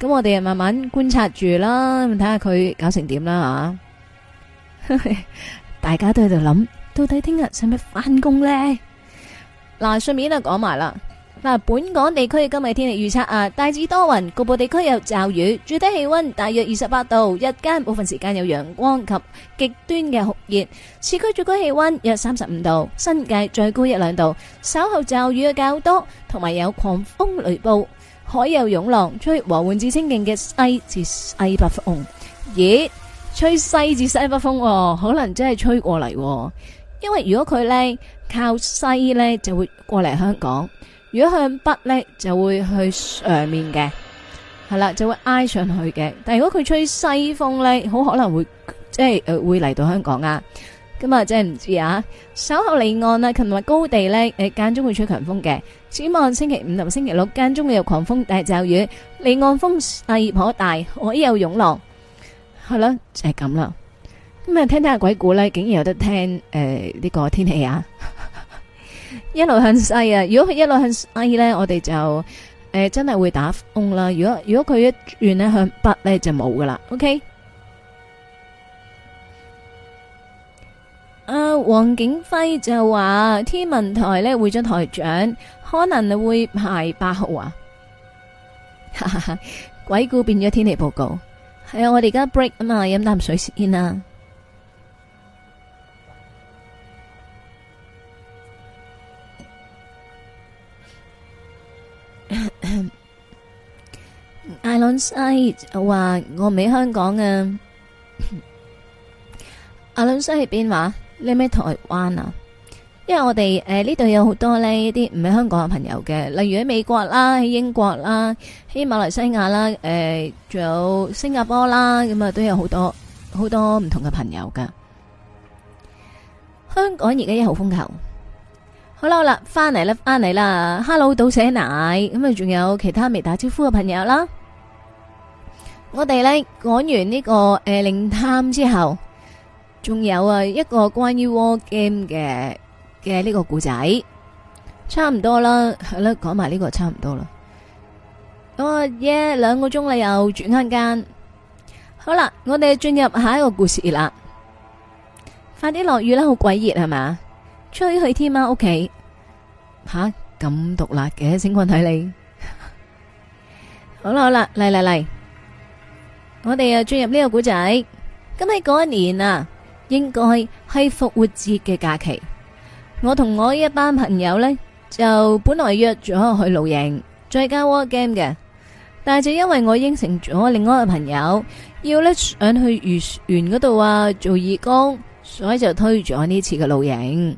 Speaker 1: 咁我哋啊慢慢觀察住啦，咁睇下佢搞成點啦啊！ 大家都喺度諗，到底聽日使唔使翻工呢？嗱，順便啊講埋啦。嗱，本港地區今日天氣預測啊，大致多雲，局部地區有驟雨，最低氣溫大約二十八度，日間部分時間有陽光及極端嘅酷熱，市區最高氣溫約三十五度，新界最高一兩度，稍後驟雨較多，同埋有，有狂風雷暴，海有湧浪，吹和緩至清勁嘅西至西北風。熱。吹西至西北風、哦，可能真係吹過嚟、哦，因為如果佢呢靠西呢就會過嚟香港；如果向北呢就會去上面嘅，係啦就會挨上去嘅。但係如果佢吹西風呢，好可能會即係、呃、會嚟到香港、嗯、啊！咁啊，真係唔知啊。稍後離岸啦，琴日高地呢，誒、呃、間中會吹強風嘅。展望星期五同星期六間中會有狂風大驟雨，離岸風勢頗大，可有湧浪。係啦，嗯，就係咁啦。咁啊，聽聽下鬼故咧，竟然有得聽誒呢，呃這個天氣啊！ 一路向西啊，如果佢一路向西咧，我哋就誒、呃、真係會打風啦。如果如果佢一轉咧向北咧，就冇噶啦。O、okay? K、啊。阿黃景輝就話天文台咧換咗台長，可能你會派八號啊。 鬼故變咗天氣報告。係啊，我哋而家 break 啊嘛，飲啖水先啊。阿朗西話我唔喺香港啊，阿朗西喺邊話？你喺咩台灣啊？因為我哋誒呢度有好多呢一啲唔係香港嘅朋友嘅，例如喺美國啦，喺英國啦，喺馬來西亞啦，誒，仲有新加坡啦，咁啊都有好多好多唔同嘅朋友噶。香港而家一號風球，好啦好啦，翻嚟啦，翻嚟啦，Hello 倒寫奶，咁啊仲有其他未打招呼嘅朋友啦。我哋呢講完呢個誒靈探之後，仲有啊一個關於 war game 嘅。嘅呢個故仔差唔多啦，係啦，講埋呢個差唔多啦。咁啊，耶，兩個鐘啦，又轉間間，好啦，我哋進入下一個故事啦。快啲落雨啦，啊， 好鬼熱係嘛？出去添啊屋企吓咁毒辣嘅，請君睇你。好啦好啦嚟嚟嚟，我哋又進入呢個故仔。咁喺嗰一年啊，應該係復活節嘅假期。我同我一班朋友呢，就本來約咗去露營，再加 war game 嘅。但係就因為我應承咗另外一個朋友，要呢想去漁船嗰度啊做義工，所以就推咗呢次嘅露營。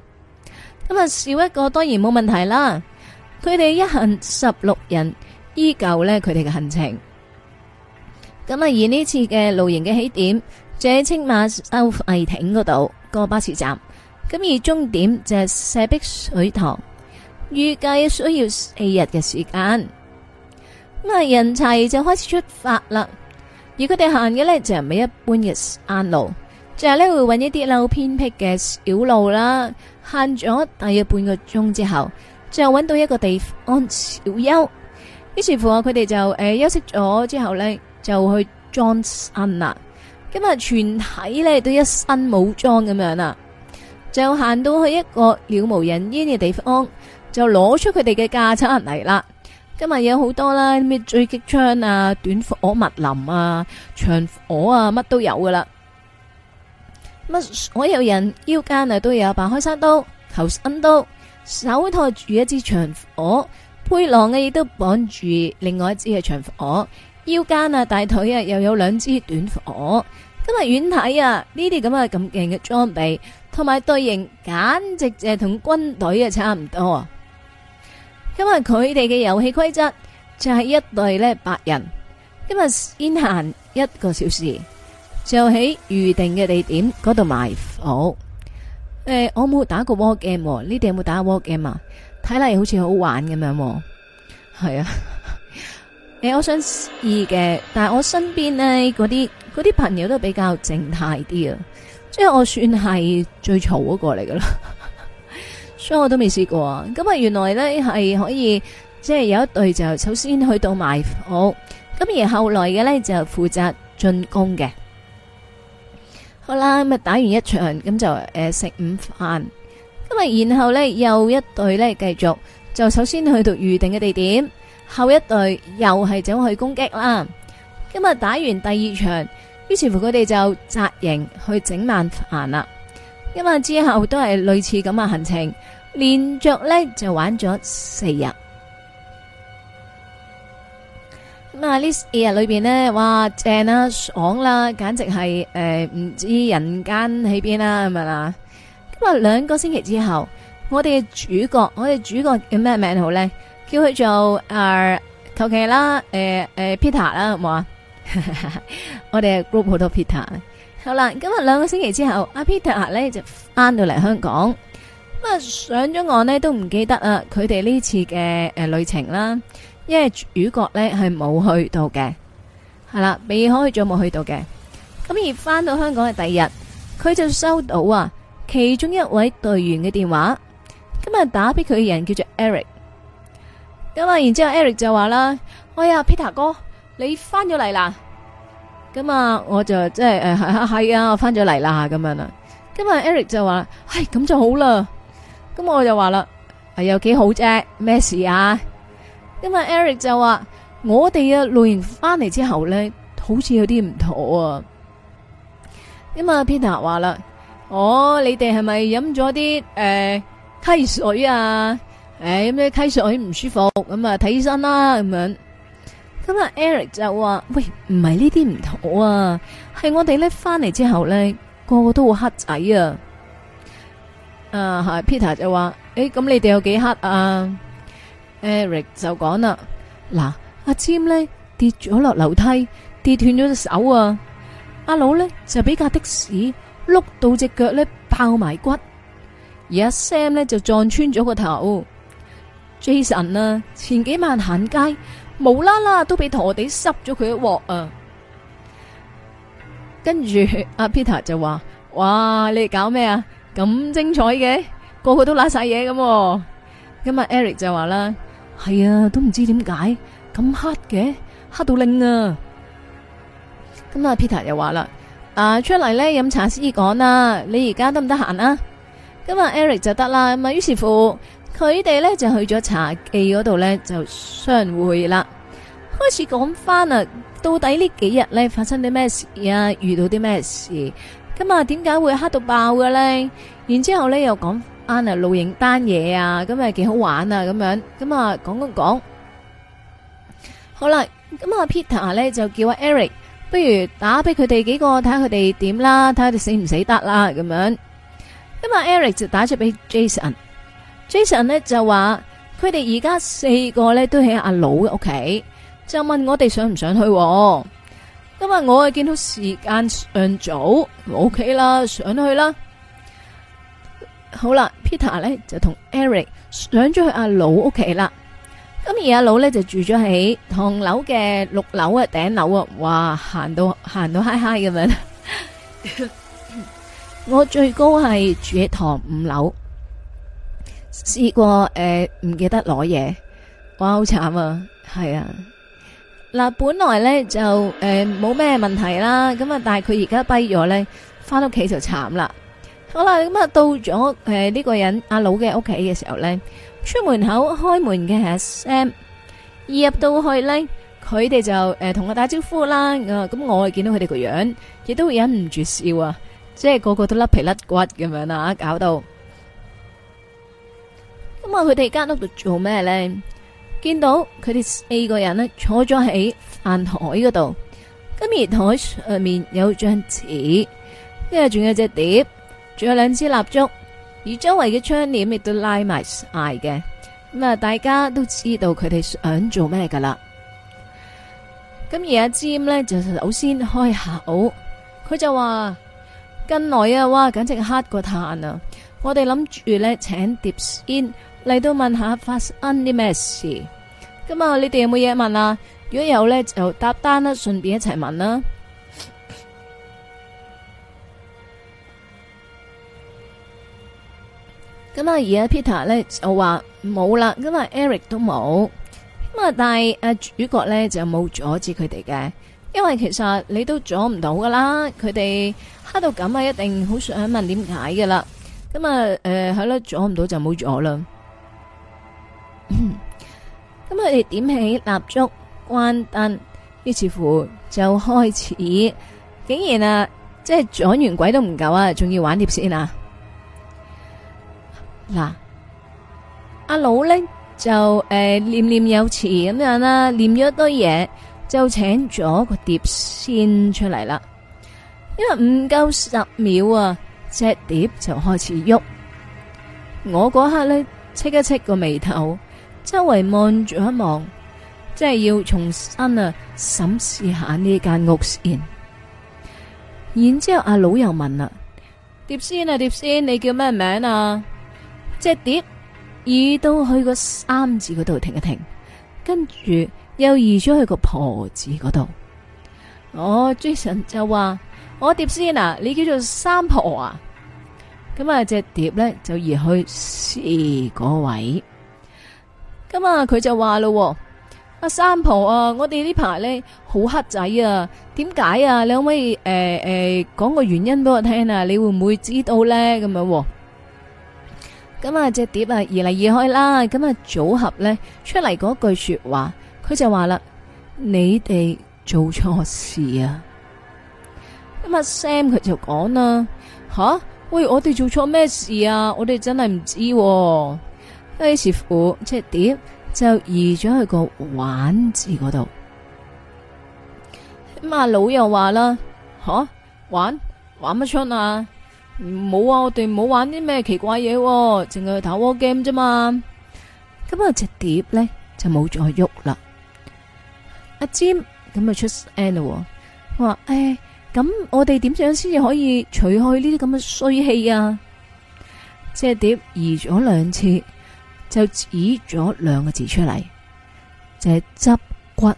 Speaker 1: 咁啊，少一個當然冇問題啦。佢哋一行十六人，依舊呢佢哋嘅行程。咁啊，而呢次嘅露營嘅起點，就喺青馬收費亭嗰度個巴士站。咁而終點就係石壁水塘，預計需要四日嘅時間。咁啊，人齊就開始出發啦。而佢哋行嘅咧就唔係一般嘅山路，就係咧會搵一啲好偏僻嘅小路啦。行咗大約半個鐘之後，就搵到一個地方小休。於是乎，佢哋就誒休息咗之後咧，就去裝身啦。咁啊，全體咧都一身武裝咁樣啦。就行到去一個了無人煙嘅地方，就攞出佢哋嘅架槍嚟啦。今日有好多啦，咩狙擊槍啊、短火密林啊、長火啊，乜都有噶啦。咁所有人腰間啊都有把開山刀、求生刀，手托住一支長火，背囊嘅亦都綁住另外一支嘅長火，腰間啊大腿啊又有兩支短火。今日遠睇啊，呢啲咁嘅咁勁嘅裝備。同埋隊形簡直就係同軍隊啊差唔多，因為佢哋嘅遊戲規則就係一隊呢八人，今日先行一個小時，就喺預定嘅地點嗰度埋伏。誒，我冇打過 war game，你哋有冇打 war game 啊？睇嚟，好似好玩咁樣。哦，係啊。 誒、欸，我想試嘅，但係我身邊呢，嗰啲嗰啲朋友都比較靜態啲啊。因為我算係最嘈嗰個嚟噶啦，所以我都未試過。咁啊，原來呢係可以，即係有一隊就首先去到埋伏，咁而後來嘅呢就負責進攻嘅。好啦，咁啊打完一場，咁就誒食午飯。咁啊，然後呢又一隊呢繼續，就首先去到預定嘅地點，後一隊又係走去攻擊啦。今日打完第二場。於是乎，佢哋就紮營去整晚飯啦。因為之後都係類似咁嘅行程，連續咧就玩咗四日。咁啊，呢 四日裏邊呢，哇正啦，爽啦，簡直係誒唔知人間喺邊啦咁樣啦。咁啊，兩個星期之後，我哋嘅主角，我哋主角叫咩名好咧？叫佢做啊，求、呃、其啦，誒、呃、誒、呃、Peter 啦，好冇嘛？ 我哋 group 好多 Peter，好啦，今日兩個星期之後，阿 Peter 咧，就翻到嚟香港。咁啊，上咗岸呢都唔記得啊，佢哋呢次嘅誒旅程啦，因為主角咧係冇去到嘅，係啦，避開咗冇去到嘅。咁而翻到香港嘅第二日，佢就收到啊，其中一位隊員嘅電話。咁啊，今日打俾佢嘅人叫做 Eric。咁啊，然之後 Eric 就話啦：，哎呀，Peter 哥。你翻咗嚟啦，咁、嗯哎、啊，我、嗯 Eric、就即係誒係啊，我翻咗嚟啦咁樣啦。咁啊，Eric 就話：，唉，咁就好啦。咁我就話啦，啊又幾好啫，咩事啊？咁、嗯、啊，Eric 就話：，我哋啊露營翻嚟之後咧，好似有啲唔妥啊。咁、嗯、啊，Peter 話啦：，哦，你哋係咪飲咗啲誒溪水啊？誒、哎，咩溪水唔舒服？咁、嗯、啊，睇醫生啦，咁樣。咁啊，Eric 就話：喂，唔係呢啲唔妥啊，係我哋咧翻嚟之後咧，個個都好黑仔啊！啊，係 Peter 就話：誒、欸，咁你哋有幾黑啊？Eric 就講啦：嗱，阿占咧跌咗落樓梯，跌斷咗隻手啊！阿佬咧就俾架的士碌到隻腳咧爆埋骨，而 Sam 咧就撞穿咗個頭。Jason 啊，前幾晚行街。無啦啦都俾陀地濕咗佢一鑊啊！跟住阿 Peter 就話：哇，你哋搞咩啊？咁精彩嘅，個個都拉晒嘢咁。咁啊，Eric 就話啦：係啊，都唔知點解咁黑嘅，黑到拎啊！咁啊，Peter 又話啦：啊，出嚟咧飲茶先講啦，你而家得唔得閒啊？咁啊，Eric 就得啦。咁啊，於是乎。佢哋咧就去咗茶記嗰度咧就相會啦，開始講翻啊，到底幾日咧發生啲咩事啊，遇到啲咩事，咁啊點解會黑到爆嘅咧？然之後咧又講翻啊露營單嘢啊，咁啊幾好玩啊咁樣，咁啊講講講，好啦，咁啊 Peter 咧就叫阿 Eric，不如打俾佢哋幾個睇下佢哋點啦，睇下佢哋死唔死得啦咁樣，咁阿 Eric 就打出俾 Jason。Jason 呢就話佢哋而家四個咧都喺阿老嘅屋企，就問我哋想唔想去？今日我啊見到時間上早，O K 啦，上去啦。好啦，Peter 呢就同 Eric 上咗去阿老屋企啦。今而阿老呢就住咗喺唐樓嘅六樓嘅頂樓啊！哇，行到行到嗨嗨咁樣， 我最高係住喺唐五樓。試過誒，唔、呃、記得攞嘢，哇，好慘啊！係啊，嗱、呃，本來咧就誒冇咩問題啦，咁啊，但係佢而家跛咗咧，翻屋企就慘啦。好啦，咁啊到咗誒呢個人阿老嘅屋企嘅時候咧，出門口開門嘅係 Sam，入到去咧，佢哋就誒同、呃、我打招呼啦。咁、呃呃、我就見到佢哋個樣，亦都會忍唔住笑啊！即係個個都甩皮甩骨咁樣啊，搞到。咁啊！佢哋間屋度做咩咧？見到佢哋四個人坐咗喺飯台嗰度，咁而台上面有張紙，跟住仲有隻碟，仲有兩支蠟燭，而周圍嘅窗簾亦都拉埋晒嘅。咁啊，大家都知道佢哋想做咩噶啦。咁而阿尖呢，就首先開口，佢就話：近來啊，哇，簡直黑過炭啊！我哋諗住咧，請碟先。嚟到問下發生啲咩事？咁啊，你哋有冇嘢問啊？如果有咧，就搭單啦，順便一齊問啦。咁啊， 而家 Peter 咧就話冇啦，咁啊，Eric 都冇。咁啊，但係啊主角咧就冇阻止佢哋嘅，因為其實你都阻唔到噶啦。佢哋黑到咁啊，一定好想問點解噶啦。咁啊，誒係啦，阻唔到就冇阻啦。咁佢哋點起蠟燭關燈，於是乎就開始，竟然啊，即係撞完鬼都唔夠啊，仲要玩碟仙啊！嗱，阿佬咧就誒念念有詞咁樣啦，念咗一堆嘢，就請咗個碟仙出嚟啦。因為唔夠十秒啊，隻碟就開始喐，我嗰刻咧，戚一戚個眉頭。周圍望住一望，即係要重新啊審視下呢間屋先。然之後阿老又問啦：碟仙啊，碟仙，你叫咩名啊？隻碟移到去個三字嗰度停一停，跟住又移咗去個婆字嗰度。我 Jason 就話：我、哦、碟仙啊，你叫做三婆啊？咁、嗯、啊，隻碟咧就移去四嗰位。咁啊，佢就話咯，阿三婆啊，我哋呢排咧好黑仔啊，點解啊？兩位誒誒講個原因俾我聽啊？你會唔會知道咧？咁樣、啊，咁啊隻碟啊移嚟移開啦，咁啊組合咧出嚟嗰句說話，佢就話啦，你哋做錯事啊！咁啊 Sam 佢就講啦，吓喂，我哋做錯咩事啊？我哋真係唔知、啊。於是乎，隻、那個、碟就移咗去個玩字嗰度。咁阿老又話啦，吓、啊、玩玩乜出啊？冇啊，我哋冇玩啲咩奇怪嘢，淨係去打 war game 啫嘛。咁啊，只是個個碟咧就冇再喐啦。阿尖咁啊 Jim，就出 end 咯、哦。哎、佢話，誒，咁我哋點樣先至可以除去呢啲咁嘅衰氣啊？隻碟移咗兩次。就指咗兩個字出嚟，就係執骨。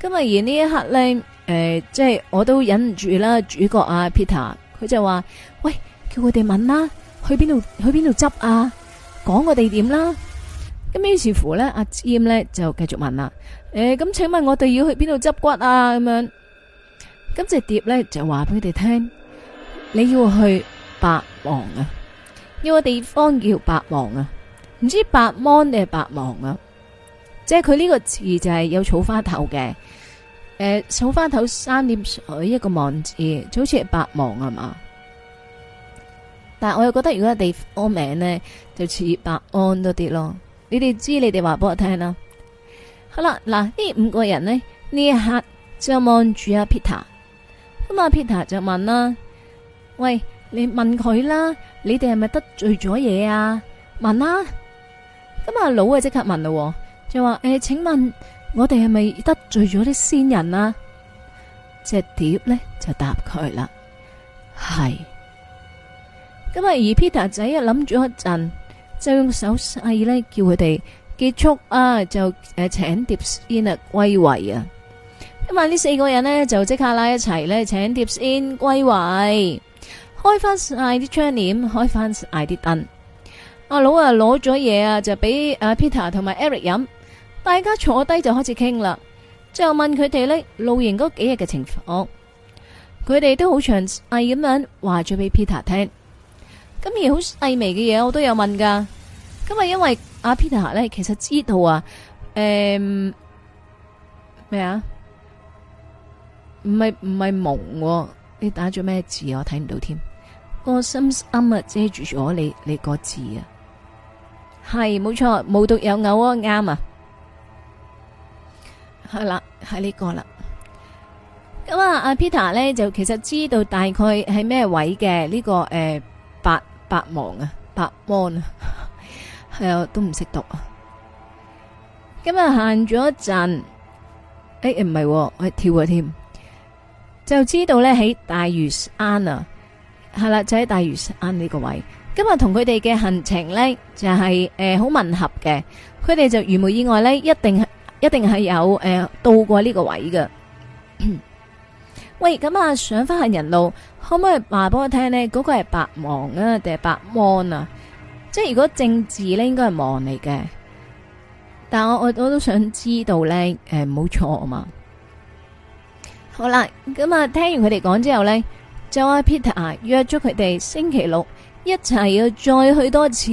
Speaker 1: 今日而呢一刻咧，誒，即係我都忍唔住啦。主角阿 Peter 佢就話：，喂，叫佢哋問啦，去邊度？去邊度執啊？講個地點啦。咁於是乎咧，阿 Jim 咧就繼續問啦。誒，咁請問我哋要去邊度執骨啊？咁樣，咁隻碟咧就話俾佢哋聽，你要去白王啊。有個地方叫白芒啊，唔知白芒定係白芒啊，即係佢呢個字就係有草花頭嘅，誒、呃、草花頭三點水一個芒字，就好似係白芒係嘛？但係我又覺得如果個地方名字呢，就似白安多啲咯。你哋知你哋話俾我聽啦。好啦，嗱呢五個人呢，呢一刻就望住阿 Peter，咁阿 Peter 就問啦：，喂？你問佢啦，你哋係咪得罪咗嘢啊？問啦，咁阿老啊即刻問啦，就話誒，請問我哋係咪得罪咗啲先人啊？隻碟呢就答佢啦，係。咁啊，而 Peter 仔想一諗咗一陣，就用手勢咧叫佢哋結束啊，就誒請碟仙啊歸位啊。咁啊，呢四個人呢，就即刻拉一齊咧，請碟仙歸位。開翻晒啲窗簾，開翻晒啲燈。阿老啊，攞咗嘢啊，就俾阿 Peter 同埋 Eric 飲。大家坐低就開始傾啦。之後問佢哋呢，露營嗰幾日嘅情況，佢哋都好詳細咁樣話咗俾 Peter 聽。咁而好細微嘅嘢，我都有問噶。咁日因為阿 Peter 呢，其實知道啊，誒，咩啊？唔係唔係蒙哦？你打咗咩字我睇唔到添。個心暗啊，遮住咗你，你個字啊，係冇錯，無獨有偶啊，啱、嗯、啊，係啦，係呢個啦。咁啊，阿 Peter 呢就其實知道大概係咩位嘅呢、呢個誒，白白芒啊，白芒啊，係啊， 啊，都唔識讀、啊。今日行咗一陣，誒、哎、唔、哎、係、哦，我跳啊添，就知道呢喺大嶼山啊。Anna, 係啦，就喺大嶼山呢個位。今日同佢哋嘅行程呢，就係誒好吻合嘅。佢哋就如無意外呢，一定係一定係有誒、呃、到過呢個位嘅。 喂，咁啊上翻行人路，可唔可以話俾我聽呢？嗰、嗰個係白芒啊，定係白芒啊？即係如果正字呢，應該係芒嚟嘅。但係我我我都想知道呢，誒冇錯啊嘛。好啦，咁啊聽完佢哋講之後呢。就阿 Peter 啊，約咗佢哋星期六一齊要再去多次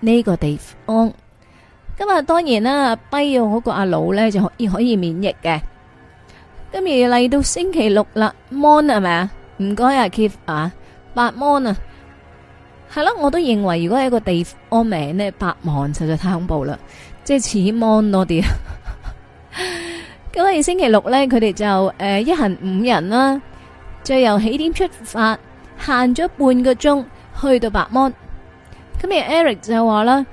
Speaker 1: 呢個地方。今日當然啦，跛用嗰個阿佬呢，就可以可以免疫嘅。跟住嚟到星期六啦，Mon 係咪啊？唔該啊，Kif 啊，八 Mon 啊，係咯？我都認為如果係一個地方名呢，八 Mon 實在太恐怖啦，即係似 Mon 多啲。咁啊，星期六呢，佢哋就誒、呃、一行五人啦。就由起點出發，行咗半個鐘去到白芒。咁而 Eric 就話啦，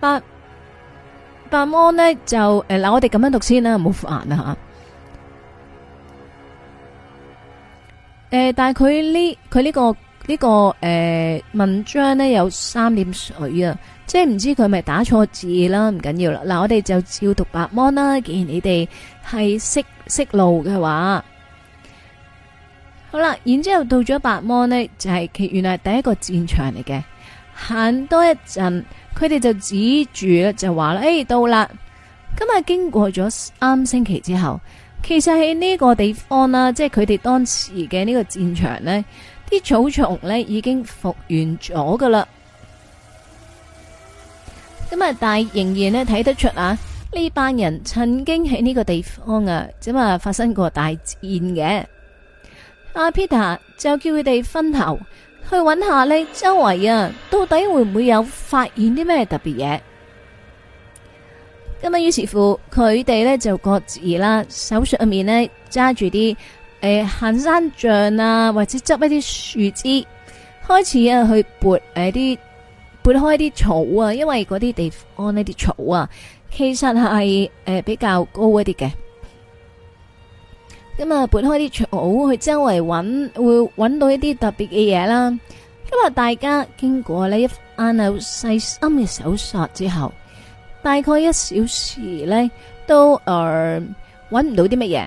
Speaker 1: 白白芒呢就誒，嗱我哋咁樣讀先啦，唔好煩啊吓。誒，但係佢呢佢呢個呢個誒文章呢有三點水啊，即係唔知佢係咪打錯字啦，唔緊要啦。嗱，我哋就照讀白芒啦。既然你哋係識識路嘅話。好啦，然之後到咗白芒呢，就係、是、其原來第一個戰場嚟嘅。行多一陣，佢哋就指住就話啦，誒、哎，到啦！咁啊，經過咗三星期之後，其實喺呢個地方啦，即係佢哋當時嘅呢個戰場呢，啲草叢呢已經復原咗噶啦。咁啊，但仍然呢睇得出啊，呢班人曾經喺呢個地方啊，咁啊發生過大戰嘅。阿 Peter 就叫佢哋分頭去揾下咧，周圍啊到底會唔會有發現啲咩特別嘢？咁啊，於是乎佢哋咧就各自啦，手上面咧揸住啲誒行山杖啊，或者執一啲樹枝，開始啊去撥誒啲撥開啲草啊，因為嗰啲地方呢啲草啊，其實係誒比較高一啲嘅。咁啊，撥開啲草去周圍揾，會揾到一啲特別嘅嘢啦。咁啊，大家經過呢一番好細心嘅搜索之後，大概一小時呢都誒揾唔到啲乜嘢。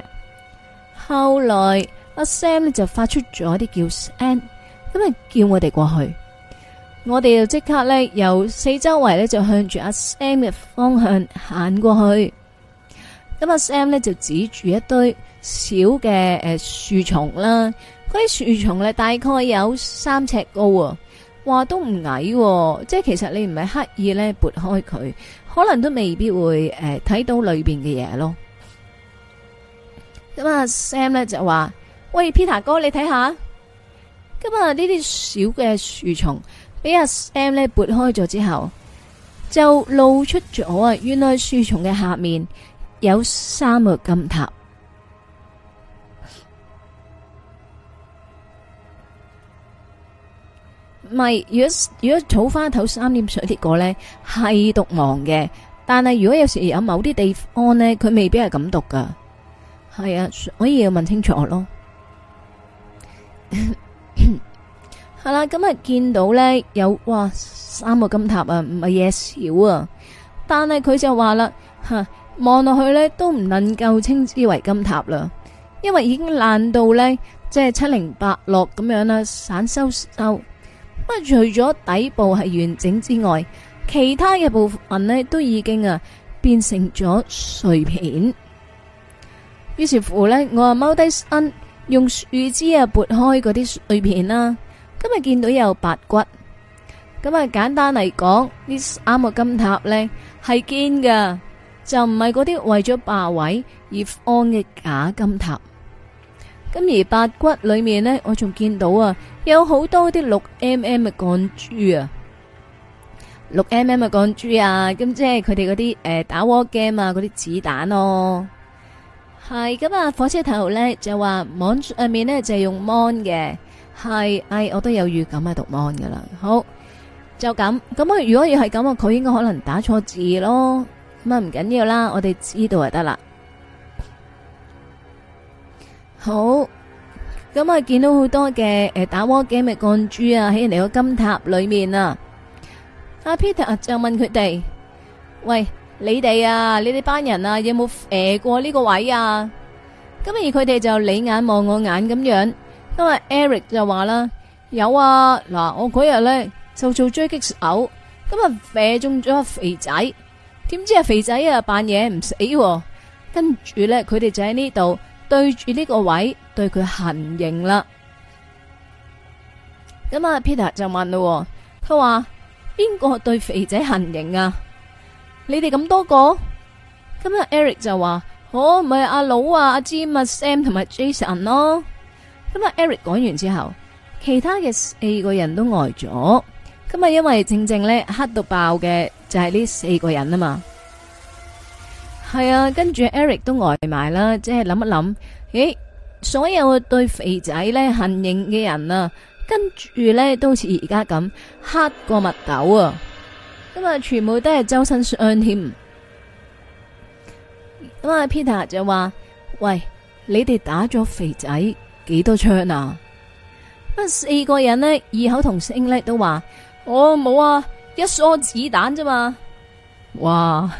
Speaker 1: 後來阿 Sam 呢就發出咗啲叫聲，咁啊叫我哋過去，我哋就即刻呢由四周圍呢就向住阿 Sam 嘅方向行過去。咁啊，Sam 呢就指住一堆小嘅誒樹叢啦。嗰啲樹叢咧大概有三尺高啊，話都唔矮，即係其實你唔係刻意咧撥開佢，可能都未必會誒睇、呃、到裏邊嘅嘢咯。咁啊，阿 Sam 呢就話：「喂，Peter 哥，你睇下。咁啊，呢啲小嘅樹叢，俾阿 Sam 呢撥開咗之後，就露出咗啊。原來樹叢嘅下面。有三個金塔，唔係如果如果草花頭三點水個，呢個咧係讀忙嘅，但係如果有時有某啲地方咧，佢未必係咁讀噶，係啊，所以要問清楚咯。係 啦、 啊，今日見到咧有哇三個金塔啊，唔係嘢少啊，但係佢就話啦，吓。望落去呢都唔能夠稱之為金塔啦，因為已經爛到呢，即係七零八落咁樣啦，散修修。不過除咗底部係完整之外，其他嘅部分呢都已經啊變成咗碎片。於是乎呢，我啊踎低身，用樹枝啊撥開嗰啲碎片啦。今日見到有白骨，咁啊簡單嚟講，三個金塔呢係堅噶。就唔係嗰啲為咗霸位而安嘅假金塔。咁而白骨裏面呢，我仲見到、mm、啊，有好多啲六 m m 嘅鋼珠啊，六 m m 嘅鋼珠啊。咁即係佢哋嗰啲誒打窩 game 啊，嗰啲子彈咯。係咁啊，火車頭咧就話網上面呢，就係用 mon 嘅係，哎，我都有預感係讀 mon 噶啦。好就咁咁啊，如果要係咁啊，佢應該可能打錯字咯。咁啊唔緊要啦，我哋知道就得啦。好，咁啊見到好多嘅誒打 war game 嘅鋼珠啊喺人哋個金塔裏面啊，阿 Peter 就問佢哋：，喂，你哋啊，你哋班人啊有冇肥過呢個位啊？咁而佢哋就你眼望我眼咁樣。因為 Eric 就話啦：，有啊，嗱，我嗰日呢就做追擊手，咁啊射中咗個肥仔。點知啊，肥仔啊扮嘢唔死呢，跟住咧佢哋就喺呢度對住呢個位對佢行刑啦。咁啊，Peter 就問喎，佢話邊個對肥仔行刑啊？你哋咁多個？咁啊，Eric 就話：，哦唔係阿老啊、阿詹啊、Sam 同埋 Jason 咯。咁啊，Eric 講完之後，其他嘅四個人都呆咗。咁啊，因為正正咧黑到爆嘅。就係呢四個人啊嘛，係啊，跟住 Eric 都呆埋啦，即係諗一諗，誒，所有對肥仔咧行刑嘅人啊，跟住咧都似而家咁黑過墨斗啊，咁啊，全部都係周身傷添，咁啊 ，Peter 就話：，喂，你哋打咗肥仔幾多槍啊？咁四個人呢，異口同聲咧都話：，我、哦、冇啊。一梭子彈啫嘛，哇！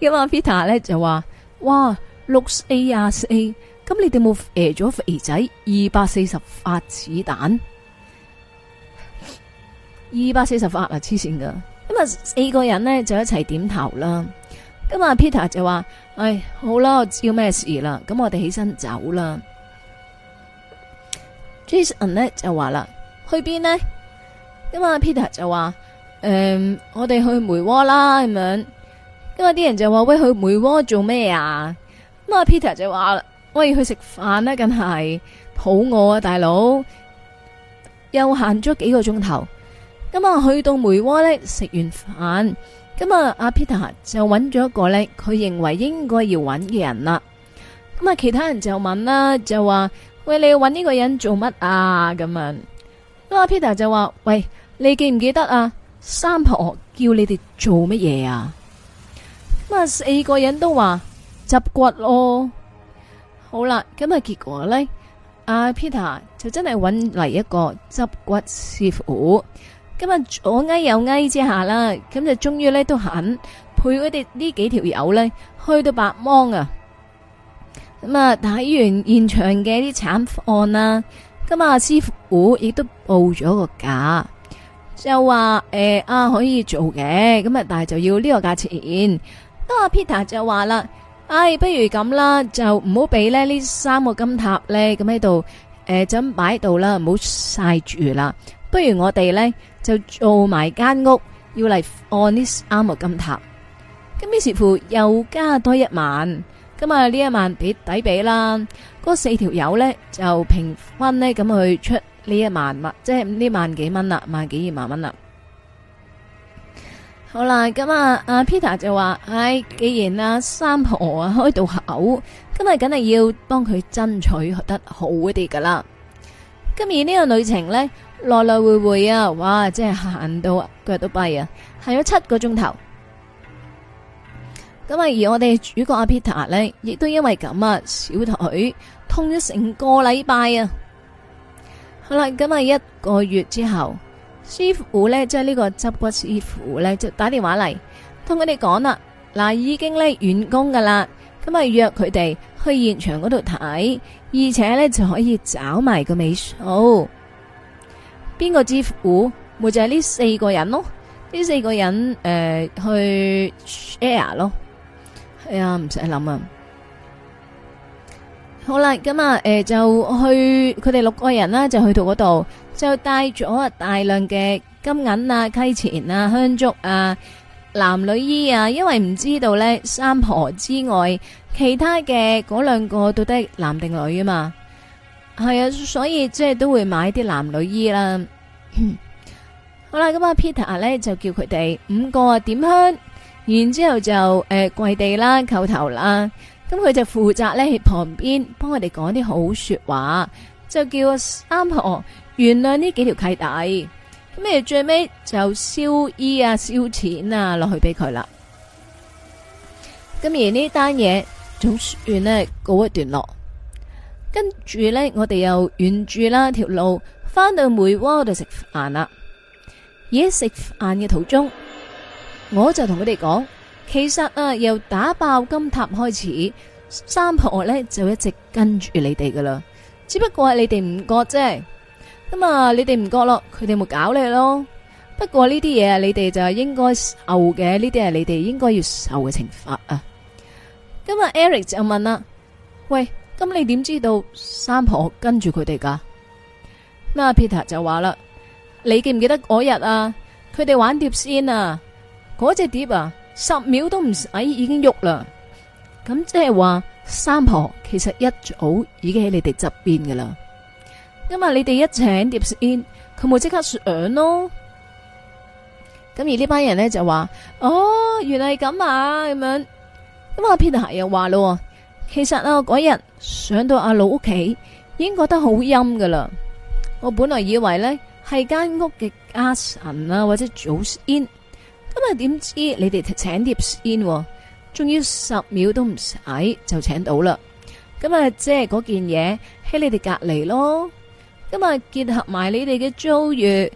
Speaker 1: 咁啊，Peter 咧就話：，哇，六四廿四，咁你哋冇誒咗肥仔二百四十發子彈，二百四十發啊，黐線噶。咁啊，四個人呢就一齊點頭啦。咁啊，Peter 就話：，唉，好啦，我知咩事啦。咁我哋起身走啦。Jason 呢就話啦，去邊呢？咁啊，Peter 就話。誒、嗯，我哋去梅窩啦，咁樣。咁啊，啲人就話喂，去梅窩做咩啊？咁阿 Peter 就話喂，去食飯啦，梗係好餓啊，大佬。又行咗幾個鐘頭，咁啊，去到梅窩咧，食完飯，咁啊，阿 Peter 就搵咗一個咧，佢認為應該要搵嘅人啦。咁啊，其他人就問啦，就話喂，你要搵呢個人做乜啊？咁樣。咁啊，Peter 就話喂，你記唔記得啊？三婆叫你哋做乜嘢啊？咁啊，四個人都話執骨咯。好啦，咁啊，結果呢，阿 Peter 就真係揾嚟一個執骨師傅。咁啊，左捱右捱之下啦，咁就終於咧都肯陪佢哋呢幾條友呢去到白芒啊。咁啊，睇完現場嘅啲慘案啦，咁啊，師傅亦都報咗個價。就話誒啊可以做嘅，咁啊但係就要呢個價錢。咁阿 Peter 就話啦，哎不如咁啦，就唔好俾咧呢三個金塔咧，咁喺度誒，就咁擺喺度啦，唔好曬住啦。不如我哋咧就做埋間屋，要嚟按呢三個金塔。咁於是乎又加多一萬，咁啊呢一萬俾抵俾啦，嗰四條友咧就平分咧咁去出。呢一萬萬，即係呢萬幾蚊啦，萬幾二萬蚊啦。好啦，咁啊，阿 Peter 就話：，唉、哎，既然啊三婆啊開到口，今日梗係要幫佢爭取得好一啲噶啦。今日呢個旅程呢，來來回回啊，哇，真係行到啊腳都跛啊，行咗七個鐘頭。咁啊，而我哋主角阿 Peter 呢，亦都因為咁啊，小腿痛咗成個禮拜啊。好啦，咁啊一個月之後，師傅咧即係呢個執骨師傅咧就打電話嚟，同佢哋講啦，嗱已經咧完工噶啦，咁啊約佢哋去現場嗰度睇，而且咧就可以找埋個尾數，邊個支付，咪就係、是、呢四個人咯，呢四個人誒、呃、去 share 咯，係、哎、啊，唔使諗啊。好啦，咁啊，誒，就去佢哋六個人啦，就去到嗰度，就帶咗大量嘅金銀啊、溪錢啊、香燭啊、男女衣啊，因為唔知道咧，三婆之外，其他嘅嗰兩個到底男定女啊嘛，係啊，所以即係都會買啲男女衣啦。好啦，咁啊，Peter 咧就叫佢哋五個啊點香，然之後就誒跪地啦、叩頭啦。咁佢就負責咧喺旁邊幫我哋講啲好說話，就叫阿三婆原諒呢幾條契弟，咁啊最尾就燒衣啊燒錢啊落去俾佢啦。咁而呢單嘢總算呢告一段落，跟住呢，我哋又沿住啦條路，翻到梅窩度食飯啦。而喺食飯嘅途中，我就同佢哋講。其實啊，由打爆金塔開始，三婆咧就一直跟住你哋噶啦，只不過係你哋唔覺啫。咁啊，你哋唔覺咯，佢哋咪搞你咯。不過呢啲嘢你哋就係應該受嘅，呢啲係你哋應該要受嘅懲罰啊。今日 Eric 就問啦：喂，咁你點知道三婆跟住佢哋噶？阿 Peter 就話啦：你記唔記得嗰日啊，佢哋玩碟仙啊，嗰隻碟啊？十秒都唔使，已經喐啦。咁即係話，三婆其實一早已經喺你哋側邊噶啦。今日你哋一請碟仙，佢咪即刻上咯。咁而呢班人呢，就話：，哦，原嚟係咁啊咁樣。咁啊，Peter 又話咯，其實啊，我嗰日上到阿老屋企，已經覺得好陰噶啦。我本來以為呢係間屋嘅家神啊，或者祖先。咁啊，點知你哋請碟仙喎，仲要十秒都唔使就請到啦。咁啊，即係嗰件嘢喺你哋隔離咯。咁啊，結合埋你哋嘅遭遇，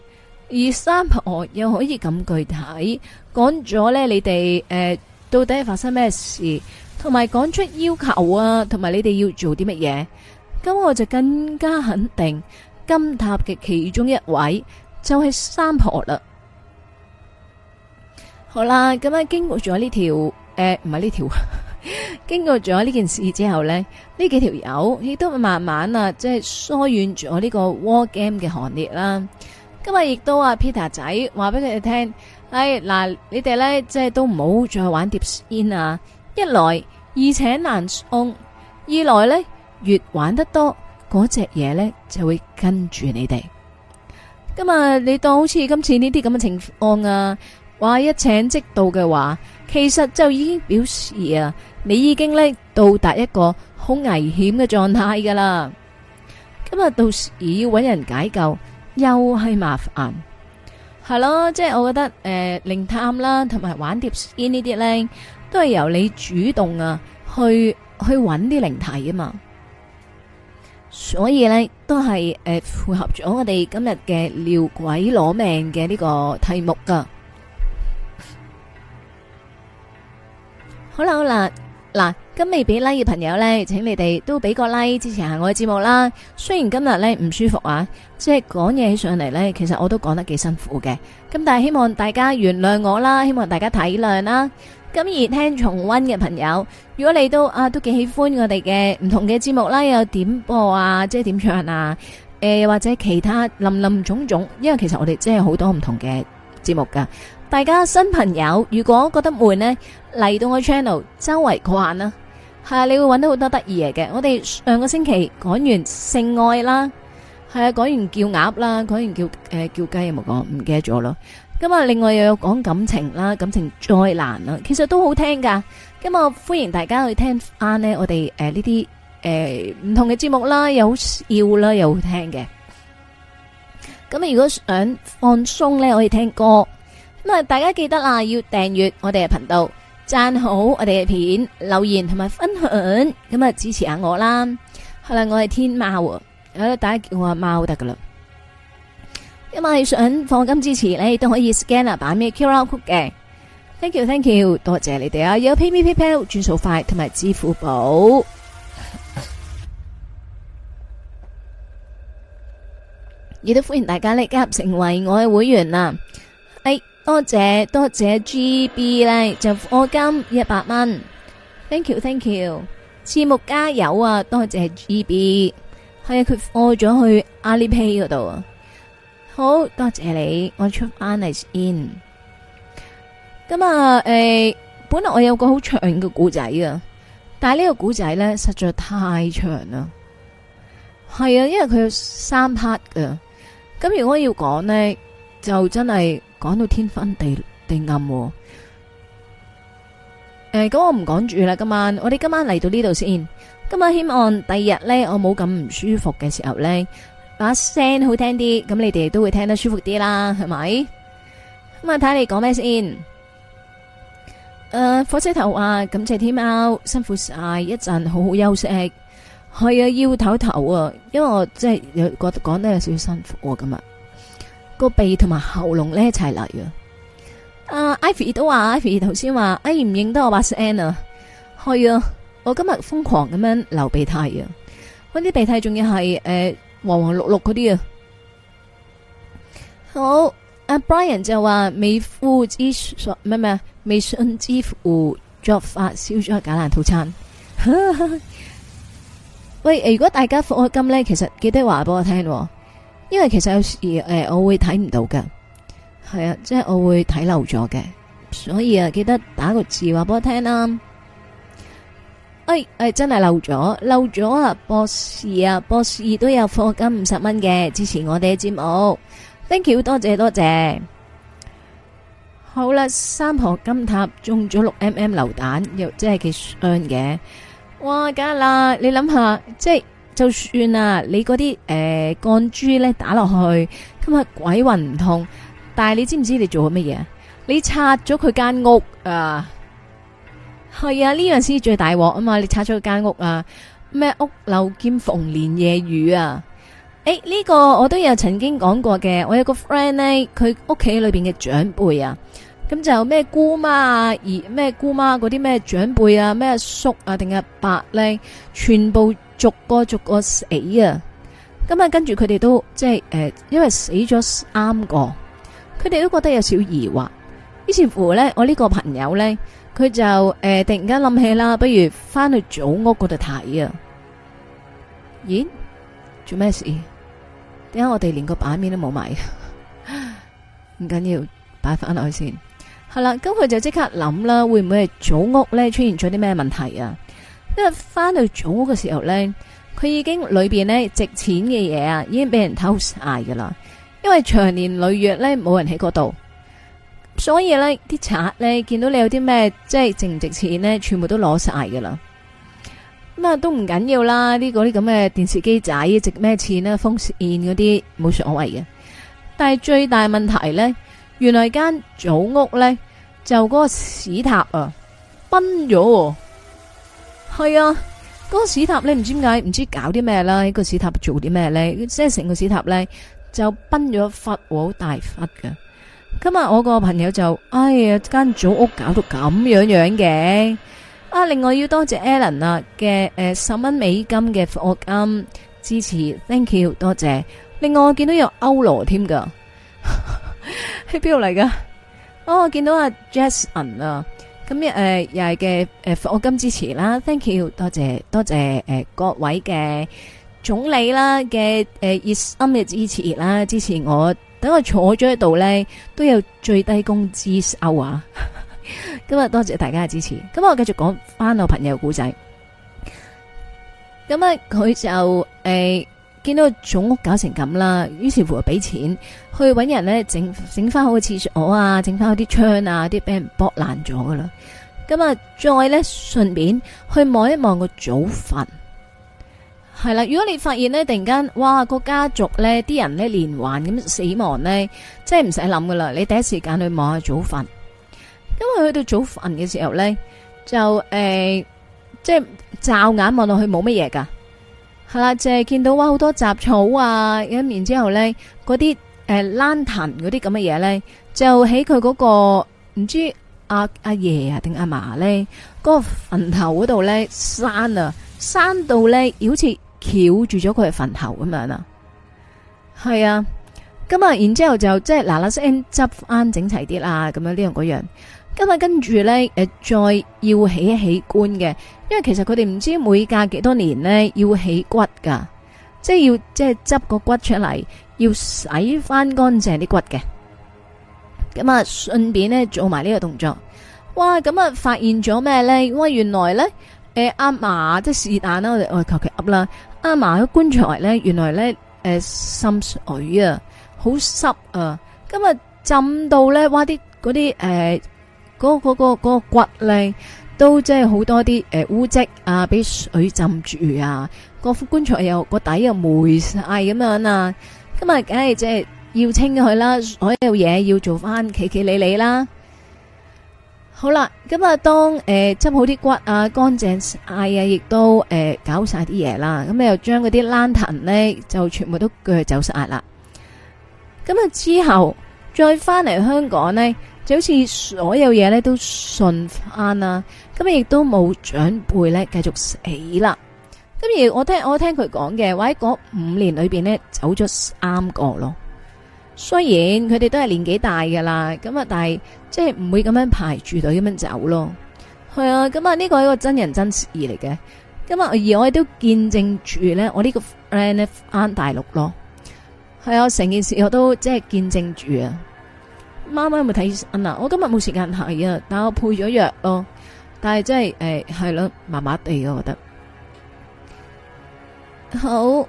Speaker 1: 而三婆又可以咁具體講咗呢，你哋誒、呃、到底發生咩事，同埋講出要求啊，同埋你哋要做啲乜嘢。咁我就更加肯定，金塔嘅其中一位就係三婆啦。好啦，咁啊，經過咗呢條誒，唔係呢條，經過咗呢件事之後呢，呢幾條友亦都慢慢啊，即係疏遠咗呢個 war game 嘅行列啦。今日亦都啊，Peter 仔話俾佢哋聽，唉，嗱，你哋呢，即係都唔好再玩碟仙啊。一來，易請難送；二來呢，越玩得多，嗰隻嘢呢就會跟住你哋。今日你當好似今次呢啲咁嘅情況啊。話一請即到嘅話，其實就已經表示啊，你已經咧到達一個好危險嘅狀態噶啦。今日，到時要搵人解救，又係麻煩。係咯，即係我覺得誒，靈探啦，同埋玩碟仙呢啲咧，都係由你主動啊，去去搵啲靈體啊嘛。所以咧，都係誒，符合咗我哋今日嘅撩鬼攞命嘅呢個題目噶。好啦好啦，嗱，今未俾 like 嘅朋友呢，請你哋都俾個 like 支持下我嘅節目啦。雖然今日呢唔舒服啊，即係講嘢上嚟，呢，其實我都講得幾辛苦嘅。咁但係希望大家原諒我啦，希望大家體諒啦。咁而聽重溫嘅朋友，如果你都啊都幾喜歡我哋嘅唔同嘅節目啦，又點播啊，即係點唱啊？誒、呃，或者其他林林總總，因為其實我哋真係好多唔同嘅節目噶。大家新朋友，如果覺得悶咧，嚟到我 channel 周圍逛啦，係啊，你會揾到好多得意嘢嘅。我哋上個星期講完性愛啦，係啊，講完叫鴨啦，講完叫誒叫雞有冇講？唔記得咗咯。咁啊，另外又有講感情啦，感情再難啦，其實都好聽噶。咁啊，歡迎大家去聽翻咧，我哋誒呢啲誒唔同嘅節目啦，又好笑啦，又好聽嘅。咁啊，如果想放鬆咧，可以聽歌。咁啊！大家記得啊，要訂閱我哋嘅頻道，讚好我哋嘅片，留言同埋分享，咁啊支持下我啦。係啦，我係天喵，大家叫我阿貓得噶啦。因為，想放金之前，你，都可以 scan 啊，把咩 QR code 嘅。Thank you，Thank you，多謝你哋啊！有 PayMe PayPal 轉數快，同埋支付寶，亦都歡迎大家咧加入成為我嘅會員啊！多謝多謝 G B 咧，就課金一百蚊，thank you thank you，次目加油啊！多謝 G B，係啊，佢課咗去 Alipay 嗰度啊，好多謝你，我出翻嚟先。咁、mm hmm. 啊，誒、呃，本來我有個好長嘅古仔啊，但係呢個古仔咧實在太長啦，係啊，因為佢有三 part 噶，咁如果要講呢？就真係講到天昏地地暗喎、哦。誒、欸，咁我唔講住啦。今晚我哋今晚嚟到呢度先。今晚希望第二日呢，我冇咁唔舒服嘅時候呢，把聲好聽啲，咁你哋都會聽得舒服啲啦，係咪？咁啊，睇你講咩先？誒、呃，火車頭啊，感謝天喵，辛苦晒一陣，好好休息。係啊，要唞唞啊，因為我即係有覺講得有少少辛苦喎、哦，今日。個鼻同埋喉嚨咧一齊嚟啊！阿、uh, Ivy 都話，Ivy 頭先話，艾唔認得我把聲啊。係啊！我今日瘋狂咁樣流鼻涕啊！嗰啲鼻涕仲要係誒黃黃綠綠嗰啲啊！好、oh, 阿、uh, Brian 就話、uh，美付支付咩咩，微信支付觸發消咗假爛套餐。 喂，如果大家課金咧，其實記得話俾我聽。因為其實有時誒、呃、我會睇唔到嘅，係啊，即係我會睇漏咗嘅，所以啊，記得打個字話俾我聽啦、啊。哎哎，真係漏咗漏咗啊！博士啊，博士都有課金五十蚊嘅支持我哋嘅節目，thank you 多謝多謝。好啦，三婆金塔中咗六 mm 榴彈又即係幾傷嘅，哇！梗係啦，你諗下即係。就算啊，你嗰啲誒鋼珠咧打落去，今日鬼魂唔痛，但係你知唔知你做咗乜嘢啊？你拆咗佢間屋啊，係啊，呢樣先至最大鑊啊嘛！你拆咗佢間屋啊，咩屋漏兼逢連夜雨啊？誒、欸、呢、呢個我都有曾經講過嘅，我有個 friend 咧，佢屋企裏面嘅長輩啊，咁就咩姑媽啊，而咩姑媽嗰啲咩長輩啊，咩叔啊定係伯咧，全部。逐個逐個死啊！咁啊，跟住佢哋都即係誒、呃，因為死咗三個，佢哋都覺得有少疑惑。於是乎咧，我呢個朋友咧，佢就誒、呃、突然間諗起啦，不如翻去祖屋嗰度睇啊！咦，做咩事？點解我哋連個版面都冇埋？唔 緊要，擺翻落去先。好啦，咁佢就即刻諗啦，會唔會係祖屋咧出現咗啲咩問題啊？因為返到祖屋嘅時候呢，佢已經裏邊呢值錢嘅嘢啊，已經俾人偷晒噶啦。因為長年累月呢冇人喺嗰度，所以呢啲賊呢見到你有啲咩即係值唔值錢呢，全部都攞晒噶啦。咁啊都唔緊要啦，呢嗰啲咁嘅電視機仔值咩錢呢？風扇嗰啲冇所謂嘅。但係最大問題呢，原來間祖屋呢就嗰個屎塔啊崩咗。係啊，嗰、那個屎塔咧唔知點解，唔知搞啲咩啦。呢個屎塔做啲咩咧，即係成個屎塔咧就崩咗忽好大忽㗎。今日我個朋友就，哎呀，間祖屋搞到咁樣樣嘅。啊，另外要多謝 Allen 啊嘅，誒、呃，十蚊美金嘅課金支持，thank you，多謝。另外我見到有歐羅添噶，喺邊度嚟噶？哦，我見到阿 Jason 啊、Jasmine。咁誒、嗯嗯，又係嘅誒，課金支持啦，thank you，多謝多謝誒、呃、各位嘅總理啦嘅誒熱心嘅支持啦，支持我，等我坐咗喺度咧，都有最低工資收啊！今 日、嗯、多謝大家嘅支持，咁、嗯、我繼續講翻我朋友嘅故仔，咁咧佢就誒。呃見到祖屋搞成咁啦，於是乎就俾錢去搵人咧，整整翻好個廁所啊，整翻好啲窗啊，啲俾人剝爛咗噶啦。咁啊，再咧順便去望一望個祖墳，係啦。如果你發現咧突然間，哇個家族咧啲人咧連環咁死亡咧，即係唔使諗噶啦，你第一時間去望下祖墳。咁佢去到祖墳嘅時候咧，就誒、呃，即係驟眼望落去冇乜嘢噶。係啦，淨係見到話好多雜草啊，咁然之後咧，嗰啲誒，爛藤嗰啲咁嘅嘢咧，就喺佢嗰個唔知、啊啊爺啊、阿阿爺啊定阿嫲咧，嗰個墳頭嗰度咧，山啊，山到咧，好似翹住咗佢嘅墳頭咁樣啊。係啊，咁啊，然之後就即係嗱嗱聲執翻整齊啲啦，咁樣呢樣嗰樣。今日跟住咧，誒，再要起一起棺嘅，因為其實佢哋唔知每隔幾多年咧，要起骨噶，即係要即係執個骨出嚟，要洗翻乾淨啲骨嘅。咁啊，順便咧，做埋呢個動作，哇！咁啊，發現咗咩咧？哇！原來咧，誒、呃，阿嫲即係是但啦，我哋我哋求其噏啦，阿嫲嘅棺材咧，原來咧，誒，滲水啊，好濕啊，咁啊，浸到咧，哇！啲嗰啲誒～那個嗰、那個嗰、那個骨咧，都即係好多啲誒、呃、污漬啊，俾水浸住啊，個棺材又個底又霉晒咁樣啊，咁啊梗係即係要清佢啦，所有嘢要做翻企企理理啦。好啦，咁、嗯、啊，當誒執、呃、好啲骨啊，乾淨晒啊，亦都誒、呃、搞晒啲嘢啦，咁、嗯、又將嗰啲爛藤呢就全部都鋸走晒啦。咁、嗯、啊之後再翻嚟香港呢好似所有嘢咧都順翻啦，咁亦都冇長輩咧繼續死啦。咁而我聽我聽佢講嘅話，喺嗰五年裏邊咧走咗三個咯。雖然佢哋都係年紀大噶啦，咁啊，但係即係唔會咁樣排住隊咁樣走咯。係啊，咁啊呢個係一個真人真事嚟嘅。咁啊而我亦都見證住咧，我呢個 friend 咧翻大陸咯。係啊，成件事我都即係見證住啊。媽媽咪睇醫生啊！我今日冇時間睇啊，但係我配咗藥咯。但係真係誒，係咯，麻麻地我覺得。好，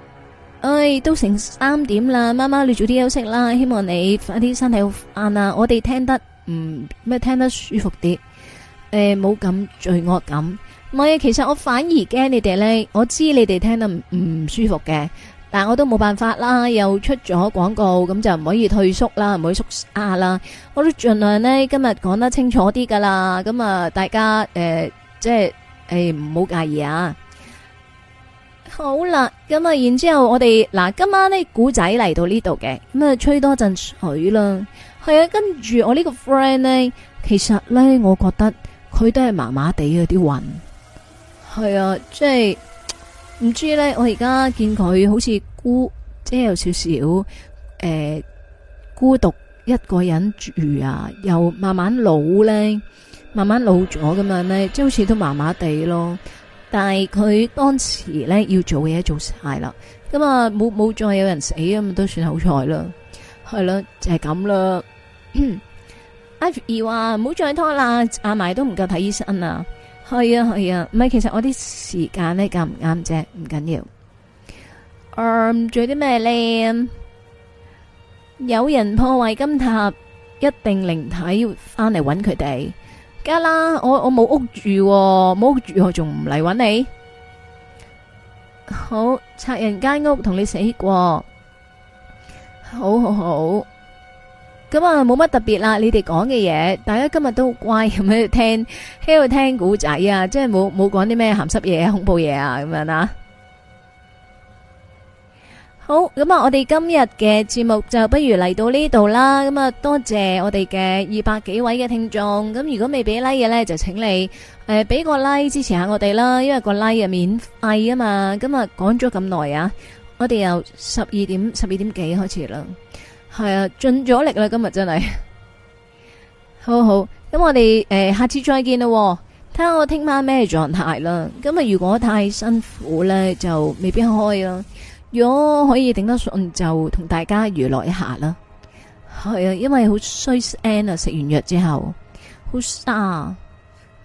Speaker 1: 哎，都成三點啦，媽媽你早啲休息啦。希望你快啲身體好晏啊！我哋聽得唔咩聽得舒服啲，誒，冇咁罪惡感。唔係其實我反而驚你哋咧，我知你哋聽得唔舒服嘅。但我都冇辦法啦，又出咗廣告，咁就唔可以退縮啦，唔可以縮壓啦。我都盡量呢，今日講得清楚啲噶啦，咁啊大家誒、呃，即係誒唔好介意啊。好啦，咁啊，然之後我哋嗱，今晚呢古仔嚟到呢度嘅，咁啊吹多陣水啦。係啊，跟住我呢個 friend 呢，其實呢，我覺得佢都係麻麻地嗰啲運，係啊，即係。唔知咧，我而家見佢好似孤，即係有少少誒孤獨一個人住啊，又慢慢老咧，慢慢老咗咁樣咧，即係好似都麻麻地咯。但係佢當時咧要做嘢做晒啦，咁啊冇冇再有人死咁都算好彩啦，係啦、啊、就係咁啦。阿二話唔好再拖啦，阿嫲都唔夠睇醫生啊！係啊係啊，唔係其實我啲時間咧夾唔啱啫，唔緊要。嗯，做啲咩咧？有人破壞金塔，一定靈體翻嚟揾佢哋。家啦，我我冇屋住，冇屋住我仲唔嚟揾你？好，拆人間屋同你死過。好好好。咁啊，冇乜特別啦。你哋講嘅嘢，大家今日都乖咁去聽，喺度聽古仔啊，即係冇冇講啲咩鹹濕嘢、恐怖嘢啊咁樣啊。好，咁啊，我哋今日嘅節目就不如嚟到呢度啦。咁啊，多謝我哋嘅二百幾位嘅聽眾。咁如果未俾 like 嘅呢，就請你誒俾個 like 支持下我哋啦，因為個 like 係免費啊嘛。咁啊，講咗咁耐啊，我哋由十二點十二點幾開始啦。係啊，盡咗力啦，今日真係，好好。咁我哋誒、呃，下次再見咯。睇下我聽晚咩狀態啦。今日如果太辛苦呢，就未必開啦。如果可以頂得順，就同大家娛樂一下啦。係啊，因為好衰死人啊，食完藥之後好沙。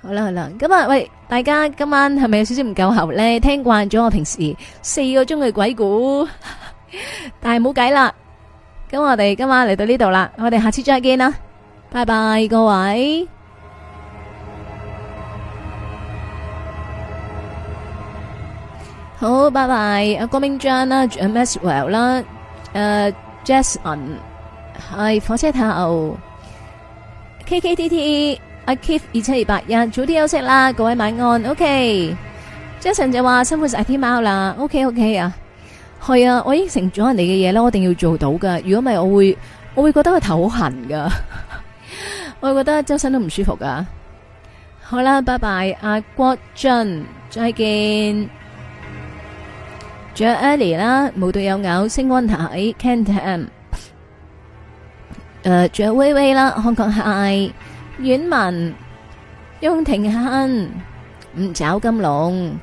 Speaker 1: 好啦，好啦。咁啊，喂，大家今晚係咪有少少唔夠喉呢？聽慣咗我平時四個鐘嘅鬼故， 但係冇計啦。咁我哋今晚嚟到呢度啦，我哋下次再見啦，拜拜各位。好，拜拜。阿郭明章啦，Ms Well 啦，誒，Jason 係火車頭，KKTTE，阿 Kif 二七二八一，早啲休息啦，各位晚安。OK，Jason 就話辛苦晒天喵啦。OK，OK 啊。係啊，我應承咗人哋嘅嘢啦，我一定要做到噶。如果唔係，我會我會覺得個頭好痕噶，我會覺得周身都唔舒服噶。好啦，拜拜，阿郭俊，再見。仲有 Ellie 啦，無隊友咬，星光台，Can'tam。誒，仲有威威啦，香港 Hi，婉文，雍廷欣，唔找金龍。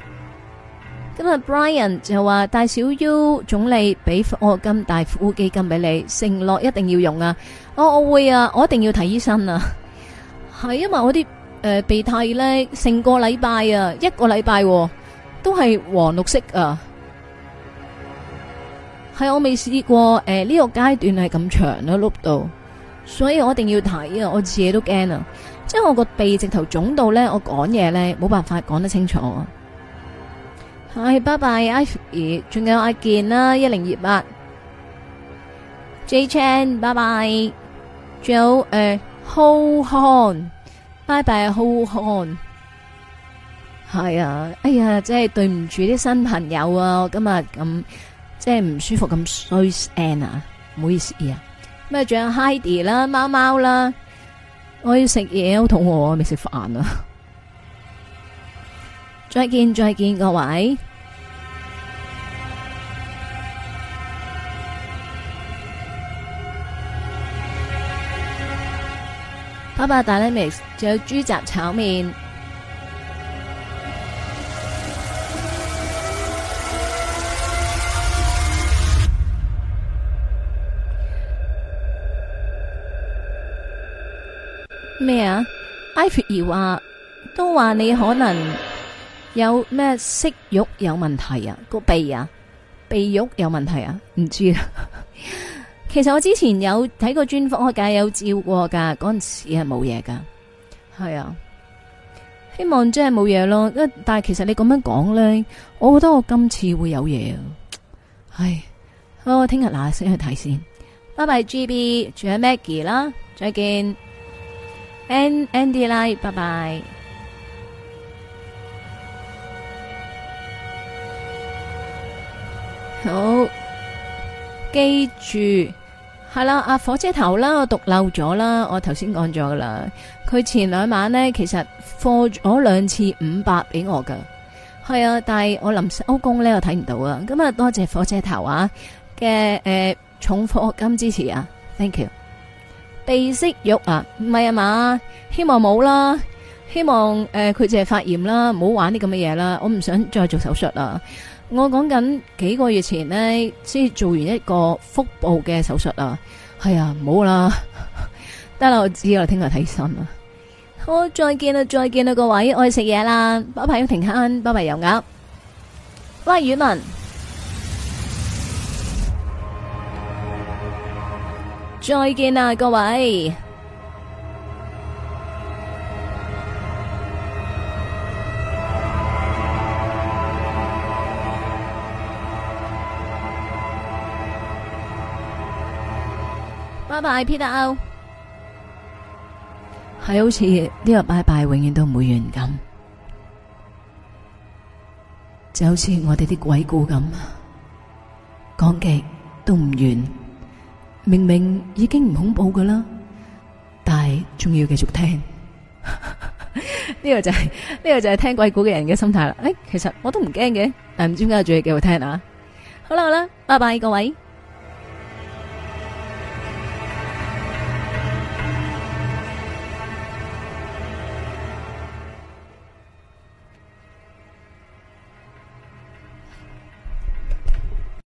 Speaker 1: 今日 Brian 就話帶小 U 總理俾我金大夫基金俾你，承諾一定要用啊！我、哦、我會啊，我一定要睇醫生啊！係 啊，嘛我啲誒鼻涕咧成個禮拜啊，一個禮拜、啊、都係黃綠色啊！係我未試過誒呢、呃這個階段係咁長啊，碌到，所以我一定要睇啊！我自己都驚啊，即係我個鼻直頭腫到咧，我講嘢咧冇辦法講得清楚。啊。係，拜拜，Ivy，仲有阿健啦，一零二八，J Chan，拜拜，仲有誒，Hold Horn，拜拜，Hold Horn，係啊，呃、bye，哎呀，真係對唔住啲新朋友啊，我今日咁即係唔舒服咁衰，Anna，唔好意思啊，咩仲有 Heidi 啦，貓貓啦，我要食嘢好肚餓，未食飯啊。再見，再見各位。八八大粒 m i 仲有豬雜炒麵。咩啊？埃芙兒話，都話你可能。有咩息肉有問題啊？個鼻啊，鼻肉有問題啊？唔知啊。 其實我之前有睇過專科學，我界有照過噶，嗰陣時係冇嘢噶。係啊，希望真係冇嘢咯。但係其實你咁樣講咧，我覺得我今次會有嘢。唉，好，我聽日嗱聲去睇先。拜拜，G B，仲有 Maggie 啦，再見。And Andy 啦，拜拜。好，記住係啦，阿火車頭啦，我讀漏咗啦，我頭先講咗噶啦。佢前兩晚呢，其實課咗兩次五百俾我噶，係啊，但係我臨收工呢，我睇唔到啊。咁啊，多謝火車頭啊嘅誒、呃、重課金支持啊，thank you。鼻息肉啊，唔係啊嘛，希望冇啦，希望誒佢淨係發炎啦，唔好玩啲咁嘅嘢啦，我唔想再做手術啦。我講緊幾個月前呢，先做完一個腹部嘅手術啊，係、哎、啊，唔好啦，得啦，我知我聽日睇醫生啦。好，再見啦，再見啦，各位，我去食嘢啦，拜拜，要停慳，拜拜，油鴨，喂，婉文，再見啦，各位。拜拜，Peter 歐，係好似呢個拜拜永遠都唔會完咁，就好似我哋啲鬼故咁，講極都唔完，明明已經唔恐怖噶啦，但係仲要繼續聽，呢個就係呢個就係聽鬼故嘅人嘅心態啦。誒，其實我都唔驚嘅，但唔知點解仲要繼續聽啊！好啦好啦，拜拜各位。